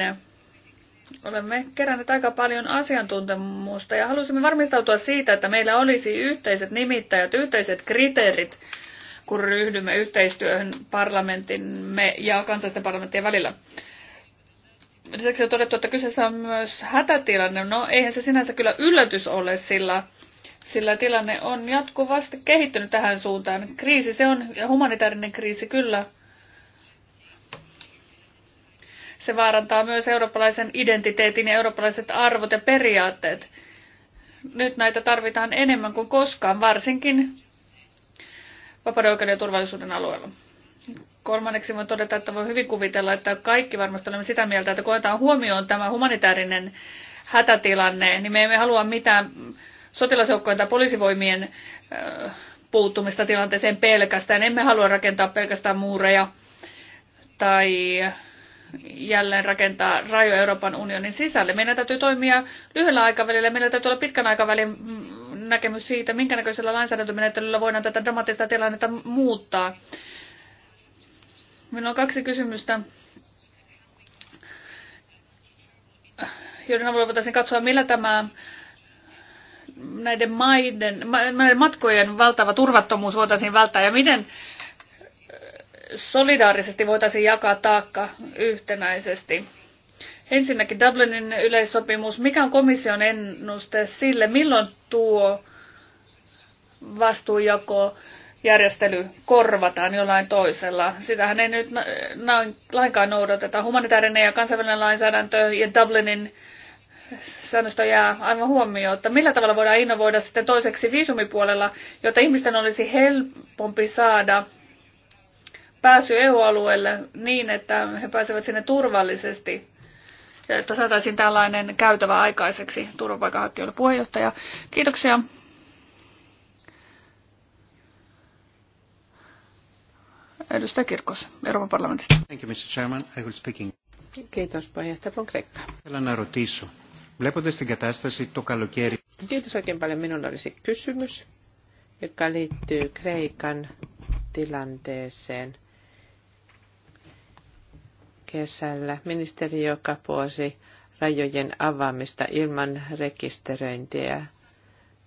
olemme keränneet aika paljon asiantuntemusta ja halusimme varmistautua siitä, että meillä olisi yhteiset nimittäjät, yhteiset kriteerit kun ryhdymme yhteistyöhön parlamenttimme ja kansallisten parlamenttien välillä. Lisäksi on todettu, että kyseessä on myös hätätilanne. No eihän se sinänsä kyllä yllätys ole, sillä, sillä tilanne on jatkuvasti kehittynyt tähän suuntaan. Kriisi se on, ja humanitaarinen kriisi kyllä. Se vaarantaa myös eurooppalaisen identiteetin ja eurooppalaiset arvot ja periaatteet. Nyt näitä tarvitaan enemmän kuin koskaan, varsinkin vapauden, oikeuden ja turvallisuuden alueella. Kolmanneksi voin todeta, että voi hyvin kuvitella, että kaikki varmasti olemme sitä mieltä, että kun otetaan huomioon tämä humanitaarinen hätätilanne, niin me emme halua mitään sotilasjoukkojen tai poliisivoimien puuttumista tilanteeseen pelkästään. Emme halua rakentaa pelkästään muureja tai jälleen rakentaa rajo Euroopan unionin sisälle. Meidän täytyy toimia lyhyellä aikavälillä, meillä täytyy olla pitkän aikavälin mm, näkemys siitä, minkä näköisellä lainsäädäntömenettelyllä voidaan tätä dramaattista tilannetta muuttaa. Minulla on kaksi kysymystä, joiden avulla voitaisiin katsoa, millä tämä näiden maiden, näiden matkojen valtava turvattomuus voitaisiin välttää ja miten solidaarisesti voitaisiin jakaa taakka yhtenäisesti. Ensinnäkin Dublinin yleissopimus. Mikä on komission ennuste sille, milloin tuo vastuujako järjestely korvataan jollain toisella. Sitähän ei nyt noin, lainkaan noudateta. Humanitaarinen ja kansainvälinen lainsäädäntö ja Dublinin säännöstä jää aivan että Millä tavalla voidaan innovoida sitten toiseksi viisumipuolella, jotta ihmisten olisi helpompi saada pääsy EU-alueelle niin, että he pääsevät sinne turvallisesti ja että saataisiin tällainen käytävä aikaiseksi turvapaikanhakijoille puheenjohtaja. Kiitoksia. Edustaja Kirkos, Euroopan parlamentista. Thank you, Mr. Chairman. I will Kiitos, puheenjohtaja Von Kreikka. Θέλω να ρωτήσω, την κατάσταση το καλοκαίρι... Kiitos oikein paljon. Minulla olisi kysymys, joka liittyy Kreikan tilanteeseen kesällä ministeri, joka puosi rajojen avaamista ilman rekisteröintiä.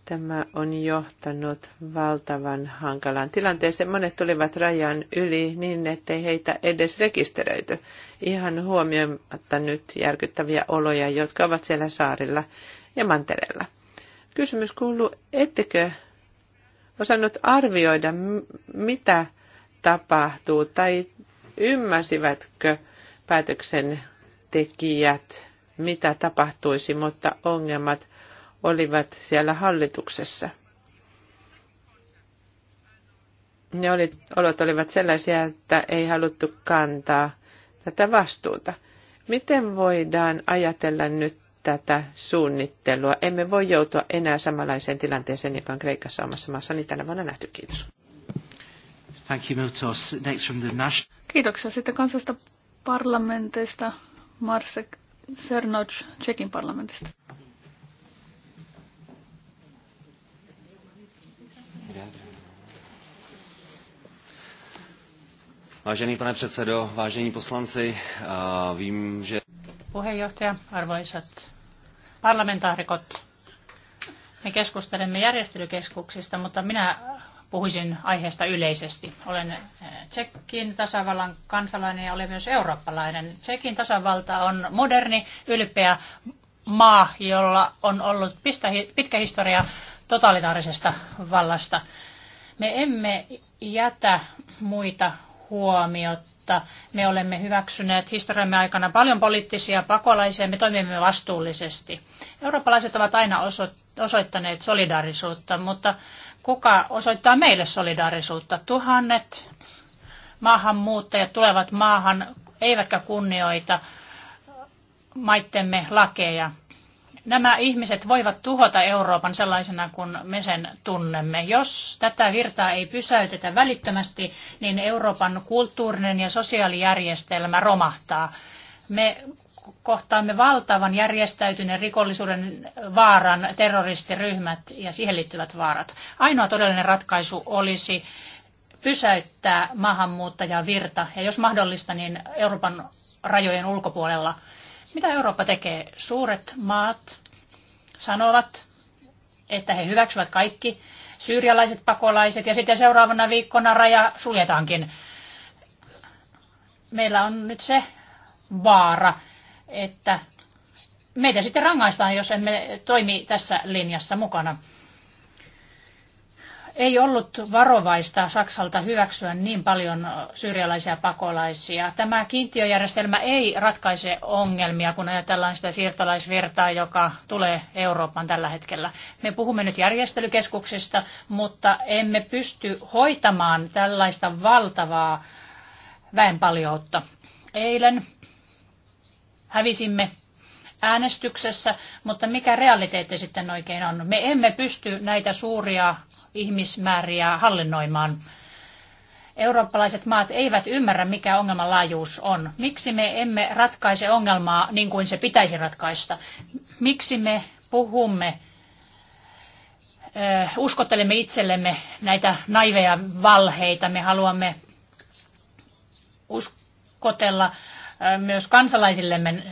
Tämä on johtanut valtavan hankalaan tilanteeseen. Monet tulivat rajan yli niin, ettei heitä edes rekisteröity. Ihan huomioimatta nyt järkyttäviä oloja, jotka ovat siellä saarilla ja mantereella. Kysymys kuuluu, ettekö osannut arvioida, mitä tapahtuu, tai ymmärsivätkö päätöksentekijät, mitä tapahtuisi, mutta ongelmat olivat siellä hallituksessa. Ne oli, olot olivat sellaisia, että ei haluttu kantaa tätä vastuuta. Miten voidaan ajatella nyt tätä suunnittelua? Emme voi joutua enää samanlaiseen tilanteeseen, joka on Kreikassa omassa niin tänä vuonna nähty. Kiitos. Thank you, Miltos. Next from the national... Kiitoksia. Sitten kansasta parlamenteista, Marsek Sernoc Tsekin parlamentista. Vážený pane předsedo, vážení poslanci, vím, že... Puheenjohtaja, arvoisat parlamentaarikot, me keskustelemme järjestelykeskuksista, mutta minä puhuisin aiheesta yleisesti. Olen eh, Tsekin tasavallan kansalainen ja olen myös eurooppalainen. Tsekin tasavalta on moderni, ylpeä maa, jolla on ollut pitkä historia totalitaarisesta vallasta. Me emme jätä muita huomiota. Me olemme hyväksyneet historiamme aikana paljon poliittisia pakolaisia, me toimimme vastuullisesti. Eurooppalaiset ovat aina osoittaneet solidaarisuutta, mutta kuka osoittaa meille solidaarisuutta? Tuhannet maahanmuuttajat tulevat maahan, eivätkä kunnioita maittemme lakeja. Nämä ihmiset voivat tuhota Euroopan sellaisena kuin me sen tunnemme. Jos tätä virtaa ei pysäytetä välittömästi, niin Euroopan kulttuurinen ja sosiaalijärjestelmä romahtaa. Me kohtaamme valtavan järjestäytyneen rikollisuuden vaaran, terroristiryhmät ja siihen liittyvät vaarat. Ainoa todellinen ratkaisu olisi pysäyttää maahanmuuttajavirta ja jos mahdollista, niin Euroopan rajojen ulkopuolella. Mitä Eurooppa tekee? Suuret maat sanovat, että he hyväksyvät kaikki syyrialaiset pakolaiset ja sitten seuraavana viikkona raja suljetaankin. Meillä on nyt se vaara, että meitä sitten rangaistaan, jos emme toimi tässä linjassa mukana. Ei ollut varovaista Saksalta hyväksyä niin paljon syyrialaisia pakolaisia. Tämä kiintiöjärjestelmä ei ratkaise ongelmia, kun ajatellaan sitä siirtolaisvirtaa, joka tulee Euroopan tällä hetkellä. Me puhumme nyt järjestelykeskuksista, mutta emme pysty hoitamaan tällaista valtavaa väenpaljoutta. Eilen hävisimme äänestyksessä, mutta mikä realiteetti sitten oikein on? Me emme pysty näitä suuria ihmismääriä hallinnoimaan. Eurooppalaiset maat eivät ymmärrä, mikä ongelman laajuus on. Miksi me emme ratkaise ongelmaa niin kuin se pitäisi ratkaista? Miksi me puhumme, uskottelemme itsellemme näitä naiveja valheita? Me haluamme uskotella myös kansalaisillemme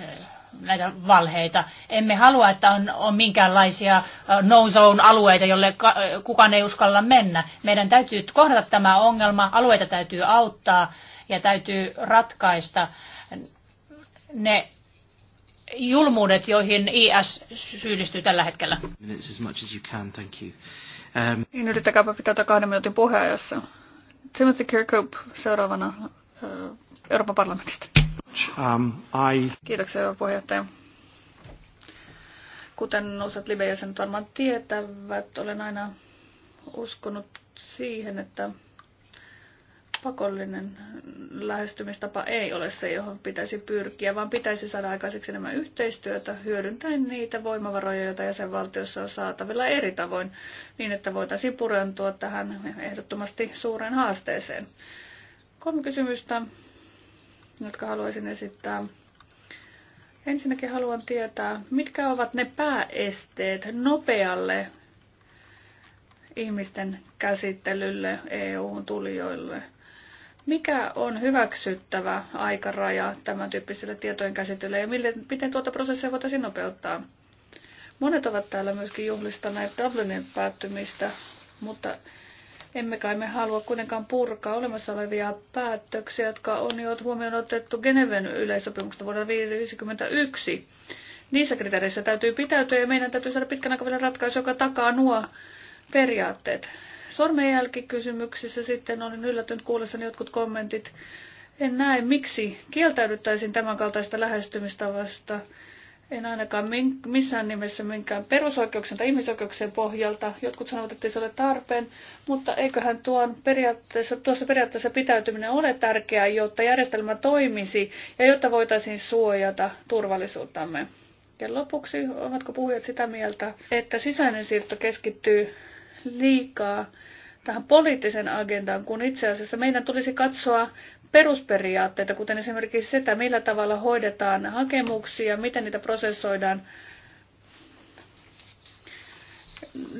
näitä valheita. Emme halua, että on, on minkäänlaisia no-zone-alueita, jolle kukaan ei uskalla mennä. Meidän täytyy kohdata tämä ongelma, alueita täytyy auttaa ja täytyy ratkaista ne julmuudet, joihin IS syyllistyy tällä hetkellä. Um... Niin yrittäkääpä pitää kahden minuutin puheenjohtajassa. Timothy Kirkhope seuraavana Euroopan parlamentista much. Um, I... Kiitoksia, hyvä puheenjohtaja. Kuten osat live-jäsenet varmaan tietävät, olen aina uskonut siihen, että pakollinen lähestymistapa ei ole se, johon pitäisi pyrkiä, vaan pitäisi saada aikaiseksi enemmän yhteistyötä hyödyntäen niitä voimavaroja, joita jäsenvaltiossa on saatavilla eri tavoin, niin että voitaisiin purentua tähän ehdottomasti suureen haasteeseen. Kolme kysymystä jotka haluaisin esittää. Ensinnäkin haluan tietää, mitkä ovat ne pääesteet nopealle ihmisten käsittelylle EUn tulijoille. Mikä on hyväksyttävä aikaraja tämän tyyppiselle tietojen käsittelylle ja miten, miten tuota prosessia voitaisiin nopeuttaa? Monet ovat täällä myöskin juhlistaneet Dublinin päättymistä, mutta emme kai me halua kuitenkaan purkaa olemassa olevia päätöksiä, jotka on jo huomioon otettu Geneven yleissopimuksesta vuonna 1951. Niissä kriteereissä täytyy pitäytyä ja meidän täytyy saada pitkän aikavälin ratkaisu, joka takaa nuo periaatteet. Sormenjälkikysymyksissä sitten olin yllättynyt kuullessani jotkut kommentit. En näe, miksi kieltäydyttäisiin tämänkaltaista lähestymistavasta en ainakaan missään nimessä minkään perusoikeuksien tai ihmisoikeuksien pohjalta. Jotkut sanovat, että ei se ole tarpeen, mutta eiköhän tuon periaatteessa, tuossa periaatteessa pitäytyminen ole tärkeää, jotta järjestelmä toimisi ja jotta voitaisiin suojata turvallisuuttamme. Ja lopuksi, ovatko puhujat sitä mieltä, että sisäinen siirto keskittyy liikaa tähän poliittisen agendaan, kun itse asiassa meidän tulisi katsoa perusperiaatteita, kuten esimerkiksi sitä, millä tavalla hoidetaan hakemuksia, miten niitä prosessoidaan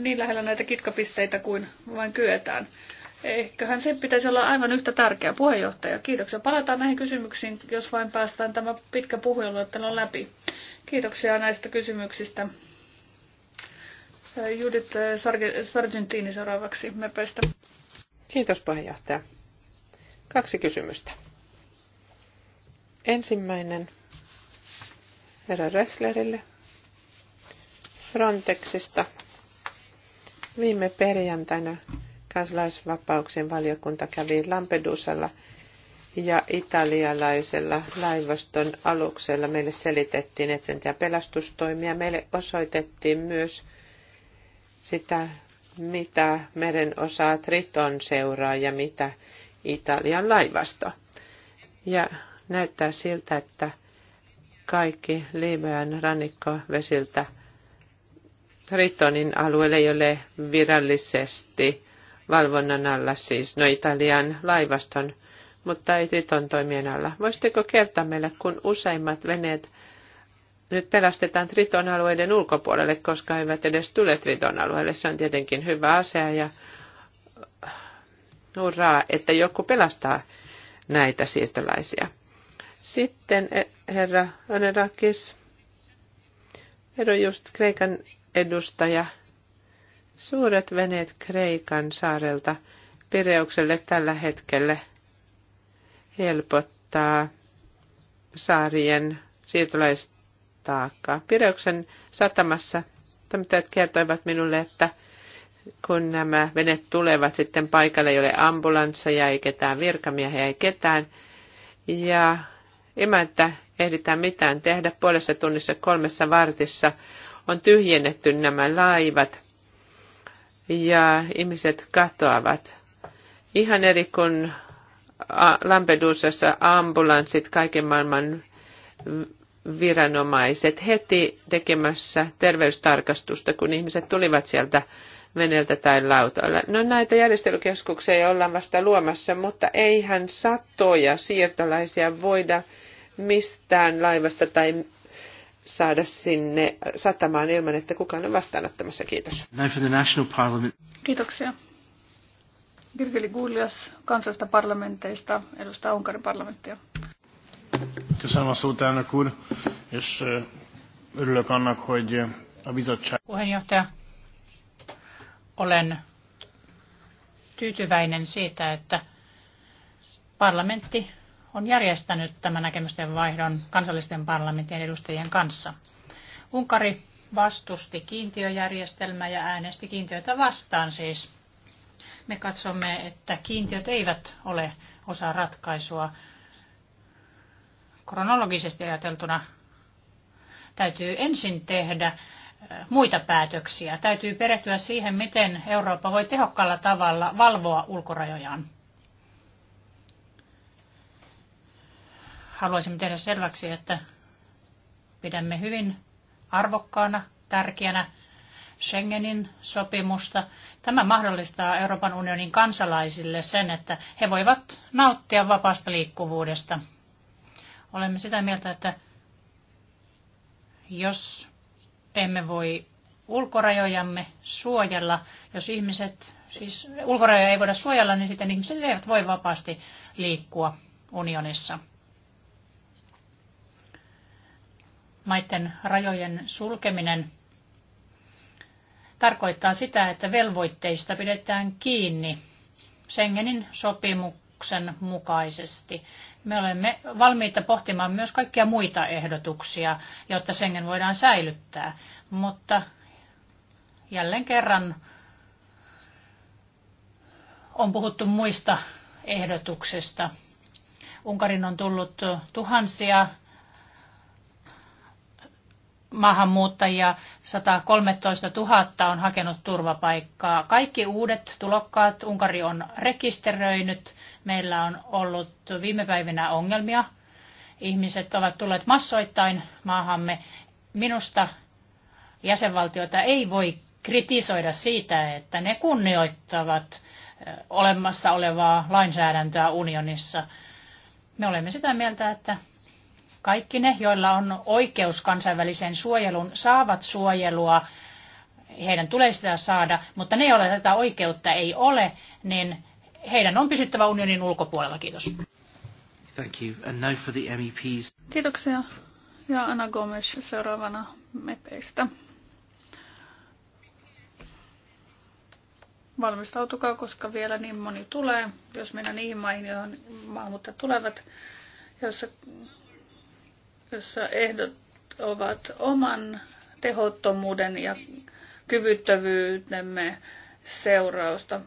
niin lähellä näitä kitkapisteitä kuin vain kyetään. Eiköhän se pitäisi olla aivan yhtä tärkeä puheenjohtaja. Kiitoksia. Palataan näihin kysymyksiin, jos vain päästään tämä pitkä puheenluettelo läpi. Kiitoksia näistä kysymyksistä. Judith Sargentini seuraavaksi mepeistä. Kiitos puheenjohtaja. Kaksi kysymystä. Ensimmäinen herra Resslerille Frontexista. Viime perjantaina kansalaisvapauksien valiokunta kävi Lampedusalla ja italialaisella laivaston aluksella meille selitettiin etsintä- ja pelastustoimia. Meille osoitettiin myös sitä, mitä meren osaa Triton seuraa ja mitä Italian laivasto. Ja näyttää siltä, että kaikki Liimeän rannikkovesiltä Tritonin alueelle ei ole virallisesti valvonnan alla, siis no Italian laivaston, mutta ei Triton toimien alla. Voisitteko kertoa meille, kun useimmat veneet nyt pelastetaan Triton alueiden ulkopuolelle, koska eivät edes tule Triton alueelle. Se on tietenkin hyvä asia ja hurraa, että joku pelastaa näitä siirtolaisia. Sitten eh, herra Anerakis, herra just Kreikan edustaja, suuret veneet Kreikan saarelta Pireukselle tällä hetkellä helpottaa saarien siirtolaistaakkaa. Pireuksen satamassa toimittajat kertoivat minulle, että – kun nämä venet tulevat sitten paikalle, ei ole ambulansseja, ei ketään virkamiehiä, ei ketään. Ja emäntä ehditään mitään tehdä. Puolessa tunnissa kolmessa vartissa on tyhjennetty nämä laivat ja ihmiset katoavat. Ihan eri kuin Lampedusassa ambulanssit, kaiken maailman viranomaiset heti tekemässä terveystarkastusta, kun ihmiset tulivat sieltä veneeltä tai lautoilla. No näitä järjestelykeskuksia ollaan vasta luomassa, mutta eihän satoja siirtolaisia voida mistään laivasta tai saada sinne satamaan ilman, että kukaan on vastaanottamassa. Kiitos. Kiitoksia. Kirkeli Gullias, kansallista parlamenteista edustaa Unkarin parlamenttia. Kiitos. Puheenjohtaja, olen tyytyväinen siitä, että parlamentti on järjestänyt tämän näkemysten vaihdon kansallisten parlamenttien edustajien kanssa. Unkari vastusti kiintiöjärjestelmää ja äänesti kiintiöitä vastaan siis. Me katsomme, että kiintiöt eivät ole osa ratkaisua. Kronologisesti ajateltuna täytyy ensin tehdä muita päätöksiä. Täytyy perehtyä siihen, miten Eurooppa voi tehokkaalla tavalla valvoa ulkorajojaan. Haluaisimme tehdä selväksi, että pidämme hyvin arvokkaana, tärkeänä Schengenin sopimusta. Tämä mahdollistaa Euroopan unionin kansalaisille sen, että he voivat nauttia vapaasta liikkuvuudesta. Olemme sitä mieltä, että jos emme voi ulkorajojamme suojella. Jos ihmiset, siis ulkorajoja ei voida suojella, niin sitten ihmiset eivät voi vapaasti liikkua unionissa. Maiden rajojen sulkeminen tarkoittaa sitä, että velvoitteista pidetään kiinni Schengenin sopimuksen mukaisesti. Me olemme valmiita pohtimaan myös kaikkia muita ehdotuksia, jotta Schengen voidaan säilyttää. Mutta jälleen kerran on puhuttu muista ehdotuksista. Unkarin on tullut tuhansia maahanmuuttajia, 113 000 on hakenut turvapaikkaa. Kaikki uudet tulokkaat Unkari on rekisteröinyt. Meillä on ollut viime päivinä ongelmia. Ihmiset ovat tulleet massoittain maahamme. Minusta jäsenvaltiota ei voi kritisoida siitä, että ne kunnioittavat olemassa olevaa lainsäädäntöä unionissa. Me olemme sitä mieltä, että kaikki ne, joilla on oikeus kansainväliseen suojeluun, saavat suojelua. Heidän tulee sitä saada, mutta ne, joilla tätä oikeutta ei ole, niin heidän on pysyttävä unionin ulkopuolella. Kiitos. Thank you. And now for the MEPs. Kiitoksia. Ja Anna Gomes seuraavana MEPeistä. valmistautukaa, koska vielä niin moni tulee, jos mennään niihin maihin, joihin maahanmuuttajat tulevat, joissa jossa ehdot ovat oman tehottomuuden ja kyvyttävyytemme seurausta.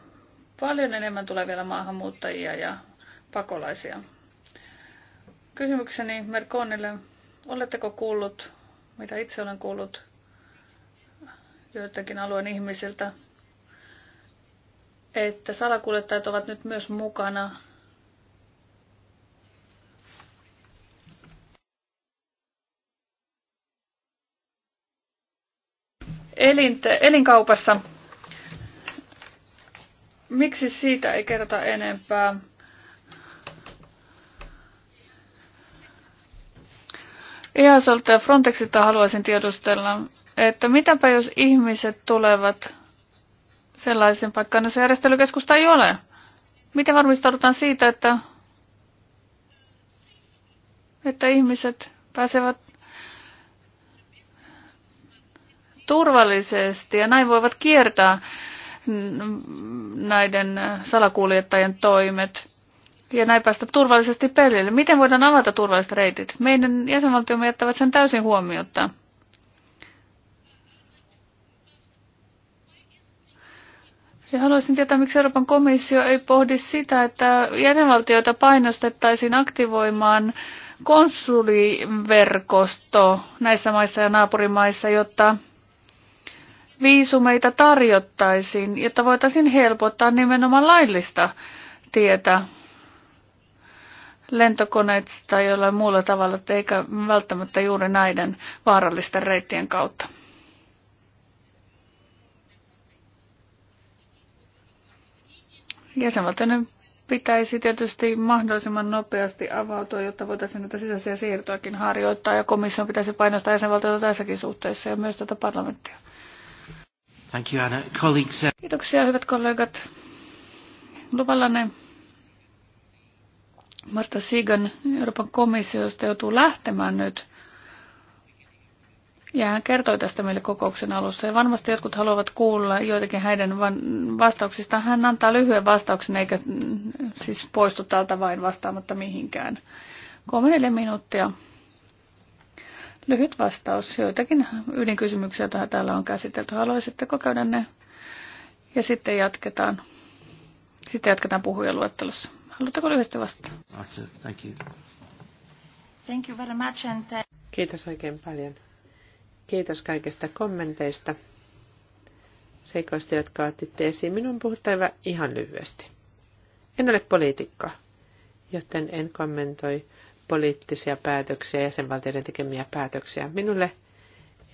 Paljon enemmän tulee vielä maahanmuuttajia ja pakolaisia. Kysymykseni Merkonille, oletteko kuullut, mitä itse olen kuullut joitakin alueen ihmisiltä, että salakuljettajat ovat nyt myös mukana elinte, elinkaupassa. Miksi siitä ei kerrota enempää? EASolta ja Frontexista haluaisin tiedustella, että mitäpä jos ihmiset tulevat sellaisen paikkaan, jos järjestelykeskusta ei ole? Miten varmistaudutaan siitä, että, että ihmiset pääsevät turvallisesti ja näin voivat kiertää näiden salakuljettajien toimet ja näin päästä turvallisesti perille. Miten voidaan avata turvalliset reitit? Meidän jäsenvaltiomme jättävät sen täysin huomiota. Ja haluaisin tietää, miksi Euroopan komissio ei pohdi sitä, että jäsenvaltioita painostettaisiin aktivoimaan konsuliverkosto näissä maissa ja naapurimaissa, jotta viisumeita tarjottaisiin, jotta voitaisiin helpottaa nimenomaan laillista tietä lentokoneita tai jollain muulla tavalla, eikä välttämättä juuri näiden vaarallisten reittien kautta. Jäsenvaltioiden pitäisi tietysti mahdollisimman nopeasti avautua, jotta voitaisiin näitä sisäisiä siirtoakin harjoittaa, ja komission pitäisi painostaa jäsenvaltioita tässäkin suhteessa ja myös tätä parlamenttia. Thank you, Anna. Colleagues, uh... Kiitoksia, hyvät kollegat. Luvallanne Marta Sigan Euroopan komissiosta joutuu lähtemään nyt. Ja hän kertoi tästä meille kokouksen alussa. Ja varmasti jotkut haluavat kuulla joitakin heidän vastauksista. Hän antaa lyhyen vastauksen, eikä mm, siis poistu täältä vain vastaamatta mihinkään. Kolme minuuttia. Lyhyt vastaus joitakin ydinkysymyksiä, joita täällä on käsitelty. Haluaisitteko käydä ne? Ja sitten jatketaan. Sitten jatketaan puhujaluettelossa. Haluatteko lyhyesti vastata? Thank you. Thank you very much and... Uh, Kiitos oikein paljon. Kiitos kaikista kommenteista, seikoista, jotka otitte esiin. Minun puhuttava ihan lyhyesti. En ole poliitikko, joten en kommentoi poliittisia päätöksiä, jäsenvaltioiden tekemiä päätöksiä. Minulle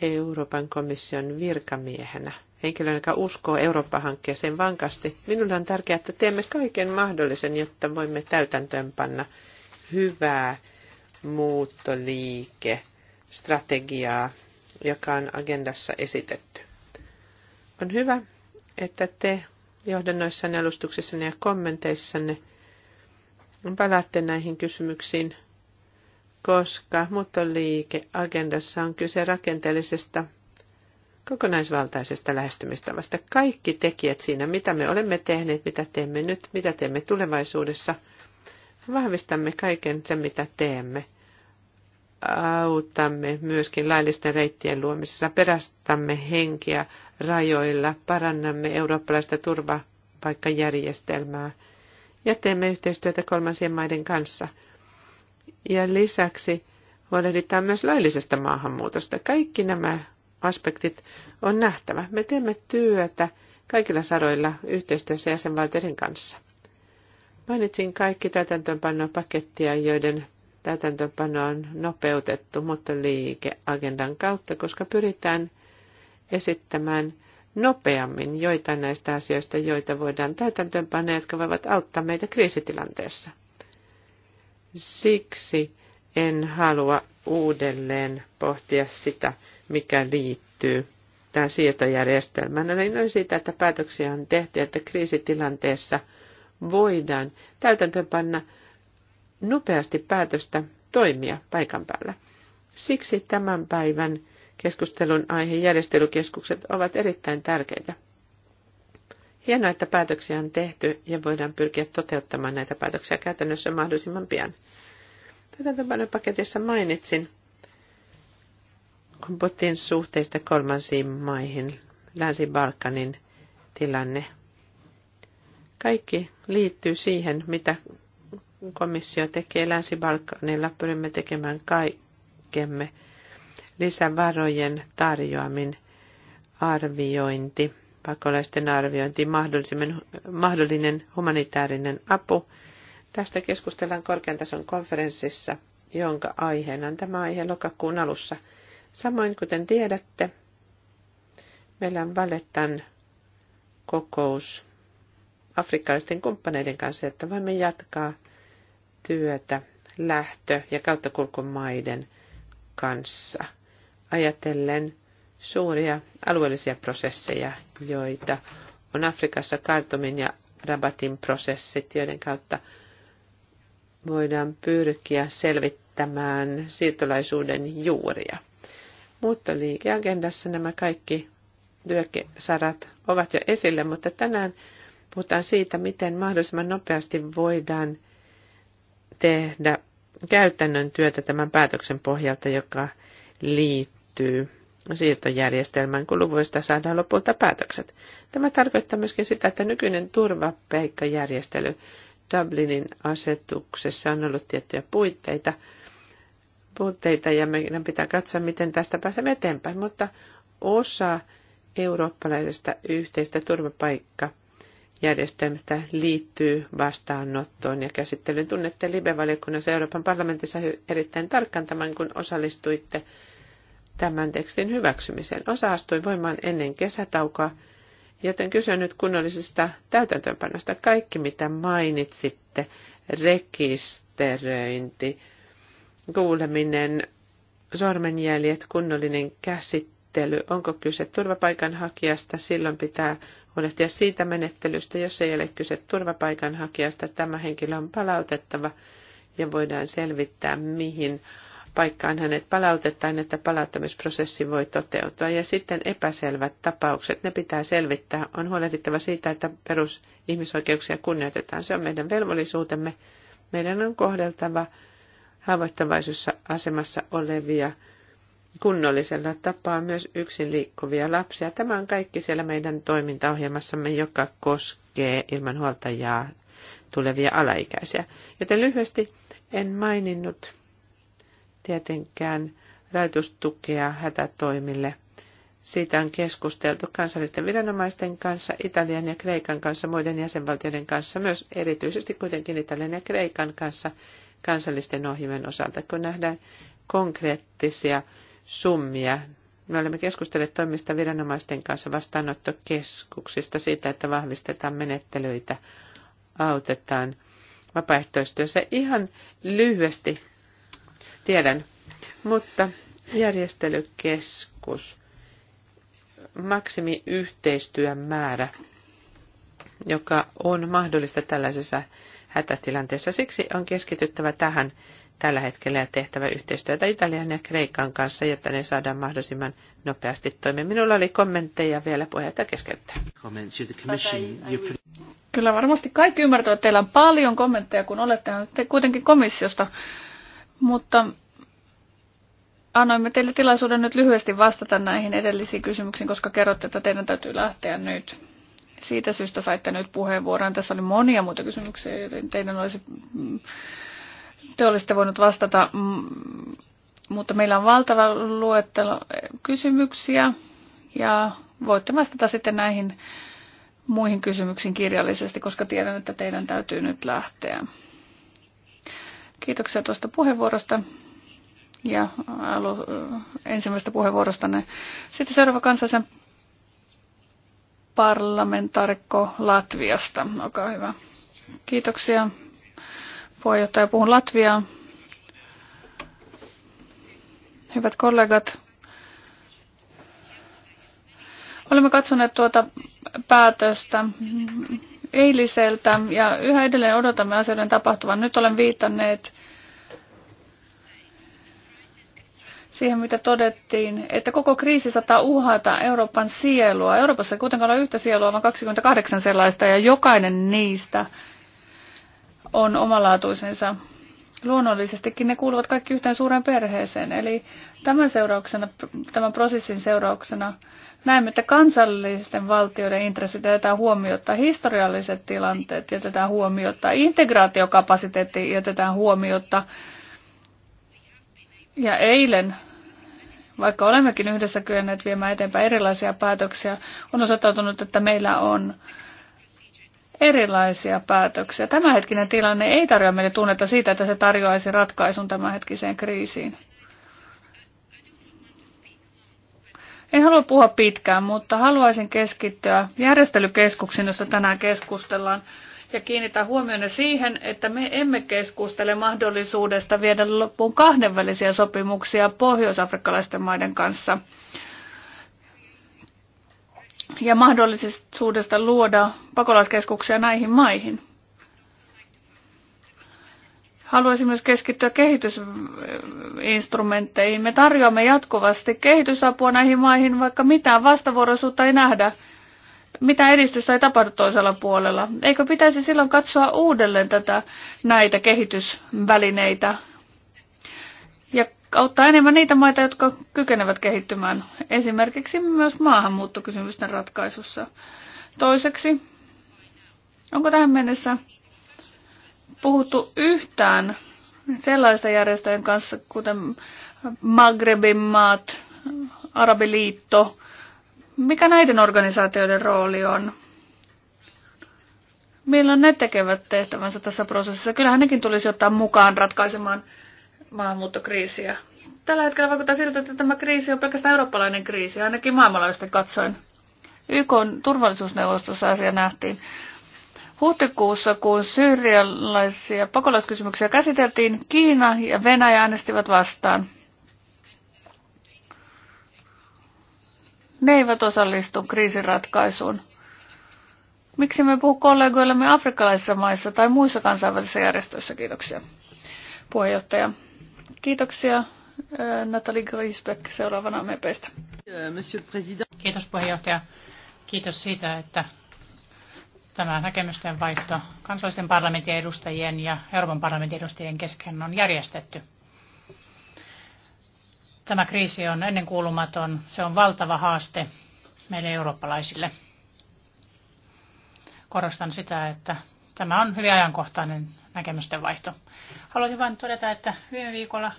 Euroopan komission virkamiehenä, henkilön, joka uskoo Eurooppa-hankkeeseen vankasti, minulle on tärkeää, että teemme kaiken mahdollisen, jotta voimme täytäntöönpanna hyvää muuttoliikestrategiaa, strategiaa, joka on agendassa esitetty. On hyvä, että te johdannoissanne, alustuksissanne ja kommenteissanne palaatte näihin kysymyksiin koska muuttoliikeagendassa on kyse rakenteellisesta kokonaisvaltaisesta lähestymistavasta. Kaikki tekijät siinä, mitä me olemme tehneet, mitä teemme nyt, mitä teemme tulevaisuudessa, vahvistamme kaiken sen, mitä teemme. Autamme myöskin laillisten reittien luomisessa, perastamme henkiä rajoilla, parannamme eurooppalaista turvapaikkajärjestelmää ja teemme yhteistyötä kolmansien maiden kanssa – ja lisäksi huolehditaan myös laillisesta maahanmuutosta. Kaikki nämä aspektit on nähtävä. Me teemme työtä kaikilla saroilla yhteistyössä jäsenvaltioiden kanssa. Mainitsin kaikki täytäntöönpanopakettia, joiden täytäntöönpano on nopeutettu mutta liikeagendan kautta, koska pyritään esittämään nopeammin joitain näistä asioista, joita voidaan täytäntöönpanna, jotka voivat auttaa meitä kriisitilanteessa. Siksi en halua uudelleen pohtia sitä, mikä liittyy tähän siirtojärjestelmään. Eli noin siitä, että päätöksiä on tehty, että kriisitilanteessa voidaan täytäntöönpanna nopeasti päätöstä toimia paikan päällä. Siksi tämän päivän keskustelun aihe järjestelykeskukset ovat erittäin tärkeitä. Hienoa, että päätöksiä on tehty ja voidaan pyrkiä toteuttamaan näitä päätöksiä käytännössä mahdollisimman pian. Tätä paketissa mainitsin, kun puhuttiin suhteista kolmansiin maihin, Länsi-Balkanin tilanne. Kaikki liittyy siihen, mitä komissio tekee Länsi-Balkanilla. Pyrimme tekemään kaikkemme lisävarojen tarjoamin arviointi pakolaisten arviointi, mahdollinen humanitaarinen apu. Tästä keskustellaan korkean tason konferenssissa, jonka aiheena on tämä aihe lokakuun alussa. Samoin kuten tiedätte, meillä on Valettan kokous afrikkalaisten kumppaneiden kanssa, että voimme jatkaa työtä lähtö- ja kauttakulkumaiden kanssa. Ajatellen suuria alueellisia prosesseja, joita on Afrikassa Kartomin ja Rabatin prosessit, joiden kautta voidaan pyrkiä selvittämään siirtolaisuuden juuria. Mutta liikeagendassa nämä kaikki työsarat ovat jo esille, mutta tänään puhutaan siitä, miten mahdollisimman nopeasti voidaan tehdä käytännön työtä tämän päätöksen pohjalta, joka liittyy siirtojärjestelmän, kun luvuista saadaan lopulta päätökset. Tämä tarkoittaa myöskin sitä, että nykyinen turvapaikkajärjestely Dublinin asetuksessa on ollut tiettyjä puitteita, puutteita ja meidän pitää katsoa, miten tästä pääsemme eteenpäin, mutta osa eurooppalaisesta yhteistä turvapaikkajärjestelmästä liittyy vastaanottoon ja käsittelyyn. Tunnette Libe-valiokunnassa Euroopan parlamentissa erittäin tarkkaan tämän, kun osallistuitte tämän tekstin hyväksymisen. Osa astui voimaan ennen kesätaukoa, joten kysyn nyt kunnollisesta täytäntöönpanosta. Kaikki, mitä mainitsitte, rekisteröinti, kuuleminen, sormenjäljet, kunnollinen käsittely, onko kyse turvapaikanhakijasta, silloin pitää huolehtia siitä menettelystä, jos ei ole kyse turvapaikanhakijasta, tämä henkilö on palautettava ja voidaan selvittää, mihin paikkaan hänet palautetaan, että palauttamisprosessi voi toteutua. Ja sitten epäselvät tapaukset, ne pitää selvittää. On huolehdittava siitä, että perusihmisoikeuksia kunnioitetaan. Se on meidän velvollisuutemme. Meidän on kohdeltava haavoittavaisessa asemassa olevia kunnollisella tapaa myös yksin liikkuvia lapsia. Tämä on kaikki siellä meidän toimintaohjelmassamme, joka koskee ilman huoltajaa tulevia alaikäisiä. Joten lyhyesti en maininnut tietenkään rajoitustukea hätätoimille. Siitä on keskusteltu kansallisten viranomaisten kanssa, Italian ja Kreikan kanssa, muiden jäsenvaltioiden kanssa, myös erityisesti kuitenkin Italian ja Kreikan kanssa kansallisten ohjelmien osalta, kun nähdään konkreettisia summia. Me olemme keskustelleet toimista viranomaisten kanssa vastaanottokeskuksista siitä, että vahvistetaan menettelyitä, autetaan vapaaehtoistyössä. Ihan lyhyesti tiedän. Mutta järjestelykeskus, maksimiyhteistyön määrä, joka on mahdollista tällaisessa hätätilanteessa. Siksi on keskityttävä tähän tällä hetkellä ja tehtävä yhteistyötä Italian ja Kreikan kanssa, jotta ne saadaan mahdollisimman nopeasti toimia. Minulla oli kommentteja vielä puheita keskeyttää. Kyllä varmasti kaikki ymmärtävät, että teillä on paljon kommentteja, kun olette kuitenkin komissiosta mutta annoimme teille tilaisuuden nyt lyhyesti vastata näihin edellisiin kysymyksiin, koska kerrotte, että teidän täytyy lähteä nyt. Siitä syystä saitte nyt puheenvuoron. Tässä oli monia muita kysymyksiä, joten teidän olisi, te olisitte voinut vastata, mm, mutta meillä on valtava luettelo kysymyksiä ja voitte vastata sitten näihin muihin kysymyksiin kirjallisesti, koska tiedän, että teidän täytyy nyt lähteä. Kiitoksia tuosta puheenvuorosta ja alu, ensimmäistä puheenvuorosta. Sitten seuraava kansallisen parlamentaarikko Latviasta. Olkaa hyvä. Kiitoksia. Puheenjohtaja, puhun Latviaa. Hyvät kollegat, olemme katsoneet tuota päätöstä eiliseltä ja yhä edelleen odotamme asioiden tapahtuvan. Nyt olen viitanneet siihen, mitä todettiin, että koko kriisi saattaa uhata Euroopan sielua. Euroopassa ei kuitenkaan ole yhtä sielua, vaan 28 sellaista, ja jokainen niistä on omalaatuisensa luonnollisestikin ne kuuluvat kaikki yhteen suureen perheeseen. Eli tämän, seurauksena, tämän prosessin seurauksena näemme, että kansallisten valtioiden intressit jätetään huomiota, historialliset tilanteet jätetään huomiota, integraatiokapasiteetti jätetään huomiota. Ja eilen, vaikka olemmekin yhdessä kyenneet viemään eteenpäin erilaisia päätöksiä, on osoittautunut, että meillä on erilaisia päätöksiä. Tämänhetkinen tilanne ei tarjoa meille tunnetta siitä, että se tarjoaisi ratkaisun tämänhetkiseen kriisiin. En halua puhua pitkään, mutta haluaisin keskittyä järjestelykeskuksiin, josta tänään keskustellaan, ja kiinnittää huomioon siihen, että me emme keskustele mahdollisuudesta viedä loppuun kahdenvälisiä sopimuksia pohjoisafrikkalaisten maiden kanssa – ja mahdollisuudesta luoda pakolaiskeskuksia näihin maihin. Haluaisin myös keskittyä kehitysinstrumentteihin. Me tarjoamme jatkuvasti kehitysapua näihin maihin, vaikka mitään vastavuoroisuutta ei nähdä. Mitä edistystä ei tapahdu toisella puolella? Eikö pitäisi silloin katsoa uudelleen tätä, näitä kehitysvälineitä auttaa enemmän niitä maita, jotka kykenevät kehittymään, esimerkiksi myös maahanmuuttokysymysten ratkaisussa. Toiseksi, onko tähän mennessä puhuttu yhtään sellaista järjestöjen kanssa, kuten Maghrebin maat, Arabiliitto, mikä näiden organisaatioiden rooli on? Milloin ne tekevät tehtävänsä tässä prosessissa? Kyllähän nekin tulisi ottaa mukaan ratkaisemaan maahanmuuttokriisiä. Tällä hetkellä vaikuttaa siltä, että tämä kriisi on pelkästään eurooppalainen kriisi, ainakin maailmanlaajuisesti katsoen. YK turvallisuusneuvostossa asia nähtiin. Huhtikuussa, kun syyrialaisia pakolaiskysymyksiä käsiteltiin, Kiina ja Venäjä äänestivät vastaan. Ne eivät osallistu kriisiratkaisuun. Miksi me puhu kollegoillemme afrikkalaisissa maissa tai muissa kansainvälisissä järjestöissä? Kiitoksia, puheenjohtaja. Kiitoksia. Äh, Natalie Grisbeck seuraavana MEPistä. Kiitos puheenjohtaja. Kiitos siitä, että tämä näkemysten vaihto kansallisten parlamentin edustajien ja Euroopan parlamentin edustajien kesken on järjestetty. Tämä kriisi on ennenkuulumaton. Se on valtava haaste meille eurooppalaisille. Korostan sitä, että Tämä on hyvin ajankohtainen näkemysten vaihto. Haluaisin vain todeta, että viime viikolla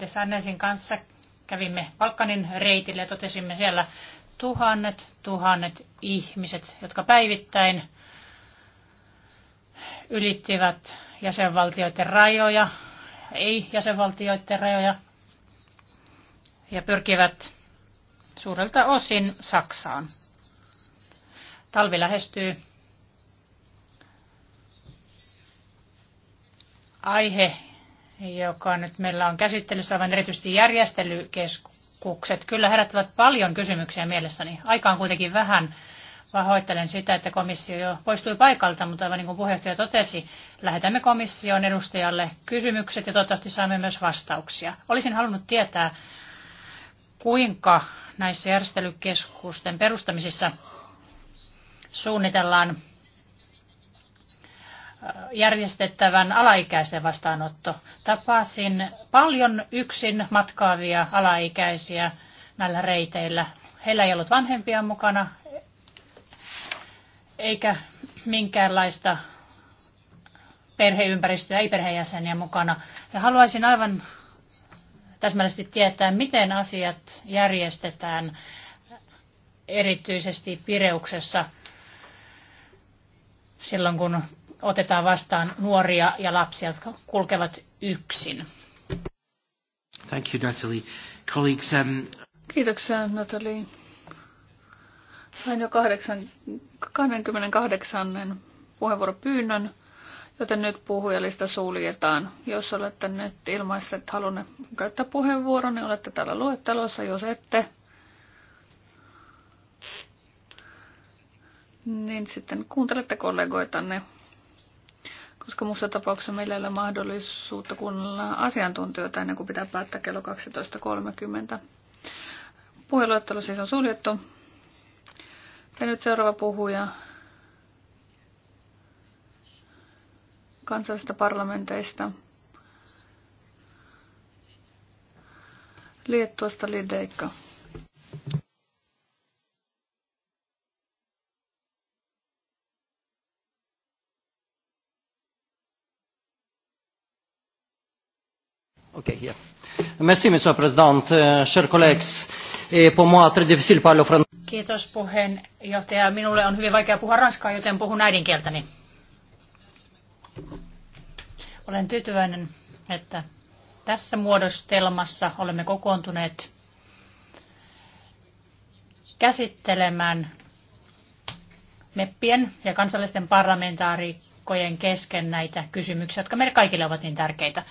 de Sannesin kanssa kävimme Balkanin reitille ja totesimme siellä tuhannet, tuhannet ihmiset, jotka päivittäin ylittivät jäsenvaltioiden rajoja, ei jäsenvaltioiden rajoja, ja pyrkivät suurelta osin Saksaan. Talvi lähestyy aihe, joka nyt meillä on käsittelyssä, aivan erityisesti järjestelykeskukset, kyllä herättävät paljon kysymyksiä mielessäni. on kuitenkin vähän pahoittelen sitä, että komissio jo poistui paikalta, mutta aivan niin kuin puheenjohtaja totesi, lähetämme komission edustajalle kysymykset ja toivottavasti saamme myös vastauksia. Olisin halunnut tietää, kuinka näissä järjestelykeskusten perustamisissa suunnitellaan järjestettävän alaikäisen vastaanotto. Tapasin paljon yksin matkaavia alaikäisiä näillä reiteillä. Heillä ei ollut vanhempia mukana eikä minkäänlaista perheympäristöä, ei perheenjäseniä mukana. Ja haluaisin aivan täsmällisesti tietää, miten asiat järjestetään erityisesti Pireuksessa silloin, kun otetaan vastaan nuoria ja lapsia, jotka kulkevat yksin. Thank you, Natalie. Colleagues, um... Kiitoksia, Natalie. Sain jo 8, 28 puheenvuoropyynnön, joten nyt puhujalista suljetaan. Jos olette nyt että haluatte käyttää puheenvuoron, niin olette täällä luettelossa. Jos ette, niin sitten kuuntelette kollegoitanne koska muussa tapauksessa meillä ei ole mahdollisuutta kuunnella asiantuntijoita ennen kuin pitää päättää kello 12.30. Puheluettelo siis on suljettu. Ja nyt seuraava puhuja kansallisista parlamenteista. Liettuasta Lideikka. Ok, yeah. Merci, Monsieur le Président. Euh, chers collègues, et pour moi, très difficile parler français. Kiitos puheenjohtaja. Minulle on hyvin vaikea puhua ranskaa, joten puhun äidinkieltäni. Olen tyytyväinen, että tässä muodostelmassa olemme kokoontuneet käsittelemään meppien ja kansallisten parlamentaarikkojen kesken näitä kysymyksiä, jotka meille kaikille ovat niin tärkeitä.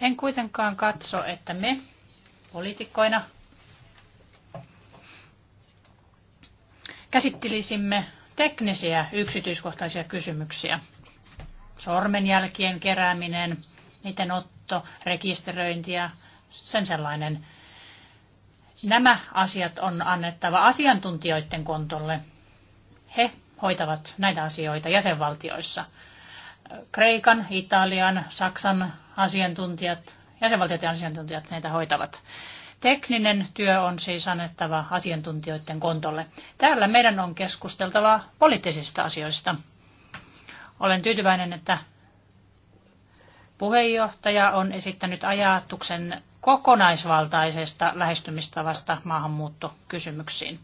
En kuitenkaan katso, että me poliitikkoina käsittelisimme teknisiä yksityiskohtaisia kysymyksiä. Sormenjälkien kerääminen, niiden otto, rekisteröinti ja sen sellainen. Nämä asiat on annettava asiantuntijoiden kontolle. He hoitavat näitä asioita jäsenvaltioissa. Kreikan, Italian, Saksan asiantuntijat, ja asiantuntijat näitä hoitavat. Tekninen työ on siis annettava asiantuntijoiden kontolle. Täällä meidän on keskusteltava poliittisista asioista. Olen tyytyväinen, että puheenjohtaja on esittänyt ajatuksen kokonaisvaltaisesta lähestymistavasta maahanmuuttokysymyksiin.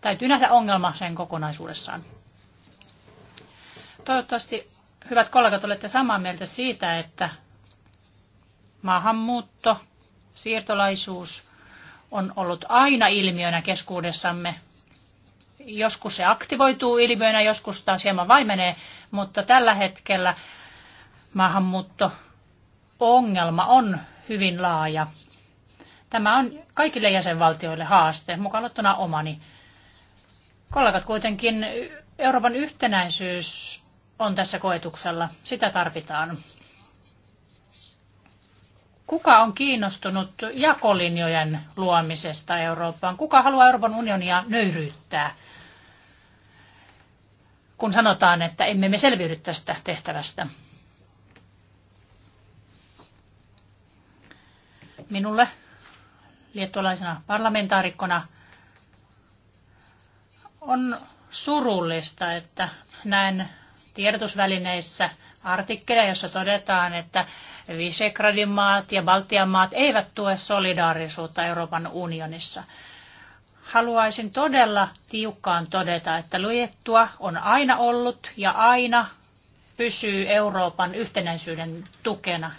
Täytyy nähdä ongelma sen kokonaisuudessaan. Toivottavasti hyvät kollegat, olette samaa mieltä siitä, että maahanmuutto, siirtolaisuus on ollut aina ilmiönä keskuudessamme. Joskus se aktivoituu ilmiönä, joskus taas hieman vaimenee, mutta tällä hetkellä maahanmuutto ongelma on hyvin laaja. Tämä on kaikille jäsenvaltioille haaste, mukaan omani. Kollegat kuitenkin Euroopan yhtenäisyys on tässä koetuksella. Sitä tarvitaan. Kuka on kiinnostunut jakolinjojen luomisesta Eurooppaan? Kuka haluaa Euroopan unionia nöyryyttää? Kun sanotaan, että emme me selviydy tästä tehtävästä. Minulle liettualaisena parlamentaarikkona on surullista, että näen tiedotusvälineissä artikkeleja, jossa todetaan, että Visegradin maat ja Baltian maat eivät tue solidaarisuutta Euroopan unionissa. Haluaisin todella tiukkaan todeta, että luettua on aina ollut ja aina pysyy Euroopan yhtenäisyyden tukena.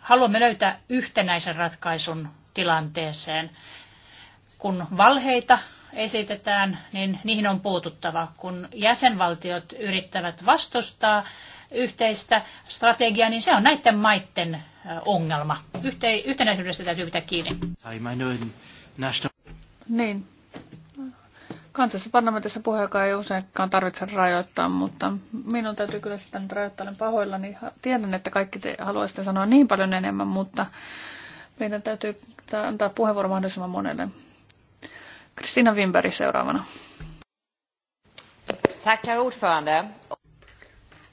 Haluamme löytää yhtenäisen ratkaisun tilanteeseen. Kun valheita esitetään, niin niihin on puututtava. Kun jäsenvaltiot yrittävät vastustaa yhteistä strategiaa, niin se on näiden maiden ongelma. Yhte- yhtenäisyydestä täytyy pitää kiinni. Niin. Kansallisessa parlamentissa puheenjohtaja ei useinkaan tarvitse rajoittaa, mutta minun täytyy kyllä sitä nyt rajoittaa. Olen niin Tiedän, että kaikki te haluaisitte sanoa niin paljon enemmän, mutta meidän täytyy antaa puheenvuoro mahdollisimman monelle. Kristina Wimberg seuraavana. Tack, herr ordförande.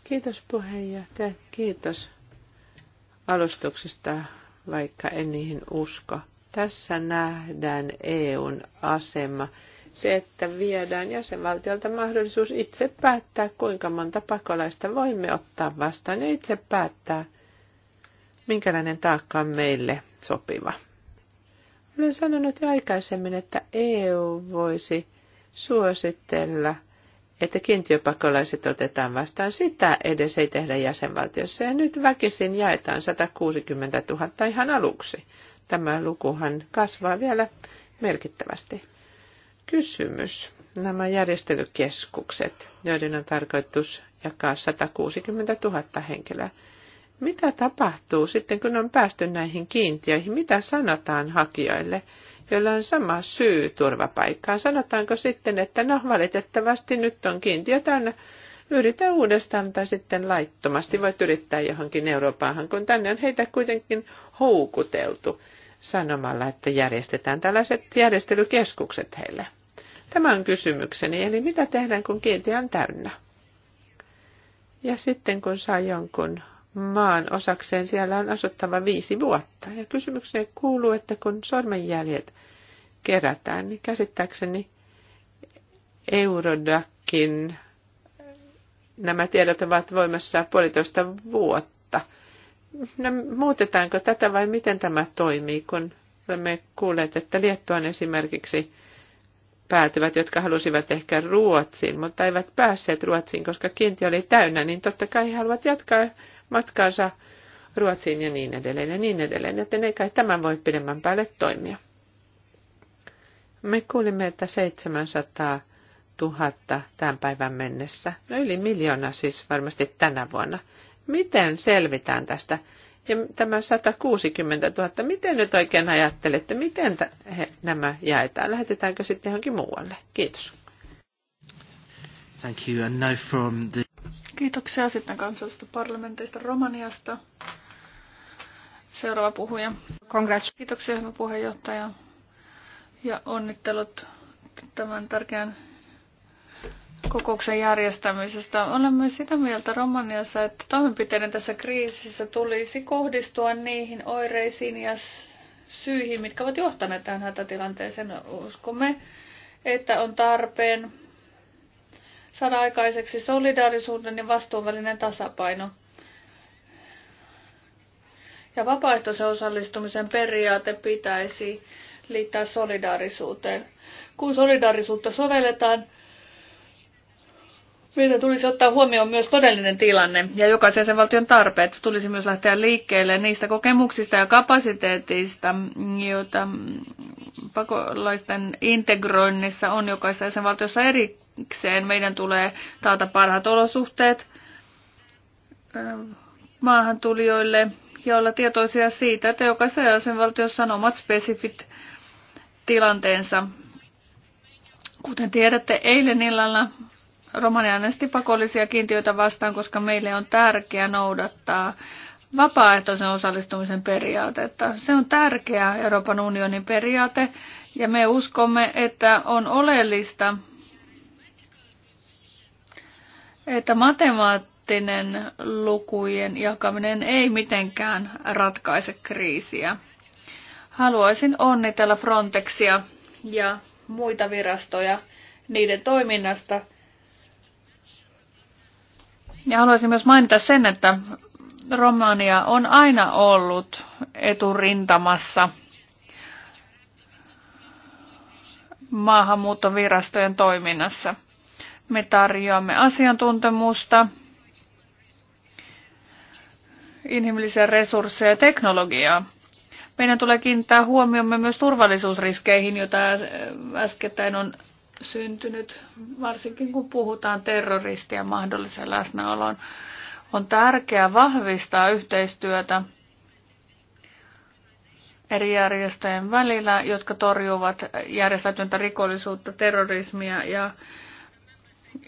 Kiitos puheenjohtaja. Kiitos alustuksesta, vaikka en niihin usko. Tässä nähdään EUn asema. Se, että viedään jäsenvaltiolta mahdollisuus itse päättää, kuinka monta pakolaista voimme ottaa vastaan ja itse päättää, minkälainen taakka on meille sopiva. Olen sanonut jo aikaisemmin, että EU voisi suositella, että kiintiöpakolaiset otetaan vastaan. Sitä edes ei tehdä jäsenvaltiossa. Ja nyt väkisin jaetaan 160 000 ihan aluksi. Tämä lukuhan kasvaa vielä merkittävästi. Kysymys. Nämä järjestelykeskukset, joiden on tarkoitus jakaa 160 000 henkilöä. Mitä tapahtuu sitten, kun on päästy näihin kiintiöihin? Mitä sanotaan hakijoille, joilla on sama syy turvapaikkaan? Sanotaanko sitten, että no valitettavasti nyt on kiintiö täynnä, yritä uudestaan tai sitten laittomasti voit yrittää johonkin Euroopaan, kun tänne on heitä kuitenkin houkuteltu sanomalla, että järjestetään tällaiset järjestelykeskukset heille. Tämä on kysymykseni, eli mitä tehdään, kun kiintiö on täynnä? Ja sitten kun saa jonkun maan osakseen siellä on asuttava viisi vuotta. Ja kysymykseen kuuluu, että kun sormenjäljet kerätään, niin käsittääkseni Eurodakin eh, nämä tiedot ovat voimassa puolitoista vuotta. No, muutetaanko tätä vai miten tämä toimii, kun olemme kuulleet, että Liettuan esimerkiksi päätyvät, jotka halusivat ehkä Ruotsiin, mutta eivät päässeet Ruotsiin, koska kiintiö oli täynnä, niin totta kai he haluavat jatkaa matkaansa Ruotsiin ja niin edelleen ja niin edelleen, joten ei kai tämän voi pidemmän päälle toimia. Me kuulimme, että 700 000 tämän päivän mennessä, no yli miljoona siis varmasti tänä vuonna. Miten selvitään tästä? Ja tämä 160 000, miten nyt oikein ajattelette, miten he, nämä jaetaan? Lähetetäänkö sitten johonkin muualle? Kiitos. Thank you. And now from the... Kiitoksia sitten kansallisesta parlamentista Romaniasta. Seuraava puhuja. Congrats. Kiitoksia hyvä puheenjohtaja ja onnittelut tämän tärkeän kokouksen järjestämisestä. Olemme sitä mieltä Romaniassa, että toimenpiteiden tässä kriisissä tulisi kohdistua niihin oireisiin ja syihin, mitkä ovat johtaneet tähän hätätilanteeseen. Uskomme, että on tarpeen saada aikaiseksi solidaarisuuden ja vastuunvälinen tasapaino. Ja vapaaehtoisen osallistumisen periaate pitäisi liittää solidaarisuuteen. Kun solidaarisuutta sovelletaan, meidän tulisi ottaa huomioon myös todellinen tilanne ja jokaisen sen valtion tarpeet. Tulisi myös lähteä liikkeelle niistä kokemuksista ja kapasiteetista, joita pakolaisten integroinnissa on jokaisessa jäsenvaltiossa erikseen. Meidän tulee taata parhaat olosuhteet maahantulijoille ja olla tietoisia siitä, että jokaisessa jäsenvaltiossa on omat spesifit tilanteensa. Kuten tiedätte, eilen illalla Romania äänesti pakollisia kiintiöitä vastaan, koska meille on tärkeää noudattaa vapaaehtoisen osallistumisen Että Se on tärkeä Euroopan unionin periaate ja me uskomme, että on oleellista, että matemaattinen lukujen jakaminen ei mitenkään ratkaise kriisiä. Haluaisin onnitella Frontexia ja muita virastoja niiden toiminnasta. Ja haluaisin myös mainita sen, että Romania on aina ollut eturintamassa maahanmuuttovirastojen toiminnassa. Me tarjoamme asiantuntemusta, inhimillisiä resursseja ja teknologiaa. Meidän tulee kiinnittää huomiomme myös turvallisuusriskeihin, joita äskettäin on syntynyt, varsinkin kun puhutaan terroristia mahdollisen läsnäolon on tärkeää vahvistaa yhteistyötä eri järjestöjen välillä, jotka torjuvat järjestäytyntä rikollisuutta, terrorismia ja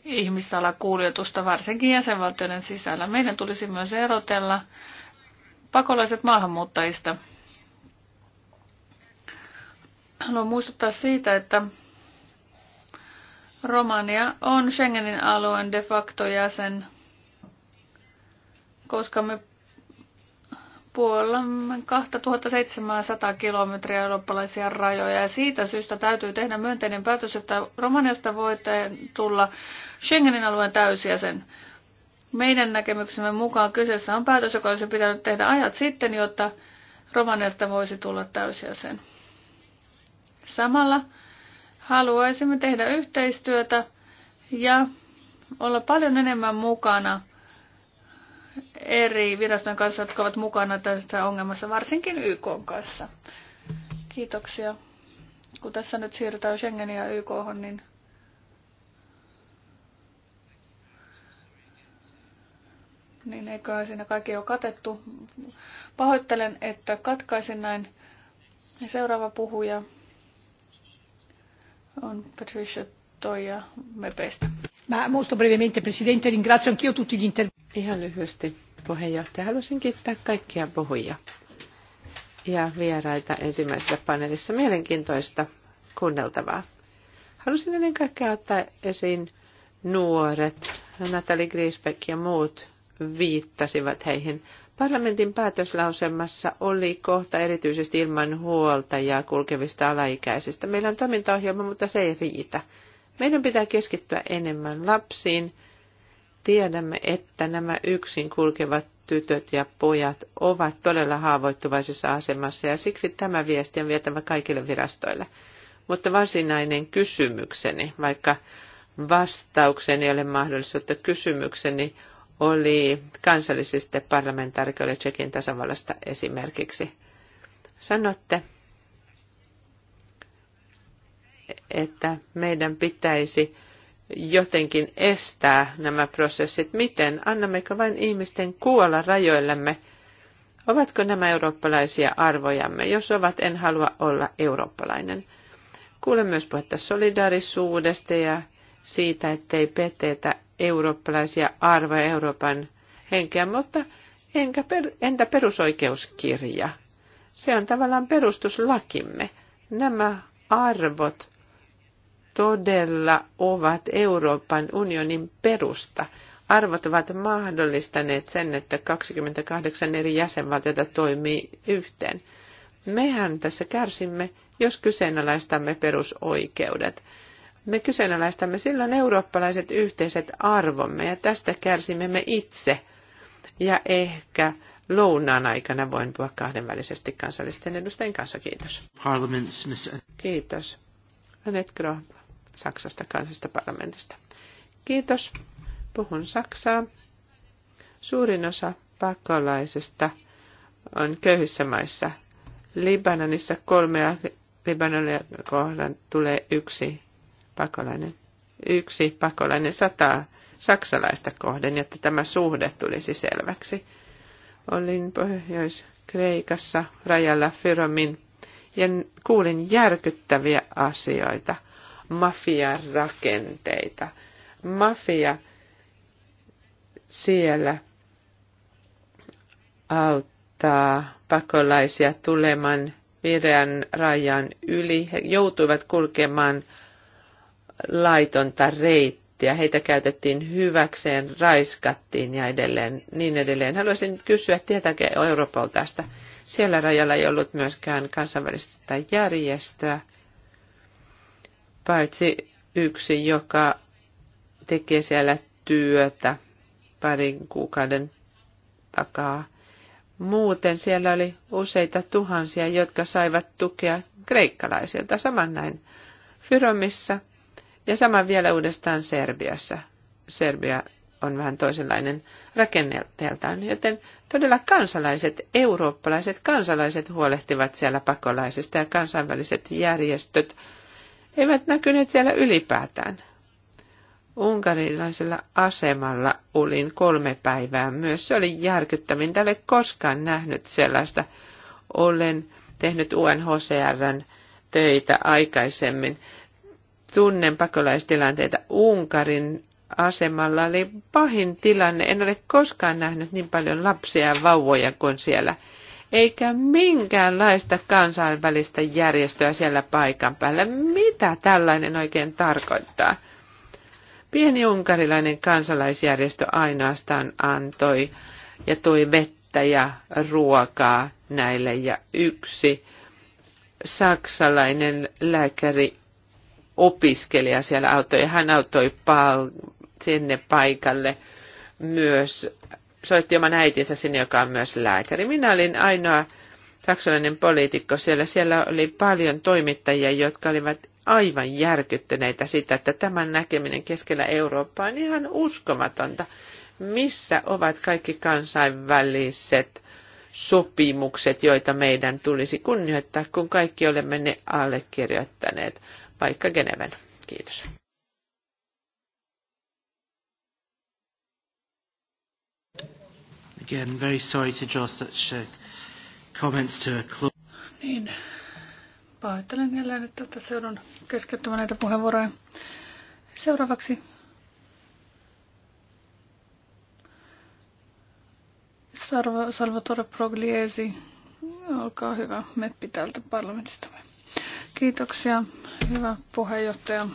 ihmissalakuljetusta, varsinkin jäsenvaltioiden sisällä. Meidän tulisi myös erotella pakolaiset maahanmuuttajista. Haluan muistuttaa siitä, että Romania on Schengenin alueen de facto jäsen koska me puolellamme 2700 kilometriä eurooppalaisia rajoja ja siitä syystä täytyy tehdä myönteinen päätös, että Romaniasta voi tulla Schengenin alueen täysjäsen. Meidän näkemyksemme mukaan kyseessä on päätös, joka olisi pitänyt tehdä ajat sitten, jotta Romaniasta voisi tulla täysjäsen. Samalla haluaisimme tehdä yhteistyötä ja olla paljon enemmän mukana – eri virastojen kanssa, jotka ovat mukana tässä ongelmassa, varsinkin YK kanssa. Kiitoksia. Kun tässä nyt siirrytään Schengenin ja YK, niin niin eiköhän siinä kaikki ole katettu. Pahoittelen, että katkaisin näin. seuraava puhuja on Patricia Toija Mepeistä molto brevemente, presidente, ringrazio anch'io tutti gli interventi. Ihan lyhyesti, puheenjohtaja. Haluaisin kiittää kaikkia puhujia ja vieraita ensimmäisessä paneelissa. Mielenkiintoista kuunneltavaa. Halusin ennen kaikkea ottaa esiin nuoret. Natalie Griesbeck ja muut viittasivat heihin. Parlamentin päätöslausemassa oli kohta erityisesti ilman huoltajaa kulkevista alaikäisistä. Meillä on toimintaohjelma, mutta se ei riitä. Meidän pitää keskittyä enemmän lapsiin. Tiedämme, että nämä yksin kulkevat tytöt ja pojat ovat todella haavoittuvaisessa asemassa ja siksi tämä viesti on vietävä kaikille virastoille. Mutta varsinainen kysymykseni, vaikka vastaukseni ei ole mahdollisuutta, kysymykseni oli kansallisista parlamentaarikoille Tsekin tasavallasta esimerkiksi. Sanotte, että meidän pitäisi jotenkin estää nämä prosessit. Miten? Annammeko vain ihmisten kuolla rajoillemme? Ovatko nämä eurooppalaisia arvojamme? Jos ovat, en halua olla eurooppalainen. Kuulen myös puhetta solidaarisuudesta ja siitä, ettei petetä eurooppalaisia arvoja Euroopan henkeä, mutta enkä per, entä perusoikeuskirja? Se on tavallaan perustuslakimme. Nämä arvot todella ovat Euroopan unionin perusta. Arvot ovat mahdollistaneet sen, että 28 eri jäsenvaltiota toimii yhteen. Mehän tässä kärsimme, jos kyseenalaistamme perusoikeudet. Me kyseenalaistamme silloin eurooppalaiset yhteiset arvomme ja tästä kärsimme me itse. Ja ehkä lounaan aikana voin puhua kahdenvälisesti kansallisten edustajien kanssa. Kiitos. Kiitos. Annette Grohba. Saksasta kansallisesta parlamentista. Kiitos. Puhun Saksaa. Suurin osa pakolaisista on köyhissä maissa. Libanonissa kolmea Libanonia kohdan tulee yksi pakolainen. Yksi pakolainen sataa saksalaista kohden, jotta tämä suhde tulisi selväksi. Olin Pohjois-Kreikassa rajalla Fyromin ja kuulin järkyttäviä asioita – mafiarakenteita. Mafia siellä auttaa pakolaisia tulemaan vireän rajan yli. He joutuivat kulkemaan laitonta reittiä. Heitä käytettiin hyväkseen, raiskattiin ja edelleen, niin edelleen. Haluaisin kysyä, tietääkö Europol tästä? Siellä rajalla ei ollut myöskään kansainvälistä järjestöä paitsi yksi, joka tekee siellä työtä parin kuukauden takaa. Muuten siellä oli useita tuhansia, jotka saivat tukea kreikkalaisilta, saman näin Fyromissa ja saman vielä uudestaan Serbiassa. Serbia on vähän toisenlainen rakenteeltaan, joten todella kansalaiset, eurooppalaiset kansalaiset huolehtivat siellä pakolaisista ja kansainväliset järjestöt eivät näkyneet siellä ylipäätään. Unkarilaisella asemalla olin kolme päivää myös. Se oli järkyttävin. Tälle koskaan nähnyt sellaista. Olen tehnyt UNHCRn töitä aikaisemmin. Tunnen pakolaistilanteita. Unkarin asemalla oli pahin tilanne. En ole koskaan nähnyt niin paljon lapsia ja vauvoja kuin siellä – eikä minkäänlaista kansainvälistä järjestöä siellä paikan päällä. Mitä tällainen oikein tarkoittaa? Pieni unkarilainen kansalaisjärjestö ainoastaan antoi ja toi vettä ja ruokaa näille ja yksi saksalainen lääkäri opiskelija siellä auttoi. Hän auttoi pal- sinne paikalle myös soitti oman äitinsä sinne, joka on myös lääkäri. Minä olin ainoa saksalainen poliitikko siellä. Siellä oli paljon toimittajia, jotka olivat aivan järkyttyneitä sitä, että tämän näkeminen keskellä Eurooppaa on ihan uskomatonta. Missä ovat kaikki kansainväliset sopimukset, joita meidän tulisi kunnioittaa, kun kaikki olemme ne allekirjoittaneet, vaikka Geneven. Kiitos. Again, very sorry to draw such uh, comments to a close. Niin. Pahoittelen jälleen, että tässä joudun keskeyttämään näitä puheenvuoroja. Seuraavaksi Sarvo, Salvatore Progliesi, olkaa hyvä, meppi täältä parlamentista. Kiitoksia, hyvä puheenjohtaja.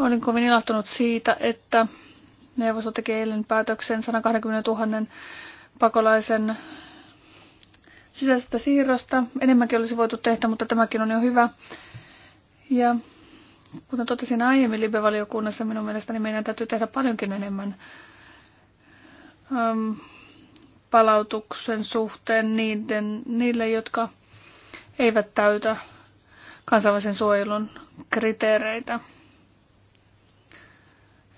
Olin kovin ilahtunut siitä, että neuvosto teki eilen päätöksen 120 000 pakolaisen sisäisestä siirrosta. Enemmänkin olisi voitu tehdä, mutta tämäkin on jo hyvä. Ja kuten totesin aiemmin Libe-valiokunnassa, minun mielestäni meidän täytyy tehdä paljonkin enemmän ähm, palautuksen suhteen niiden, niille, jotka eivät täytä kansainvälisen suojelun kriteereitä.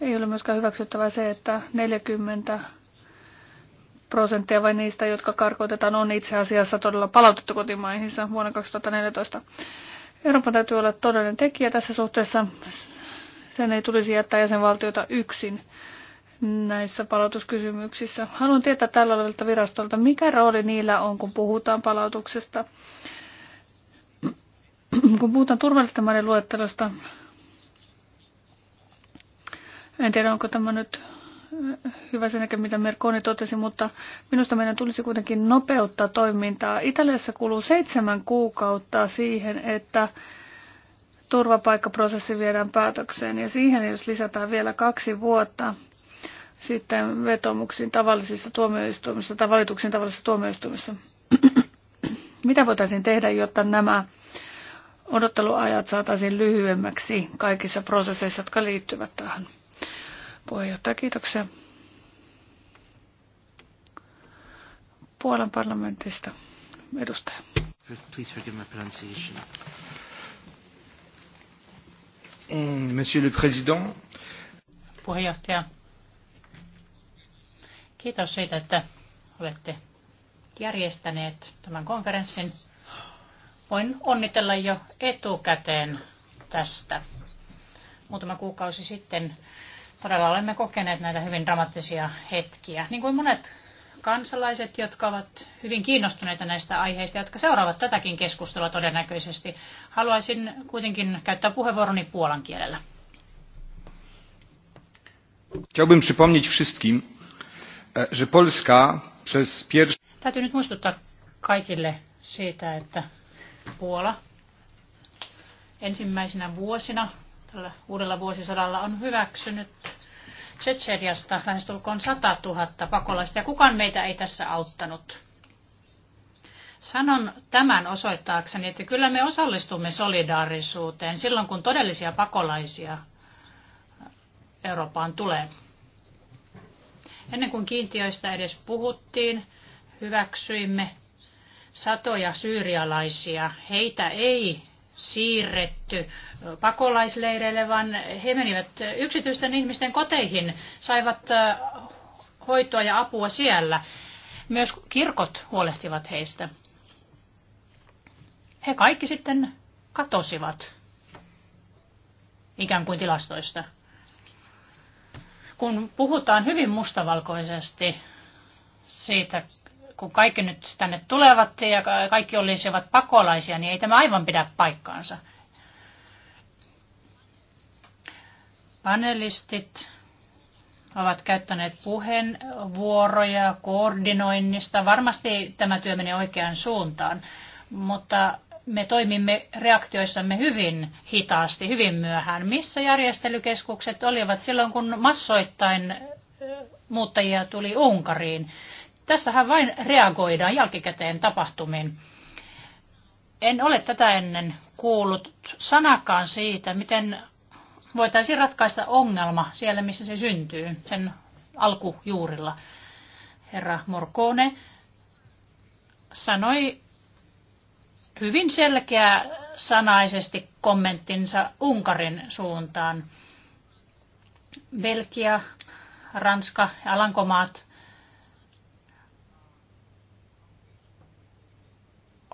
Ei ole myöskään hyväksyttävää se, että 40 prosenttia vain niistä, jotka karkotetaan, on itse asiassa todella palautettu kotimaihinsa vuonna 2014. Euroopan täytyy olla todellinen tekijä tässä suhteessa. Sen ei tulisi jättää jäsenvaltiota yksin näissä palautuskysymyksissä. Haluan tietää tällä olevilta virastolta, mikä rooli niillä on, kun puhutaan palautuksesta. Kun puhutaan turvallisten maiden luettelosta, en tiedä, onko tämä nyt eh, hyvä sen mitä Merkoni totesi, mutta minusta meidän tulisi kuitenkin nopeuttaa toimintaa. Italiassa kuluu seitsemän kuukautta siihen, että turvapaikkaprosessi viedään päätökseen ja siihen, jos lisätään vielä kaksi vuotta sitten vetomuksiin tavallisissa tuomioistuimissa tai valituksiin tavallisissa tuomioistuimissa. Mitä voitaisiin tehdä, jotta nämä odotteluajat saataisiin lyhyemmäksi kaikissa prosesseissa, jotka liittyvät tähän? Puheenjohtaja, kiitoksia. Puolan parlamentista edustaja. Please forgive my pronunciation. Mm, Monsieur le Président. Puheenjohtaja, kiitos siitä, että olette järjestäneet tämän konferenssin. Voin onnitella jo etukäteen tästä. Muutama kuukausi sitten Todella olemme kokeneet näitä hyvin dramaattisia hetkiä, niin kuin monet kansalaiset, jotka ovat hyvin kiinnostuneita näistä aiheista, jotka seuraavat tätäkin keskustelua todennäköisesti. Haluaisin kuitenkin käyttää puheenvuoroni puolan kielellä. Chciałbym przypomnieć wszystkim, e, że Polska przez pierwszy... Täytyy nyt muistuttaa kaikille siitä, että Puola ensimmäisenä vuosina tällä uudella vuosisadalla on hyväksynyt Tsetseriasta lähestulkoon 100 000 pakolaista ja kukaan meitä ei tässä auttanut. Sanon tämän osoittaakseni, että kyllä me osallistumme solidaarisuuteen silloin, kun todellisia pakolaisia Eurooppaan tulee. Ennen kuin kiintiöistä edes puhuttiin, hyväksyimme satoja syyrialaisia. Heitä ei siirretty pakolaisleireille, vaan he menivät yksityisten ihmisten koteihin, saivat hoitoa ja apua siellä. Myös kirkot huolehtivat heistä. He kaikki sitten katosivat ikään kuin tilastoista. Kun puhutaan hyvin mustavalkoisesti siitä, kun kaikki nyt tänne tulevat ja kaikki olisivat pakolaisia, niin ei tämä aivan pidä paikkaansa. Panelistit ovat käyttäneet puheenvuoroja koordinoinnista. Varmasti tämä työ menee oikeaan suuntaan, mutta me toimimme reaktioissamme hyvin hitaasti, hyvin myöhään. Missä järjestelykeskukset olivat silloin, kun massoittain muuttajia tuli Unkariin? Tässähän vain reagoidaan jälkikäteen tapahtumiin. En ole tätä ennen kuullut sanakaan siitä, miten voitaisiin ratkaista ongelma siellä, missä se syntyy, sen alkujuurilla. Herra Morcone sanoi hyvin selkeä sanaisesti kommenttinsa Unkarin suuntaan. Belgia, Ranska ja Alankomaat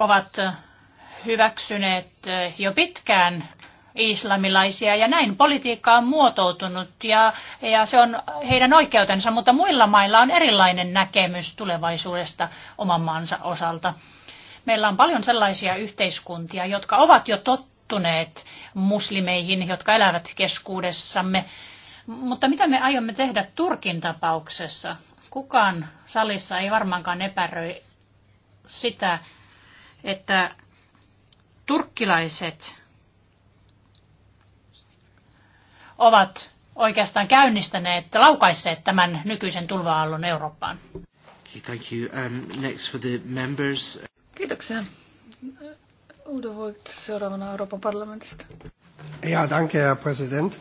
ovat hyväksyneet jo pitkään islamilaisia ja näin politiikka on muotoutunut ja, ja se on heidän oikeutensa, mutta muilla mailla on erilainen näkemys tulevaisuudesta oman maansa osalta. Meillä on paljon sellaisia yhteiskuntia, jotka ovat jo tottuneet muslimeihin, jotka elävät keskuudessamme. Mutta mitä me aiomme tehdä Turkin tapauksessa? Kukaan salissa ei varmaankaan epäröi sitä, että turkkilaiset ovat oikeastaan käynnistäneet, laukaisseet tämän nykyisen tulva-aallon Eurooppaan. thank you. Um, next for the members. Kiitoksia. Udo Voigt seuraavana Euroopan parlamentista. Ja, danke, Herr President.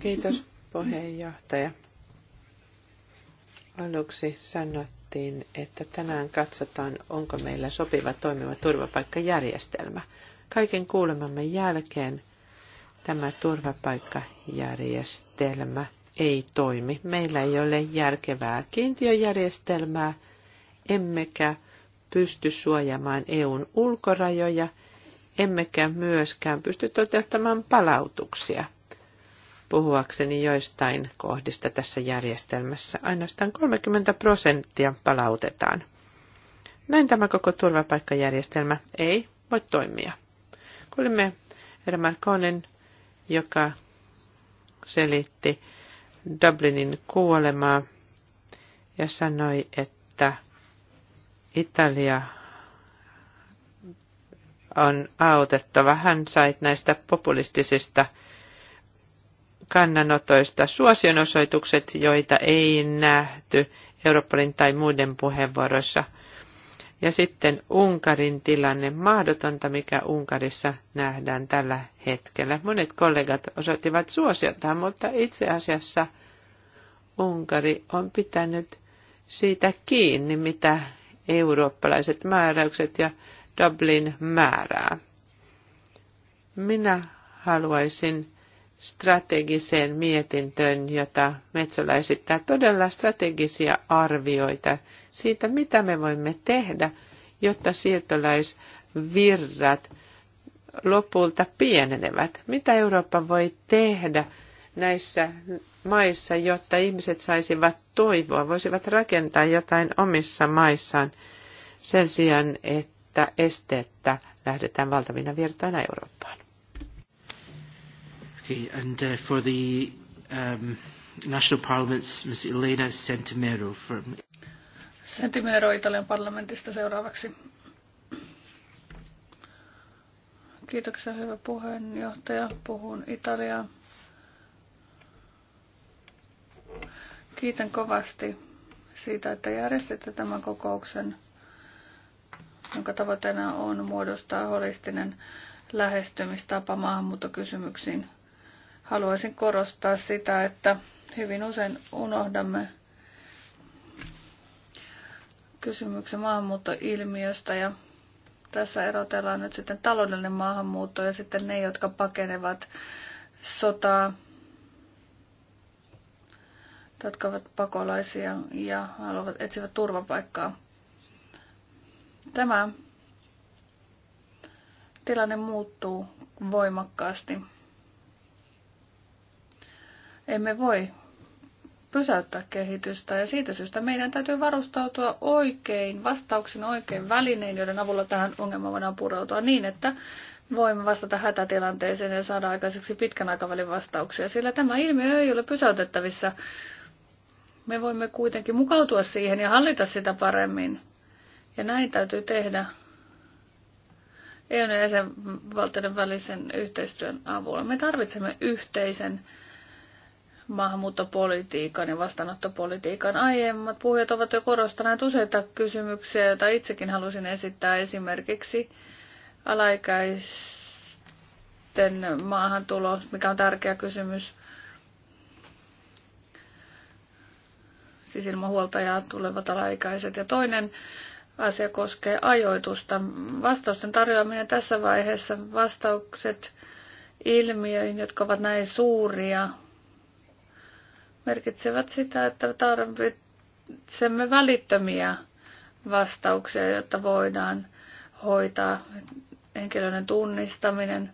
Kiitos, puheenjohtaja. Aluksi sanottiin, että tänään katsotaan, onko meillä sopiva toimiva turvapaikkajärjestelmä. Kaiken kuulemamme jälkeen tämä turvapaikkajärjestelmä ei toimi. Meillä ei ole järkevää kiintiöjärjestelmää, emmekä pysty suojamaan EUn ulkorajoja, emmekä myöskään pysty toteuttamaan palautuksia puhuakseni joistain kohdista tässä järjestelmässä. Ainoastaan 30 prosenttia palautetaan. Näin tämä koko turvapaikkajärjestelmä ei voi toimia. Kuulimme herra Markonen, joka selitti Dublinin kuolemaa ja sanoi, että Italia on autettava. Hän sai näistä populistisista kannanotoista suosionosoitukset, joita ei nähty Euroopan tai muiden puheenvuoroissa. Ja sitten Unkarin tilanne, mahdotonta mikä Unkarissa nähdään tällä hetkellä. Monet kollegat osoittivat suosiota, mutta itse asiassa Unkari on pitänyt siitä kiinni, mitä eurooppalaiset määräykset ja Dublin määrää. Minä haluaisin strategiseen mietintöön, jota Metsola esittää todella strategisia arvioita siitä, mitä me voimme tehdä, jotta siirtolaisvirrat lopulta pienenevät. Mitä Eurooppa voi tehdä näissä maissa, jotta ihmiset saisivat toivoa, voisivat rakentaa jotain omissa maissaan sen sijaan, että esteettä lähdetään valtavina virtoina Eurooppaan. Okay, and uh, for the um, National Parliament's Ms. Elena Centimero from... Centimero Italian parlamentista seuraavaksi. Kiitoksia, hyvä puheenjohtaja. Puhun Italiaa. Kiitän kovasti siitä, että järjestitte tämän kokouksen, jonka tavoitteena on muodostaa holistinen lähestymistapa maahanmuuttokysymyksiin haluaisin korostaa sitä, että hyvin usein unohdamme kysymyksen maahanmuuttoilmiöstä ja tässä erotellaan nyt sitten taloudellinen maahanmuutto ja sitten ne, jotka pakenevat sotaa, jotka ovat pakolaisia ja haluavat etsivät turvapaikkaa. Tämä tilanne muuttuu voimakkaasti. Emme voi pysäyttää kehitystä ja siitä syystä meidän täytyy varustautua oikein, vastauksen oikein välinein, joiden avulla tähän ongelmaan voidaan pureutua niin, että voimme vastata hätätilanteeseen ja saada aikaiseksi pitkän aikavälin vastauksia, sillä tämä ilmiö ei ole pysäytettävissä. Me voimme kuitenkin mukautua siihen ja hallita sitä paremmin. Ja näin täytyy tehdä EU- e ja jäsenvaltioiden välisen yhteistyön avulla. Me tarvitsemme yhteisen maahanmuuttopolitiikan ja vastaanottopolitiikan. Aiemmat puhujat ovat jo korostaneet useita kysymyksiä, joita itsekin halusin esittää esimerkiksi alaikäisten maahantulo, mikä on tärkeä kysymys. Siis ilman huoltajaa tulevat alaikäiset. Ja toinen asia koskee ajoitusta. Vastausten tarjoaminen tässä vaiheessa, vastaukset ilmiöihin, jotka ovat näin suuria, merkitsevät sitä, että tarvitsemme välittömiä vastauksia, jotta voidaan hoitaa henkilöiden tunnistaminen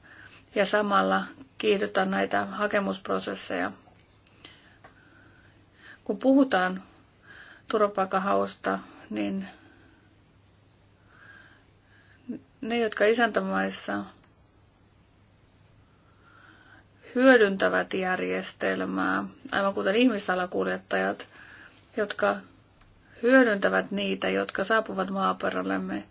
ja samalla kiihdyttää näitä hakemusprosesseja. Kun puhutaan turvapaikanhausta, niin ne, jotka isäntämaissa hyödyntävät järjestelmää, aivan kuten ihmissalakuljettajat, jotka hyödyntävät niitä, jotka saapuvat maaperällemme.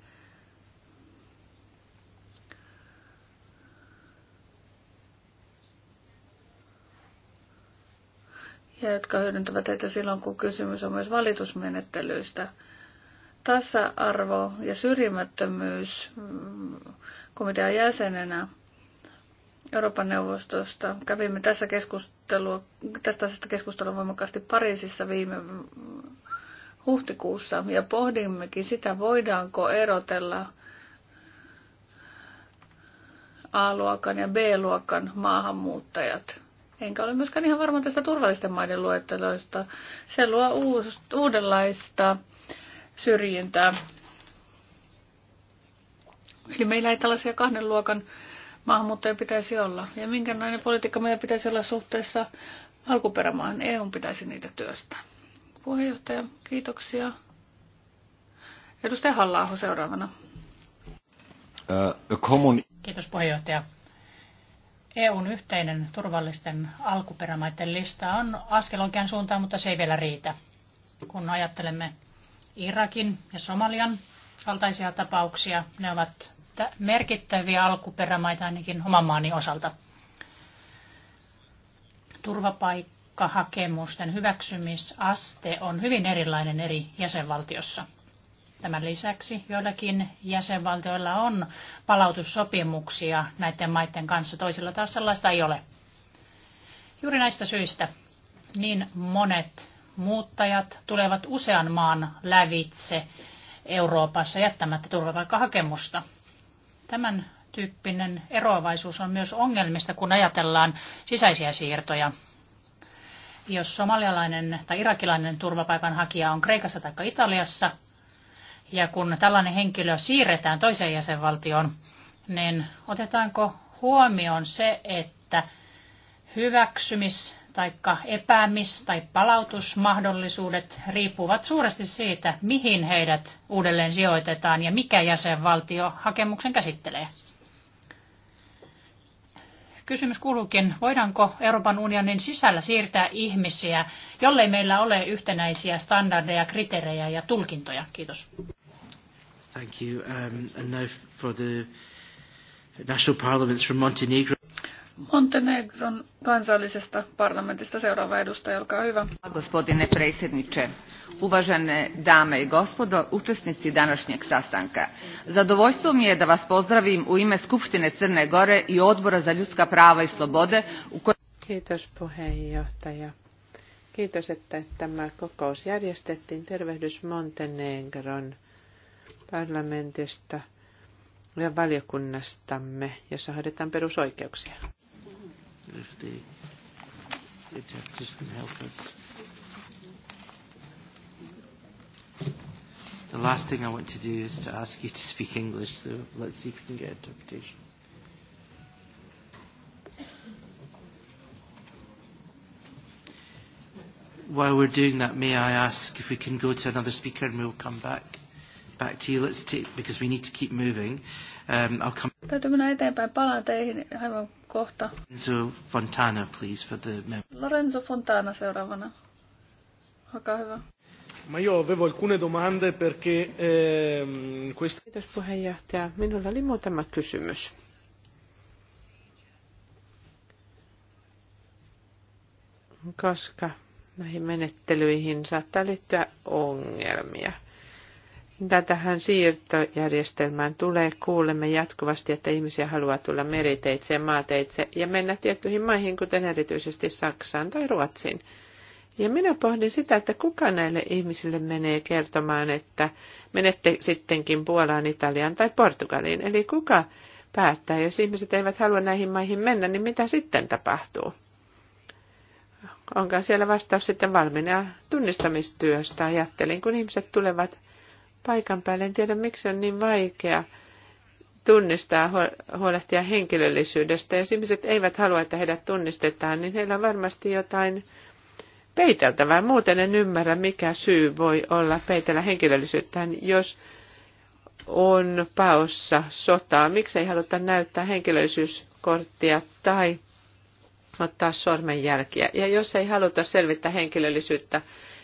Ja jotka hyödyntävät heitä silloin, kun kysymys on myös valitusmenettelyistä. Tasa-arvo ja syrjimättömyys mm, komitean jäsenenä – Euroopan neuvostosta. Kävimme tässä keskustelua, tästä asiasta keskustelua voimakkaasti Pariisissa viime huhtikuussa ja pohdimmekin sitä, voidaanko erotella A-luokan ja B-luokan maahanmuuttajat. Enkä ole myöskään ihan varma tästä turvallisten maiden luetteloista. Se luo uudenlaista syrjintää. Eli meillä ei tällaisia kahden luokan maahanmuuttajia pitäisi olla ja minkälainen politiikka meidän pitäisi olla suhteessa alkuperämaahan. EU pitäisi niitä työstää. Puheenjohtaja, kiitoksia. Edustaja halla seuraavana. Uh, common... Kiitos puheenjohtaja. EUn yhteinen turvallisten alkuperämaiden lista on askel oikean suuntaan, mutta se ei vielä riitä. Kun ajattelemme Irakin ja Somalian kaltaisia tapauksia, ne ovat merkittäviä alkuperämaita ainakin oman maani osalta. Turvapaikkahakemusten hyväksymisaste on hyvin erilainen eri jäsenvaltiossa. Tämän lisäksi joillakin jäsenvaltioilla on palautussopimuksia näiden maiden kanssa, toisilla taas sellaista ei ole. Juuri näistä syistä niin monet muuttajat tulevat usean maan lävitse Euroopassa jättämättä turvapaikkahakemusta. Tämän tyyppinen eroavaisuus on myös ongelmista, kun ajatellaan sisäisiä siirtoja. Jos somalialainen tai irakilainen turvapaikanhakija on Kreikassa tai Italiassa, ja kun tällainen henkilö siirretään toiseen jäsenvaltioon, niin otetaanko huomioon se, että hyväksymis- tai epäämis- tai palautusmahdollisuudet riippuvat suuresti siitä, mihin heidät uudelleen sijoitetaan ja mikä jäsenvaltio hakemuksen käsittelee. Kysymys kuuluukin, voidaanko Euroopan unionin sisällä siirtää ihmisiä, jollei meillä ole yhtenäisiä standardeja, kriteerejä ja tulkintoja? Kiitos. Thank you. Um, and now for the national parliaments from Montenegro. Montenegron kansallisesta parlamentista seuraava edustaja, olkaa hyvä. Gospodine predsjedniče, uvažene dame i gospodo, učesnici današnjeg sastanka. Zadovoljstvo mi je da vas pozdravim u ime Skupštine Crne Gore i Odbora za ljudska prava i slobode. U koj... Kiitos puheenjohtaja. Kiitos, että tämä kokous järjestettiin. Tervehdys Montenegron parlamentista ja valiokunnastamme, jossa hoidetaan perusoikeuksia if the interpreters can help us. The last thing I want to do is to ask you to speak English, so let's see if we can get interpretation. While we're doing that, may I ask if we can go to another speaker and we'll come back back to you. Let's take because we need to keep moving. Um, I'll come... Täytyy mennä eteenpäin. Palaan teihin aivan kohta. Lorenzo Fontana, please, for the... Lorenzo Fontana seuraavana. Olkaa hyvä. Ma io avevo alcune domande perché ehm, questa... Kiitos puheenjohtaja. Minulla oli muutama kysymys. Koska näihin menettelyihin saattaa liittyä ongelmia – mitä tähän siirtojärjestelmään tulee, kuulemme jatkuvasti, että ihmisiä haluaa tulla meriteitse ja maateitse ja mennä tiettyihin maihin, kuten erityisesti Saksaan tai Ruotsiin. Ja minä pohdin sitä, että kuka näille ihmisille menee kertomaan, että menette sittenkin Puolaan, Italiaan tai Portugaliin. Eli kuka päättää, jos ihmiset eivät halua näihin maihin mennä, niin mitä sitten tapahtuu? Onkaan siellä vastaus sitten valmiina tunnistamistyöstä, ajattelin, kun ihmiset tulevat paikan päälle. En tiedä, miksi on niin vaikea tunnistaa, huolehtia henkilöllisyydestä. Jos ihmiset eivät halua, että heidät tunnistetaan, niin heillä on varmasti jotain peiteltävää. Muuten en ymmärrä, mikä syy voi olla peitellä henkilöllisyyttään, jos on paossa sotaa. ei haluta näyttää henkilöllisyyskorttia tai ottaa sormenjälkiä. Ja jos ei haluta selvittää henkilöllisyyttä,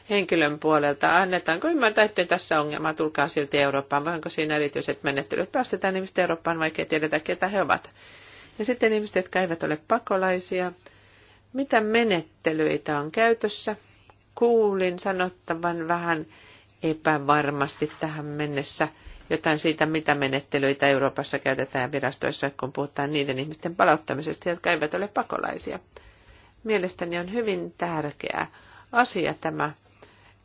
henkilön puolelta. Annetaanko ymmärtää, että tässä ongelma tulkaa silti Eurooppaan, vai onko siinä erityiset menettelyt? Päästetään ihmiset Eurooppaan, vaikka ei tiedetä, ketä he ovat. Ja sitten ihmiset, jotka eivät ole pakolaisia. Mitä menettelyitä on käytössä? Kuulin sanottavan vähän epävarmasti tähän mennessä jotain siitä, mitä menettelyitä Euroopassa käytetään virastoissa, kun puhutaan niiden ihmisten palauttamisesta, jotka eivät ole pakolaisia. Mielestäni on hyvin tärkeä asia tämä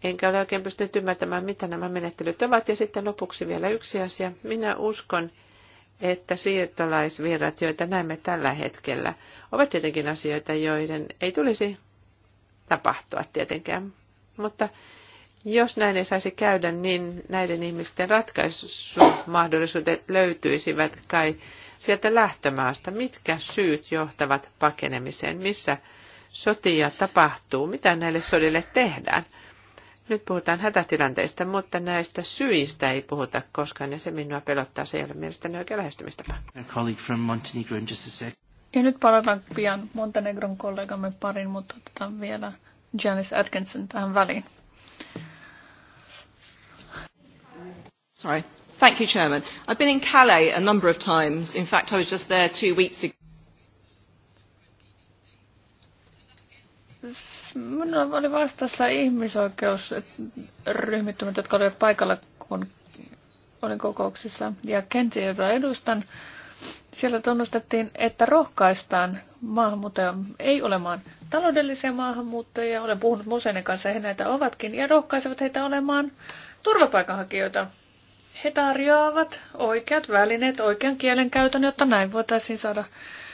enkä ole oikein pystynyt ymmärtämään, mitä nämä menettelyt ovat. Ja sitten lopuksi vielä yksi asia. Minä uskon, että siirtolaisvirrat, joita näemme tällä hetkellä, ovat tietenkin asioita, joiden ei tulisi tapahtua tietenkään. Mutta jos näin ei saisi käydä, niin näiden ihmisten ratkaisumahdollisuudet löytyisivät kai sieltä lähtömaasta. Mitkä syyt johtavat pakenemiseen? Missä sotia tapahtuu? Mitä näille sodille tehdään? Nyt puhutaan hätätilanteista, mutta näistä syistä ei puhuta koskaan, ja se minua pelottaa. Se ei ole mielestäni oikea lähestymistapa. Ja nyt palataan pian Montenegron kollegamme parin, mutta otetaan vielä Janice Atkinson tähän väliin. Sorry. Thank you, Chairman. I've been in Calais a number of times. In fact, I was just there two weeks ago. Minulla oli vastassa ihmisoikeusryhmittymät, jotka olivat paikalla, kun olin kokouksissa. Ja Kensi, jota edustan, siellä tunnustettiin, että rohkaistaan maahanmuuttajia ei olemaan taloudellisia maahanmuuttajia. Olen puhunut museiden kanssa, he näitä ovatkin, ja rohkaisevat heitä olemaan turvapaikanhakijoita. He tarjoavat oikeat välineet, oikean kielen käytön, jotta näin voitaisiin saada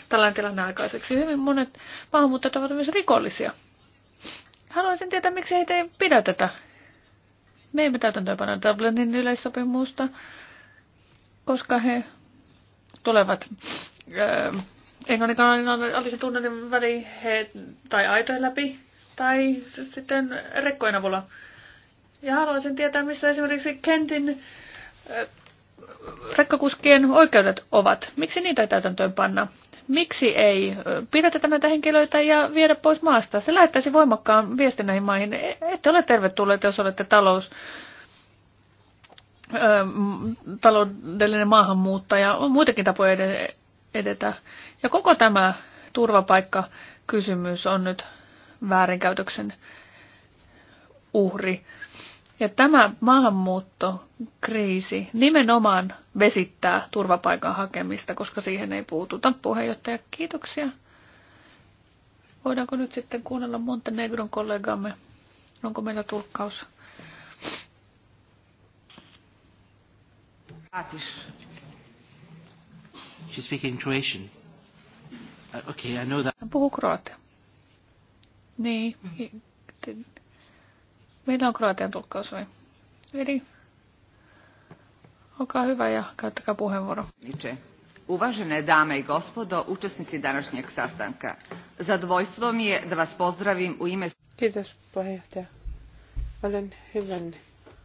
tällainen tilanne aikaiseksi. Hyvin monet maahanmuuttajat ovat myös rikollisia. Haluaisin tietää, miksi heitä ei pidä tätä. Me emme täytäntöönpano Dublinin yleissopimusta, koska he tulevat äh, englannin kanalan alisen tunnelin väli he, tai aitojen läpi tai sitten rekkojen avulla. Ja haluaisin tietää, missä esimerkiksi Kentin äh, rekkakuskien oikeudet ovat. Miksi niitä ei täytäntöön panna? Miksi ei pidätetä näitä henkilöitä ja viedä pois maasta? Se lähettäisi voimakkaan viestin näihin maihin. E, ette ole tervetulleet, jos olette talous, ö, taloudellinen maahanmuuttaja. On muitakin tapoja edetä. Ja koko tämä turvapaikkakysymys on nyt väärinkäytöksen uhri. Ja tämä maahanmuuttokriisi nimenomaan vesittää turvapaikan hakemista, koska siihen ei puututa. Puheenjohtaja, kiitoksia. Voidaanko nyt sitten kuunnella Montenegron kollegamme? Onko meillä tulkkaus? She's speaking Croatian. Uh, okay, I know that. Hän puhuu kroatia. Niin, Meillä on kroatian tulkkaus vai? Eli olkaa hyvä ja käyttäkää puheenvuoro. Itse. Uvažene dame i gospodo, učesnici današnjeg sastanka. Zadvojstvo mi je da vas pozdravim u ime... Kiitos puheenjohtaja. Olen hyvän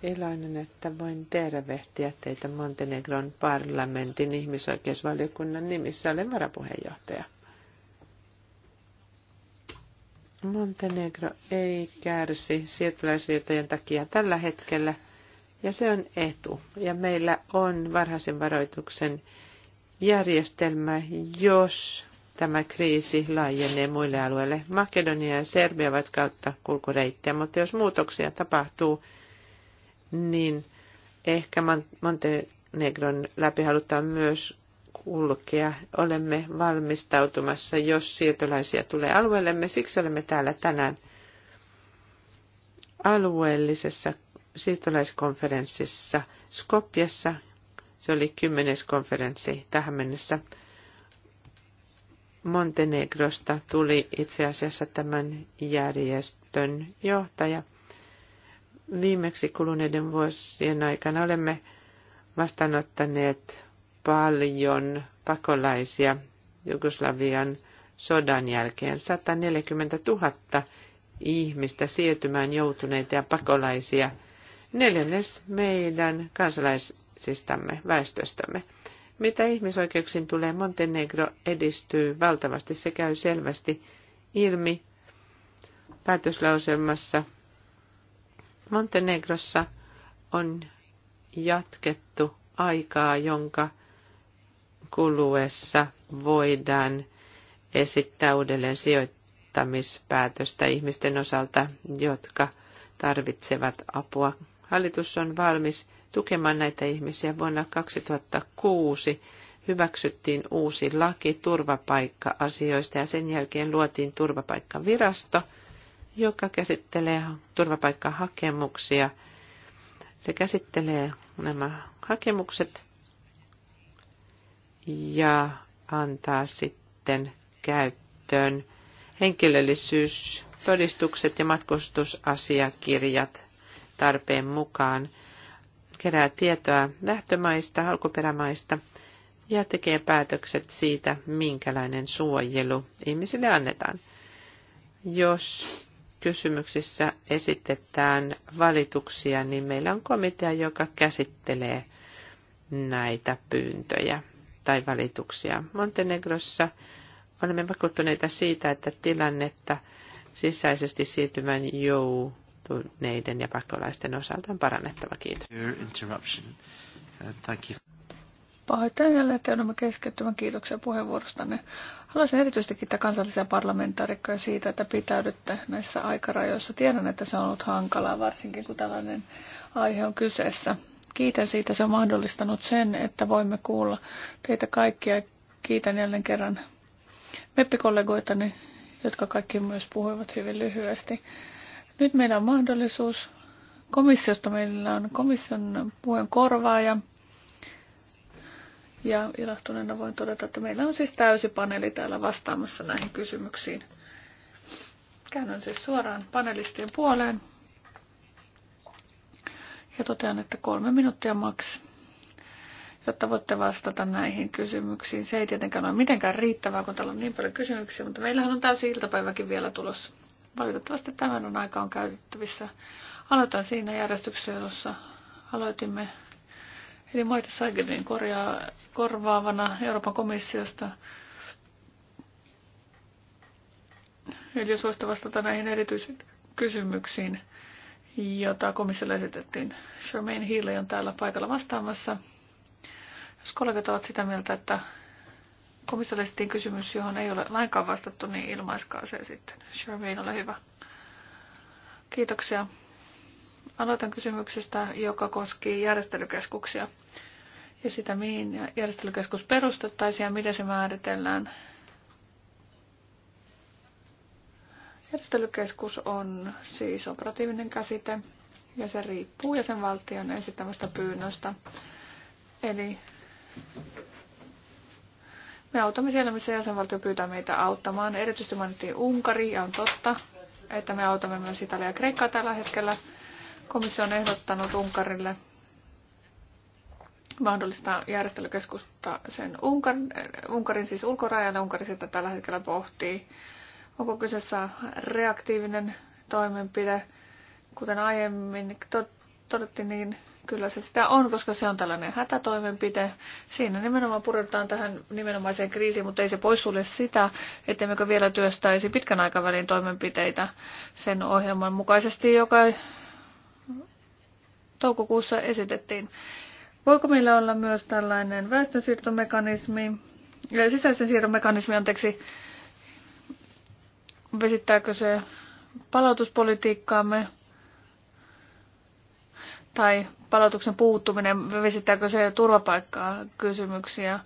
iloinen, että voin tervehtiä teitä Montenegron parlamentin ihmisoikeusvaliokunnan nimissä. Olen varapuheenjohtaja. Montenegro ei kärsi siirtolaisvirtojen takia tällä hetkellä, ja se on etu. Ja meillä on varhaisen varoituksen järjestelmä, jos tämä kriisi laajenee muille alueille. Makedonia ja Serbia ovat kautta kulkureittejä, mutta jos muutoksia tapahtuu, niin ehkä Montenegron läpi halutaan myös kulkea. Olemme valmistautumassa, jos siirtolaisia tulee alueellemme. Siksi olemme täällä tänään alueellisessa siirtolaiskonferenssissa Skopjassa. Se oli kymmenes konferenssi tähän mennessä. Montenegrosta tuli itse asiassa tämän järjestön johtaja. Viimeksi kuluneiden vuosien aikana olemme vastaanottaneet paljon pakolaisia Jugoslavian sodan jälkeen. 140 000 ihmistä siirtymään joutuneita ja pakolaisia. Neljännes meidän kansalaisistamme, väestöstämme. Mitä ihmisoikeuksiin tulee, Montenegro edistyy valtavasti. Se käy selvästi ilmi päätöslauselmassa. Montenegrossa on jatkettu aikaa, jonka – kuluessa voidaan esittää uudelleen sijoittamispäätöstä ihmisten osalta, jotka tarvitsevat apua. Hallitus on valmis tukemaan näitä ihmisiä. Vuonna 2006 hyväksyttiin uusi laki turvapaikka-asioista ja sen jälkeen luotiin turvapaikkavirasto, joka käsittelee turvapaikkahakemuksia. Se käsittelee nämä hakemukset ja antaa sitten käyttöön henkilöllisyystodistukset ja matkustusasiakirjat tarpeen mukaan, kerää tietoa lähtömaista, alkuperämaista ja tekee päätökset siitä, minkälainen suojelu ihmisille annetaan. Jos kysymyksissä esitetään valituksia, niin meillä on komitea, joka käsittelee näitä pyyntöjä tai valituksia. Montenegrossa olemme vakuuttuneita siitä, että tilannetta sisäisesti siirtymän joutuneiden ja pakolaisten osalta on parannettava. Kiitos. Uh, Pahoittelen jälleen, että joudumme keskittymään. Kiitoksia puheenvuorostanne. Haluaisin erityisesti kiittää kansallisia parlamentaarikkoja siitä, että pitäydytte näissä aikarajoissa. Tiedän, että se on ollut hankalaa, varsinkin kun tällainen aihe on kyseessä. Kiitän siitä, se on mahdollistanut sen, että voimme kuulla teitä kaikkia. Kiitän jälleen kerran meppikollegoitani, jotka kaikki myös puhuivat hyvin lyhyesti. Nyt meillä on mahdollisuus komissiosta. Meillä on komission puheen korvaaja. Ja ilahtuneena voin todeta, että meillä on siis täysi paneeli täällä vastaamassa näihin kysymyksiin. Käännön siis suoraan panelistien puoleen ja totean, että kolme minuuttia maks, jotta voitte vastata näihin kysymyksiin. Se ei tietenkään ole mitenkään riittävää, kun täällä on niin paljon kysymyksiä, mutta meillähän on täysi iltapäiväkin vielä tulossa. Valitettavasti tämän on aika on käytettävissä. Aloitan siinä järjestyksessä, jossa aloitimme. Eli Maita Saigenin korjaa, korvaavana Euroopan komissiosta. Eli jos vastata näihin erityisiin kysymyksiin jota komissiolle esitettiin. Charmaine Healy on täällä paikalla vastaamassa. Jos kollegat ovat sitä mieltä, että komissiolle esitettiin kysymys, johon ei ole lainkaan vastattu, niin ilmaiskaa se sitten. Charmaine, ole hyvä. Kiitoksia. Aloitan kysymyksestä, joka koski järjestelykeskuksia ja sitä, mihin järjestelykeskus perustettaisiin ja miten se määritellään Järjestelykeskus on siis operatiivinen käsite ja se riippuu jäsenvaltion esittämästä pyynnöstä. Eli me autamme siellä, missä jäsenvaltio pyytää meitä auttamaan. Erityisesti mainittiin Unkari ja on totta, että me autamme myös Italia ja Kreikkaa tällä hetkellä. Komissio on ehdottanut Unkarille mahdollista järjestelykeskusta sen Unkar, Unkarin siis ulkorajalle. Unkari sitä tällä hetkellä pohtii Onko kyseessä reaktiivinen toimenpide? Kuten aiemmin todettiin, niin kyllä se sitä on, koska se on tällainen hätätoimenpide. Siinä nimenomaan pureudutaan tähän nimenomaiseen kriisiin, mutta ei se poissulje sitä, ettemmekö vielä työstäisi pitkän aikavälin toimenpiteitä sen ohjelman mukaisesti, joka toukokuussa esitettiin. Voiko meillä olla myös tällainen väestönsiirtomekanismi, sisäisen siirtomekanismi anteeksi, vesittääkö se palautuspolitiikkaamme tai palautuksen puuttuminen, vesittääkö se turvapaikkaa kysymyksiä.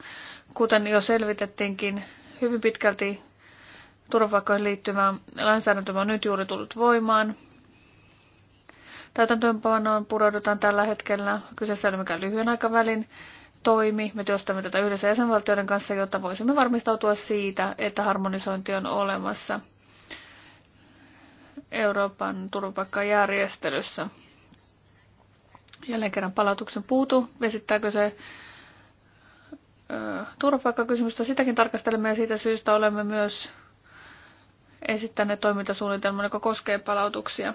Kuten jo selvitettiinkin, hyvin pitkälti turvapaikkoihin liittyvä lainsäädäntö on nyt juuri tullut voimaan. Täytäntöönpanoon pureudutaan tällä hetkellä. Kyseessä ei ole mikään lyhyen aikavälin toimi. Me työstämme tätä yhdessä jäsenvaltioiden kanssa, jotta voisimme varmistautua siitä, että harmonisointi on olemassa – Euroopan turvapaikkajärjestelyssä. Jälleen kerran palautuksen puutu, vesittääkö se turvapaikkakysymystä. Sitäkin tarkastelemme ja siitä syystä olemme myös esittäneet toimintasuunnitelman, joka koskee palautuksia.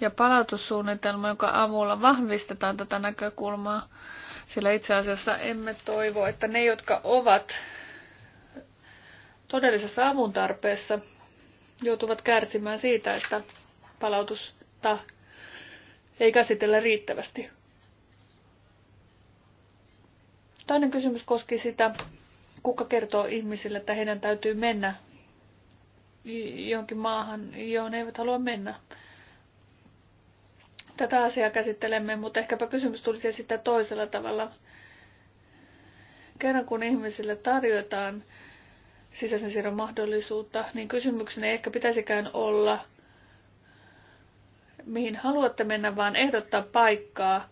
Ja palautussuunnitelma, jonka avulla vahvistetaan tätä näkökulmaa, sillä itse asiassa emme toivo, että ne, jotka ovat todellisessa avun tarpeessa, joutuvat kärsimään siitä, että palautusta ei käsitellä riittävästi. Toinen kysymys koski sitä, kuka kertoo ihmisille, että heidän täytyy mennä jonkin maahan, johon eivät halua mennä. Tätä asiaa käsittelemme, mutta ehkäpä kysymys tulisi sitten toisella tavalla. Kerran kun ihmisille tarjotaan sisäisen siirron mahdollisuutta, niin kysymykseni ehkä pitäisikään olla, mihin haluatte mennä, vaan ehdottaa paikkaa,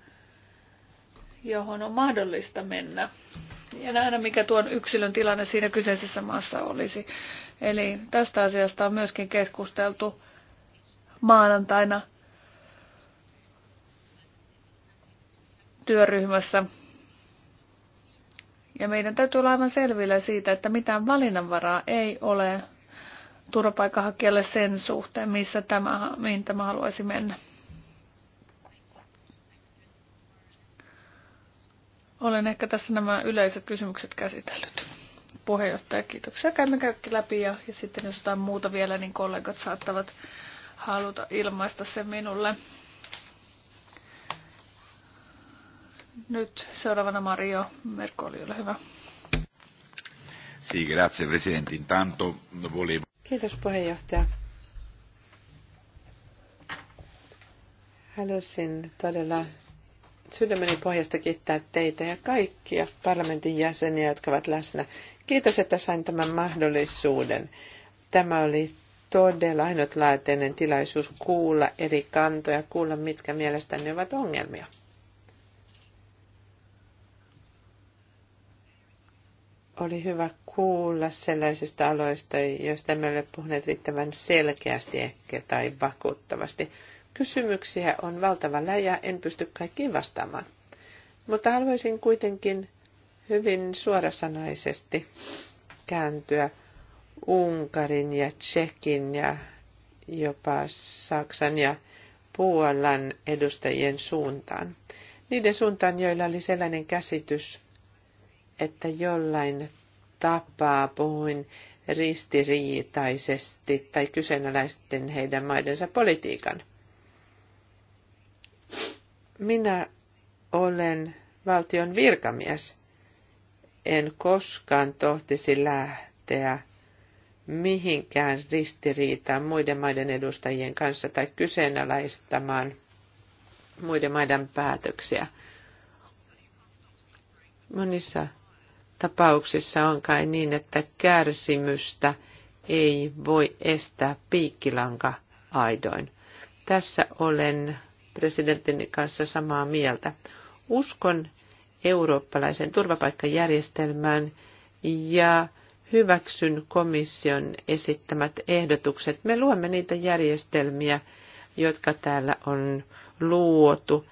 johon on mahdollista mennä. Ja nähdä, mikä tuon yksilön tilanne siinä kyseisessä maassa olisi. Eli tästä asiasta on myöskin keskusteltu maanantaina työryhmässä ja meidän täytyy olla aivan selvillä siitä, että mitään valinnanvaraa ei ole turvapaikanhakijalle sen suhteen, missä tämä, mihin tämä haluaisi mennä. Olen ehkä tässä nämä yleiset kysymykset käsitellyt. Puheenjohtaja, kiitoksia. Käymme kaikki läpi ja, ja sitten jos jotain muuta vielä, niin kollegat saattavat haluta ilmaista sen minulle. Nyt seuraavana Mario Merkoli, ole hyvä. Sì, grazie Presidente. Intanto volevo... Kiitos puheenjohtaja. Halusin todella sydämeni pohjasta kiittää teitä ja kaikkia parlamentin jäseniä, jotka ovat läsnä. Kiitos, että sain tämän mahdollisuuden. Tämä oli todella ainutlaatuinen tilaisuus kuulla eri kantoja, kuulla mitkä mielestäni ovat ongelmia. Oli hyvä kuulla sellaisista aloista, joista me olemme puhuneet riittävän selkeästi ehkä tai vakuuttavasti. Kysymyksiä on valtava läjä, en pysty kaikkiin vastaamaan. Mutta haluaisin kuitenkin hyvin suorasanaisesti kääntyä Unkarin ja Tsekin ja jopa Saksan ja Puolan edustajien suuntaan. Niiden suuntaan, joilla oli sellainen käsitys, että jollain tapaa puhuin ristiriitaisesti tai kyseenalaisten heidän maidensa politiikan. Minä olen valtion virkamies. En koskaan tohtisi lähteä mihinkään ristiriitaan muiden maiden edustajien kanssa tai kyseenalaistamaan muiden maiden päätöksiä. Monissa tapauksissa on kai niin, että kärsimystä ei voi estää piikkilanka aidoin. Tässä olen presidentin kanssa samaa mieltä. Uskon eurooppalaisen turvapaikkajärjestelmään ja hyväksyn komission esittämät ehdotukset. Me luomme niitä järjestelmiä, jotka täällä on luotu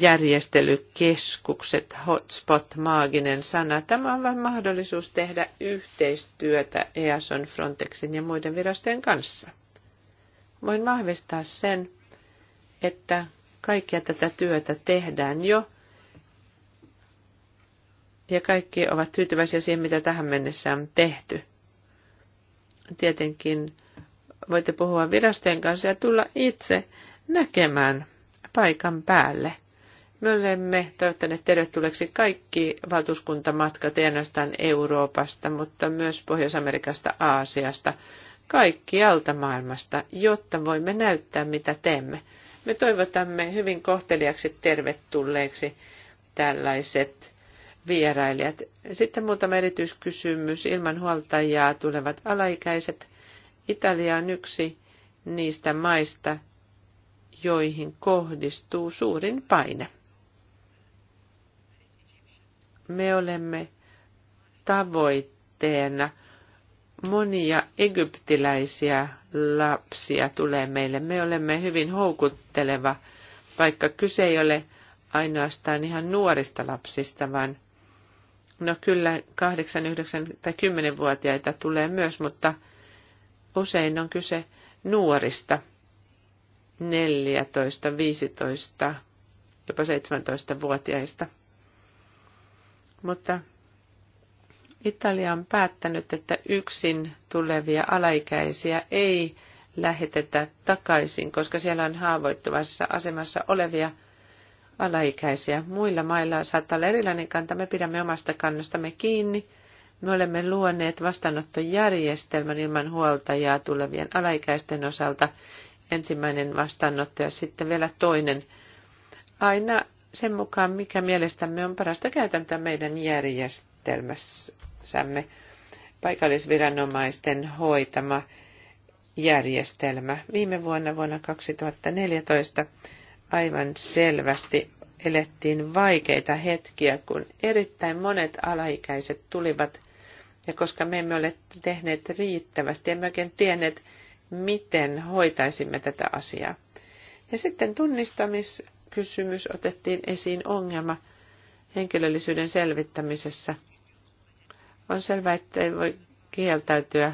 järjestelykeskukset, hotspot, maaginen sana. Tämä on vain mahdollisuus tehdä yhteistyötä EASON, Frontexin ja muiden virastojen kanssa. Voin vahvistaa sen, että kaikkia tätä työtä tehdään jo ja kaikki ovat tyytyväisiä siihen, mitä tähän mennessä on tehty. Tietenkin voitte puhua virastojen kanssa ja tulla itse näkemään paikan päälle – me olemme toivottaneet tervetulleeksi kaikki valtuuskuntamatkat, ei ainoastaan Euroopasta, mutta myös Pohjois-Amerikasta, Aasiasta, kaikki alta maailmasta, jotta voimme näyttää, mitä teemme. Me toivotamme hyvin kohteliaksi tervetulleeksi tällaiset vierailijat. Sitten muutama erityiskysymys. Ilman huoltajaa tulevat alaikäiset. Italia on yksi niistä maista, joihin kohdistuu suurin paine me olemme tavoitteena. Monia egyptiläisiä lapsia tulee meille. Me olemme hyvin houkutteleva, vaikka kyse ei ole ainoastaan ihan nuorista lapsista, vaan no kyllä 8, 9 tai 10-vuotiaita tulee myös, mutta usein on kyse nuorista, 14, 15, jopa 17-vuotiaista – mutta Italia on päättänyt, että yksin tulevia alaikäisiä ei lähetetä takaisin, koska siellä on haavoittuvassa asemassa olevia alaikäisiä. Muilla mailla saattaa olla erilainen kanta. Me pidämme omasta kannastamme kiinni. Me olemme luoneet vastaanottojärjestelmän ilman huoltajaa tulevien alaikäisten osalta. Ensimmäinen vastaanotto ja sitten vielä toinen. Aina sen mukaan, mikä mielestämme on parasta käytäntöä meidän järjestelmässämme. Paikallisviranomaisten hoitama järjestelmä. Viime vuonna, vuonna 2014, aivan selvästi elettiin vaikeita hetkiä, kun erittäin monet alaikäiset tulivat, ja koska me emme ole tehneet riittävästi, emme oikein tienneet, miten hoitaisimme tätä asiaa. Ja sitten tunnistamis kysymys otettiin esiin ongelma henkilöllisyyden selvittämisessä. On selvää, että ei voi kieltäytyä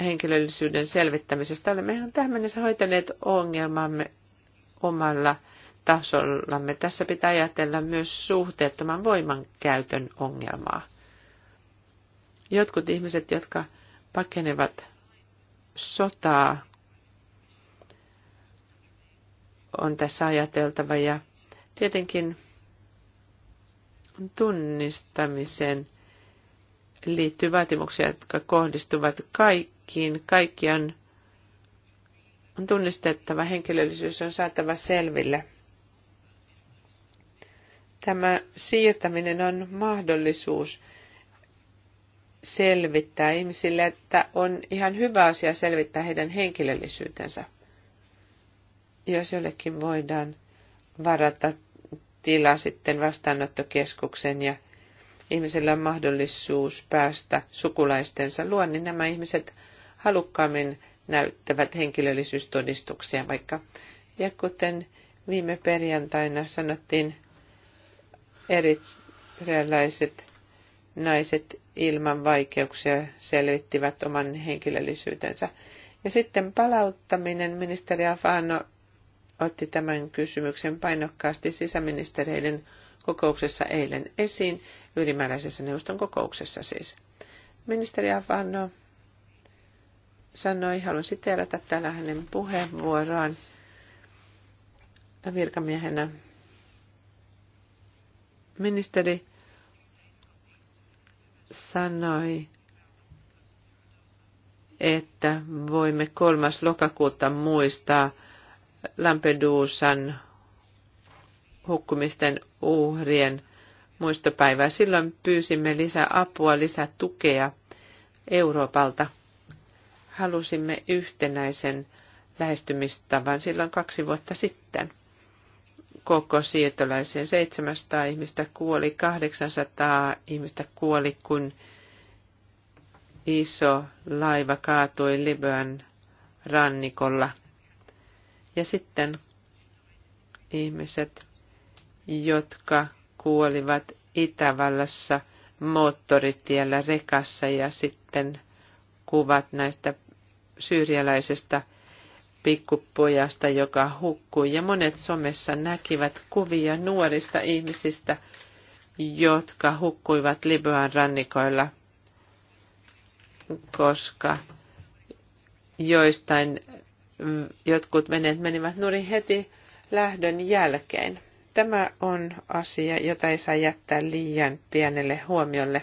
henkilöllisyyden selvittämisestä. Olemme ihan tähän mennessä hoitaneet ongelmamme omalla tasollamme. Tässä pitää ajatella myös suhteettoman voimankäytön ongelmaa. Jotkut ihmiset, jotka pakenevat sotaa on tässä ajateltava ja tietenkin tunnistamiseen liittyy vaatimuksia, jotka kohdistuvat kaikkiin. Kaikki on, on tunnistettava, henkilöllisyys on saatava selville. Tämä siirtäminen on mahdollisuus selvittää ihmisille, että on ihan hyvä asia selvittää heidän henkilöllisyytensä jos jollekin voidaan varata tila sitten vastaanottokeskuksen ja ihmisellä on mahdollisuus päästä sukulaistensa luo, niin nämä ihmiset halukkaammin näyttävät henkilöllisyystodistuksia vaikka. Ja kuten viime perjantaina sanottiin, eritrealaiset naiset ilman vaikeuksia selvittivät oman henkilöllisyytensä. Ja sitten palauttaminen, ministeri Afano otti tämän kysymyksen painokkaasti sisäministereiden kokouksessa eilen esiin, ylimääräisessä neuvoston kokouksessa siis. Ministeri Avano sanoi, haluan siteerata täällä hänen puheenvuoroaan virkamiehenä. Ministeri sanoi, että voimme kolmas lokakuuta muistaa Lampedusan hukkumisten uhrien muistopäivää. Silloin pyysimme lisää apua, lisää tukea Euroopalta. Halusimme yhtenäisen lähestymistavan silloin kaksi vuotta sitten. Koko siirtolaiseen 700 ihmistä kuoli, 800 ihmistä kuoli, kun iso laiva kaatui Libyan rannikolla ja sitten ihmiset, jotka kuolivat Itävallassa moottoritiellä rekassa ja sitten kuvat näistä syyrialaisesta pikkupojasta, joka hukkui. Ja monet somessa näkivät kuvia nuorista ihmisistä, jotka hukkuivat Libyan rannikoilla, koska joistain jotkut veneet menivät nurin heti lähdön jälkeen. Tämä on asia, jota ei saa jättää liian pienelle huomiolle.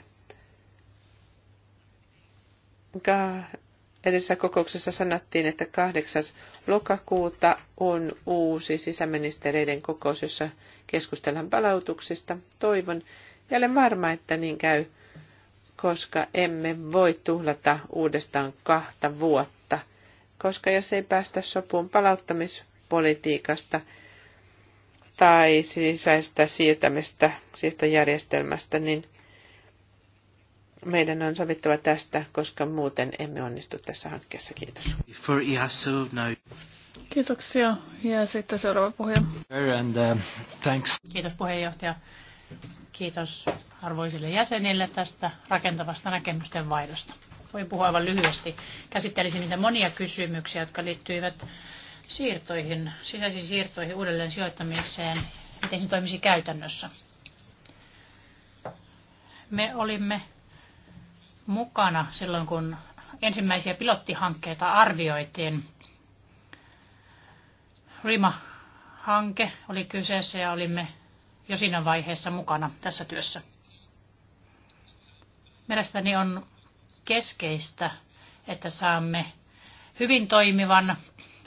edessä kokouksessa sanottiin, että 8. lokakuuta on uusi sisäministereiden kokous, jossa keskustellaan palautuksista. Toivon ja olen varma, että niin käy, koska emme voi tuhlata uudestaan kahta vuotta – koska jos ei päästä sopuun palauttamispolitiikasta tai sisäistä siirtämistä siirtojärjestelmästä, niin meidän on sovittava tästä, koska muuten emme onnistu tässä hankkeessa. Kiitos. No. Kiitoksia. Ja sitten seuraava puhuja. And, uh, Kiitos puheenjohtaja. Kiitos arvoisille jäsenille tästä rakentavasta näkemysten vaihdosta voin puhua aivan lyhyesti. Käsittelisin niitä monia kysymyksiä, jotka liittyivät siirtoihin, sisäisiin siirtoihin, uudelleen sijoittamiseen, miten se toimisi käytännössä. Me olimme mukana silloin, kun ensimmäisiä pilottihankkeita arvioitiin. Rima-hanke oli kyseessä ja olimme jo siinä vaiheessa mukana tässä työssä. Mielestäni on keskeistä, että saamme hyvin toimivan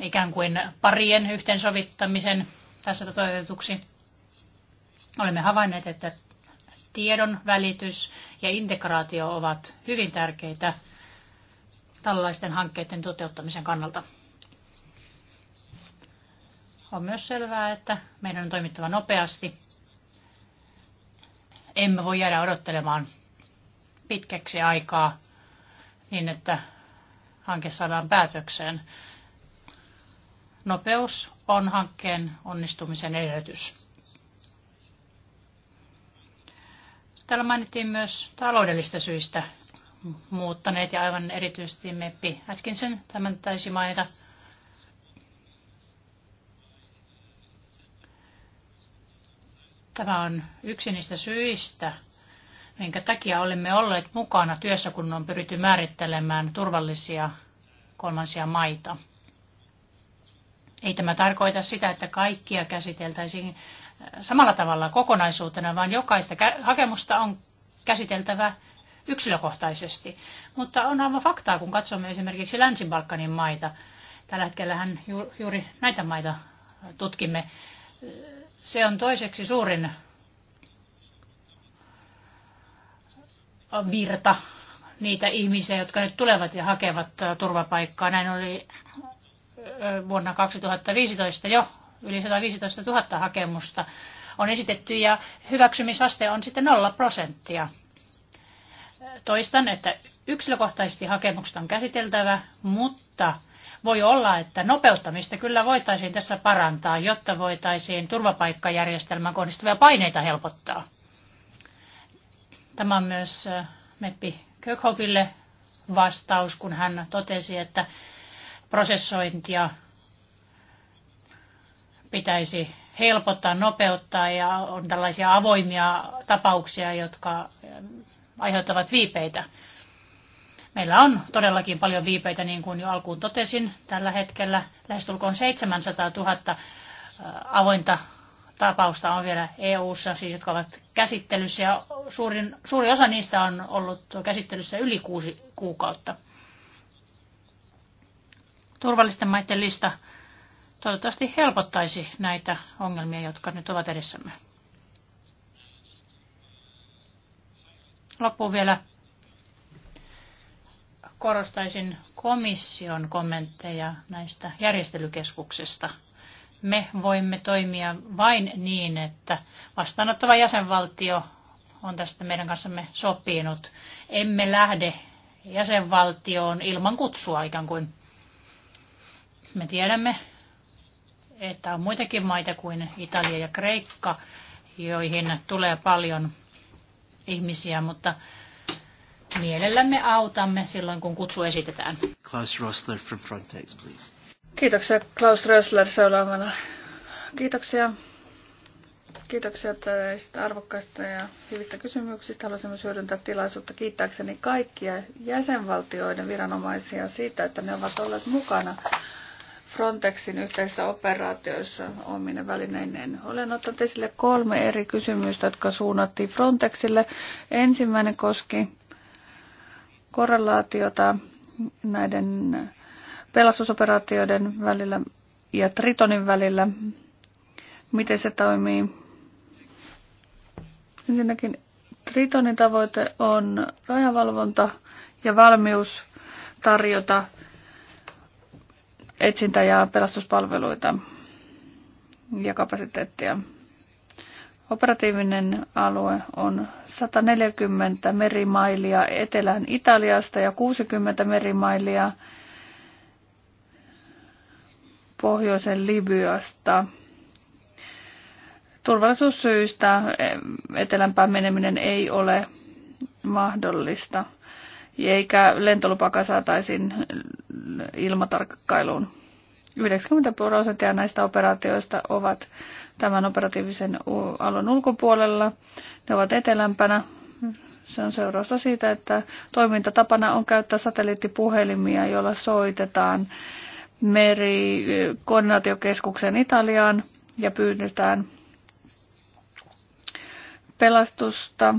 ikään kuin parien yhteensovittamisen tässä toteutetuksi. Olemme havainneet, että tiedon välitys ja integraatio ovat hyvin tärkeitä tällaisten hankkeiden toteuttamisen kannalta. On myös selvää, että meidän on toimittava nopeasti. Emme voi jäädä odottelemaan pitkäksi aikaa niin, että hanke saadaan päätökseen. Nopeus on hankkeen onnistumisen edellytys. Täällä mainittiin myös taloudellista syistä muuttaneet ja aivan erityisesti Meppi Atkinson tämän taisi mainita. Tämä on yksi niistä syistä, minkä takia olemme olleet mukana työssä, kun on pyritty määrittelemään turvallisia kolmansia maita. Ei tämä tarkoita sitä, että kaikkia käsiteltäisiin äh, samalla tavalla kokonaisuutena, vaan jokaista hakemusta on käsiteltävä yksilökohtaisesti. Mutta on aivan faktaa, kun katsomme esimerkiksi Länsi-Balkanin maita. Tällä hetkellä juuri näitä maita tutkimme. Äh, se on toiseksi suurin virta niitä ihmisiä, jotka nyt tulevat ja hakevat turvapaikkaa. Näin oli vuonna 2015 jo yli 115 000 hakemusta on esitetty ja hyväksymisaste on sitten 0 prosenttia. Toistan, että yksilökohtaisesti hakemukset on käsiteltävä, mutta voi olla, että nopeuttamista kyllä voitaisiin tässä parantaa, jotta voitaisiin turvapaikkajärjestelmän kohdistuvia paineita helpottaa. Tämä on myös Meppi Kökhoville vastaus, kun hän totesi, että prosessointia pitäisi helpottaa, nopeuttaa ja on tällaisia avoimia tapauksia, jotka aiheuttavat viipeitä. Meillä on todellakin paljon viipeitä, niin kuin jo alkuun totesin. Tällä hetkellä lähestulkoon 700 000 avointa tapausta on vielä EU-ssa, siis jotka ovat käsittelyssä, ja suurin, suuri osa niistä on ollut käsittelyssä yli kuusi kuukautta. Turvallisten maiden lista toivottavasti helpottaisi näitä ongelmia, jotka nyt ovat edessämme. Loppuun vielä korostaisin komission kommentteja näistä järjestelykeskuksista – me voimme toimia vain niin, että vastaanottava jäsenvaltio on tästä meidän kanssamme sopinut. Emme lähde jäsenvaltioon ilman kutsua ikään kuin. Me tiedämme, että on muitakin maita kuin Italia ja Kreikka, joihin tulee paljon ihmisiä, mutta mielellämme autamme silloin, kun kutsu esitetään. Klaus Rosler from Frontex, please. Kiitoksia Klaus Rössler seuraavana. Kiitoksia. Kiitoksia teistä arvokkaista ja hyvistä kysymyksistä. Haluaisin myös hyödyntää tilaisuutta kiittääkseni kaikkia jäsenvaltioiden viranomaisia siitä, että ne ovat olleet mukana Frontexin yhteisissä operaatioissa omine välineineen. Olen ottanut esille kolme eri kysymystä, jotka suunnattiin Frontexille. Ensimmäinen koski korrelaatiota näiden pelastusoperaatioiden välillä ja Tritonin välillä. Miten se toimii? Ensinnäkin Tritonin tavoite on rajavalvonta ja valmius tarjota etsintä- ja pelastuspalveluita ja kapasiteettia. Operatiivinen alue on 140 merimailia etelään Italiasta ja 60 merimailia pohjoisen Libyasta. Turvallisuussyistä eh, etelämpään meneminen ei ole mahdollista, eikä lentolupakaan saataisiin ilmatarkkailuun. 90 prosenttia näistä operaatioista ovat tämän operatiivisen alueen ulkopuolella. Ne ovat etelämpänä. Se on seurausta siitä, että toimintatapana on käyttää satelliittipuhelimia, joilla soitetaan meri koordinaatiokeskuksen Italiaan ja pyydetään pelastusta.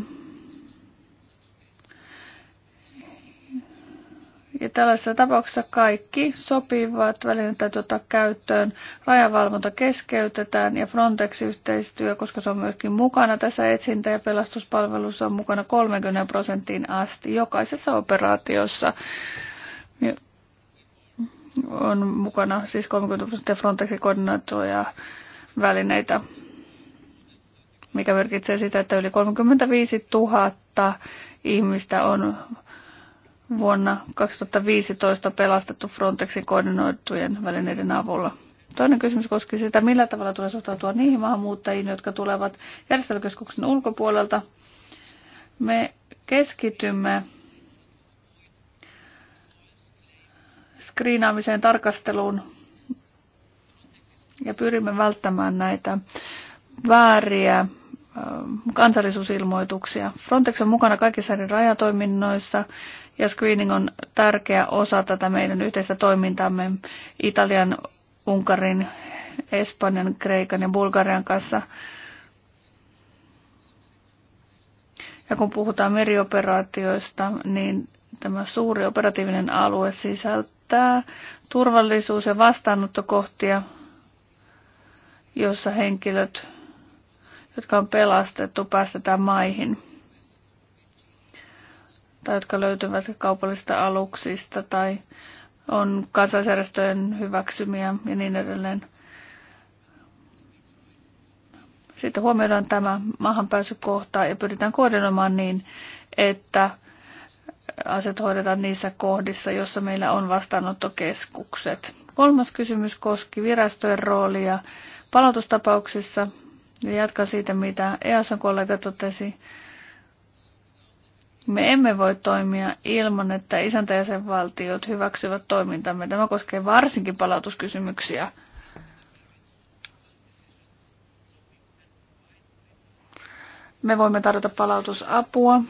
Ja tällaisessa tapauksessa kaikki sopivat välineet täytyy ottaa käyttöön. Rajavalvonta keskeytetään ja Frontex-yhteistyö, koska se on myöskin mukana tässä etsintä- ja pelastuspalvelussa, on mukana 30 prosenttiin asti jokaisessa operaatiossa on mukana siis 30 prosenttia Frontexin koordinaatioja välineitä, mikä merkitsee sitä, että yli 35 000 ihmistä on vuonna 2015 pelastettu Frontexin koordinoitujen välineiden avulla. Toinen kysymys koski sitä, millä tavalla tulee suhtautua niihin maahanmuuttajiin, jotka tulevat järjestelykeskuksen ulkopuolelta. Me keskitymme skriinaamiseen tarkasteluun ja pyrimme välttämään näitä vääriä kansallisuusilmoituksia. Frontex on mukana kaikissa eri rajatoiminnoissa ja screening on tärkeä osa tätä meidän yhteistä toimintamme Italian, Unkarin, Espanjan, Kreikan ja Bulgarian kanssa. Ja kun puhutaan merioperaatioista, niin tämä suuri operatiivinen alue sisältää kehittää turvallisuus- ja vastaanottokohtia, joissa henkilöt, jotka on pelastettu, päästetään maihin tai jotka löytyvät kaupallisista aluksista tai on kansalaisjärjestöjen hyväksymiä ja niin edelleen. Sitten huomioidaan tämä maahanpääsykohta ja pyritään koordinoimaan niin, että asiat hoidetaan niissä kohdissa, joissa meillä on vastaanottokeskukset. Kolmas kysymys koski virastojen roolia palautustapauksissa. Ja jatkan siitä, mitä EASan kollega totesi. Me emme voi toimia ilman, että isäntäjäsenvaltiot hyväksyvät toimintamme. Tämä koskee varsinkin palautuskysymyksiä. Me voimme tarjota palautusapua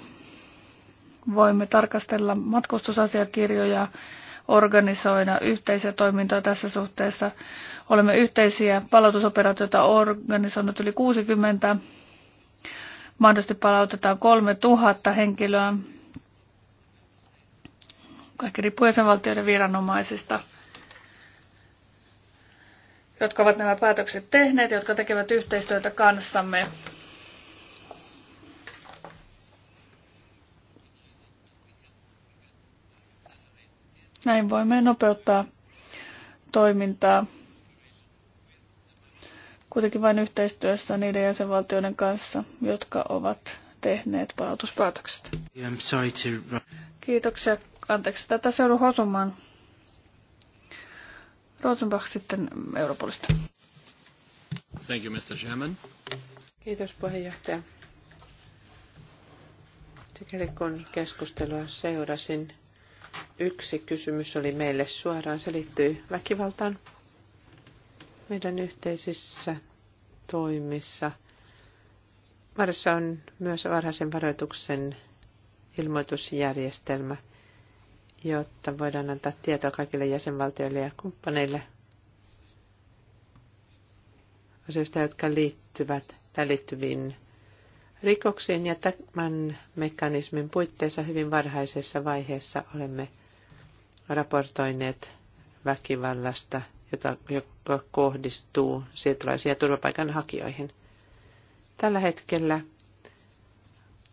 voimme tarkastella matkustusasiakirjoja, organisoida yhteisiä toimintoja tässä suhteessa. Olemme yhteisiä palautusoperaatioita organisoinut yli 60. Mahdollisesti palautetaan 3000 henkilöä. Kaikki riippuu jäsenvaltioiden viranomaisista, jotka ovat nämä päätökset tehneet, jotka tekevät yhteistyötä kanssamme Näin voimme nopeuttaa toimintaa kuitenkin vain yhteistyössä niiden jäsenvaltioiden kanssa, jotka ovat tehneet palautuspäätökset. To... Kiitoksia. Anteeksi, tätä seudu hosumaan. Rosenbach sitten Europolista. Thank you, Mr. Chairman. Kiitos puheenjohtaja. Sikäli kun keskustelua seurasin, Yksi kysymys oli meille suoraan, se liittyy väkivaltaan. Meidän yhteisissä toimissa. Varassa on myös varhaisen varoituksen ilmoitusjärjestelmä, jotta voidaan antaa tietoa kaikille jäsenvaltioille ja kumppaneille asioista, jotka liittyvät tai liittyviin rikoksiin. Ja tämän mekanismin puitteissa hyvin varhaisessa vaiheessa olemme raportoineet väkivallasta, jota, joka kohdistuu siirtolaisiin ja turvapaikanhakijoihin. Tällä hetkellä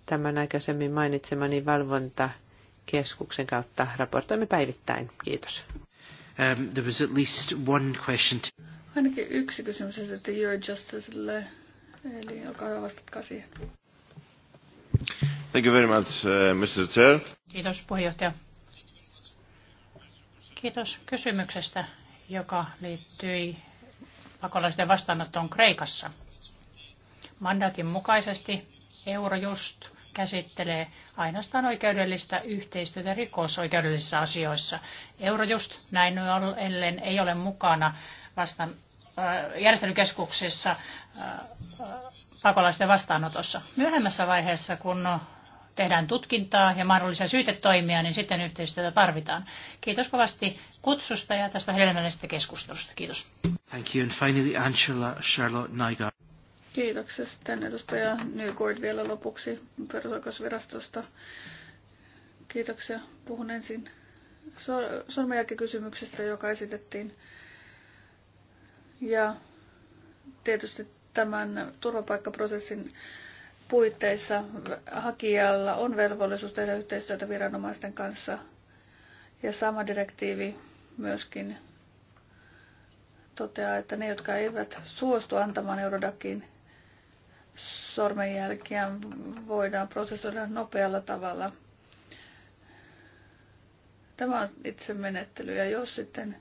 tämän aikaisemmin mainitsemani valvontakeskuksen kautta raportoimme päivittäin. Kiitos. Um, there was at least one question to... Ainakin yksi kysymys että esitettiin Your Justicelle, eli olkaa hyvä vastatkaa siihen. Thank you very much, uh, Mr. Chair. Kiitos puheenjohtaja. Kiitos kysymyksestä, joka liittyi pakolaisten vastaanottoon Kreikassa. Mandaatin mukaisesti Eurojust käsittelee ainoastaan oikeudellista yhteistyötä rikosoikeudellisissa asioissa. Eurojust näin ollen ei ole mukana vastaan, äh, järjestelykeskuksessa äh, äh pakolaisten vastaanotossa. Myöhemmässä vaiheessa, kun tehdään tutkintaa ja mahdollisia syytetoimia, niin sitten yhteistyötä tarvitaan. Kiitos kovasti kutsusta ja tästä hedelmällisestä keskustelusta. Kiitos. Thank you. And finally, Angela Charlotte Nygaard. Kiitoksia sitten edustaja Newgord vielä lopuksi perusoikeusvirastosta. Kiitoksia. Puhun ensin sormenjälkikysymyksestä, joka esitettiin. Ja tietysti tämän turvapaikkaprosessin puitteissa hakijalla on velvollisuus tehdä yhteistyötä viranomaisten kanssa ja sama direktiivi myöskin toteaa, että ne, jotka eivät suostu antamaan Eurodakin sormenjälkiä, voidaan prosessoida nopealla tavalla. Tämä on itse menettely. Ja jos sitten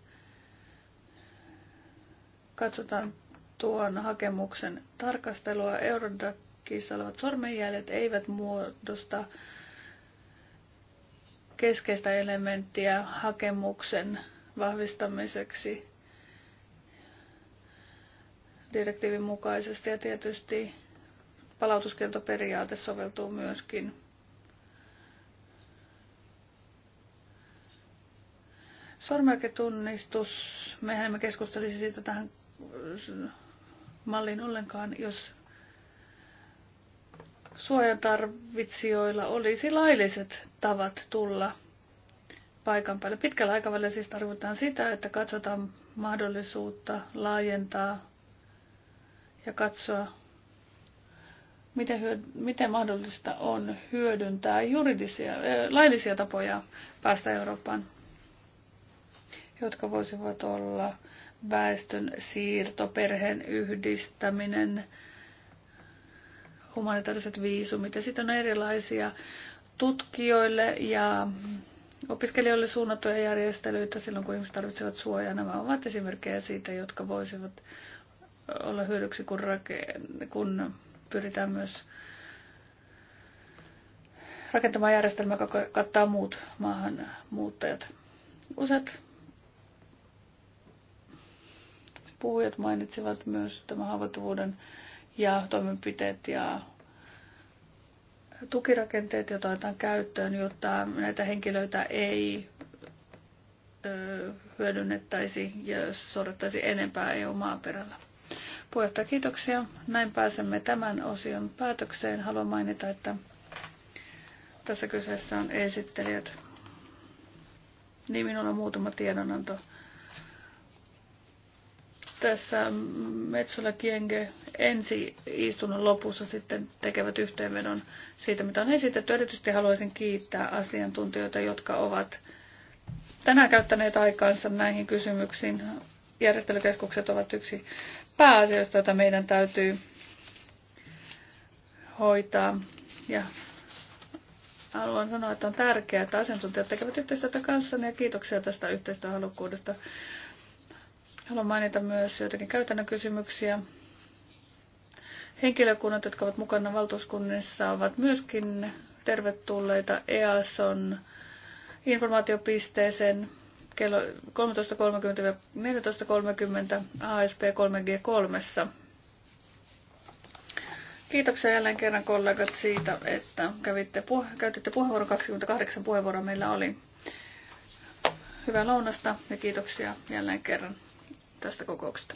katsotaan tuon hakemuksen tarkastelua, Eurodac sormenjälkissä olevat sormenjäljet eivät muodosta keskeistä elementtiä hakemuksen vahvistamiseksi direktiivin mukaisesti ja tietysti palautuskieltoperiaate soveltuu myöskin sormenjälkitunnistus, mehän emme keskustelisi siitä tähän malliin ollenkaan, jos tarvitsijoilla olisi lailliset tavat tulla paikan päälle. Pitkällä aikavälillä siis tarvitaan sitä, että katsotaan mahdollisuutta laajentaa ja katsoa, miten, hyö- miten mahdollista on hyödyntää juridisia, eh, laillisia tapoja päästä Eurooppaan, jotka voisivat olla väestön siirto, perheen yhdistäminen, humanitaariset viisumit. Ja sitten on erilaisia tutkijoille ja opiskelijoille suunnattuja järjestelyitä silloin, kun ihmiset tarvitsevat suojaa. Nämä ovat esimerkkejä siitä, jotka voisivat olla hyödyksi, kun, rake- kun pyritään myös rakentamaan järjestelmä, joka kattaa muut maahanmuuttajat. Useat puhujat mainitsivat myös tämän haavoittuvuuden ja toimenpiteet ja tukirakenteet, joita otetaan käyttöön, jotta näitä henkilöitä ei hyödynnettäisi ja sorrettaisi enempää EU-maaperällä. Puheenjohtaja, kiitoksia. Näin pääsemme tämän osion päätökseen. Haluan mainita, että tässä kyseessä on esittelijät. Niin minulla on muutama tiedonanto tässä Metsola Kienge ensi istunnon lopussa sitten tekevät yhteenvedon siitä, mitä on esitetty. Erityisesti haluaisin kiittää asiantuntijoita, jotka ovat tänään käyttäneet aikaansa näihin kysymyksiin. Järjestelykeskukset ovat yksi pääasioista, jota meidän täytyy hoitaa. Ja haluan sanoa, että on tärkeää, että asiantuntijat tekevät yhteistyötä kanssani ja kiitoksia tästä yhteistyöhalukkuudesta. halukkuudesta Haluan mainita myös joitakin käytännön kysymyksiä. Henkilökunnat, jotka ovat mukana valtuuskunnissa, ovat myöskin tervetulleita EASON informaatiopisteeseen kello 13.30-14.30 ASP 3G3. Kiitoksia jälleen kerran kollegat siitä, että kävitte, käytitte puheenvuoron. 28 puheenvuoroa meillä oli. Hyvää lounasta ja kiitoksia jälleen kerran tästä kokouksesta.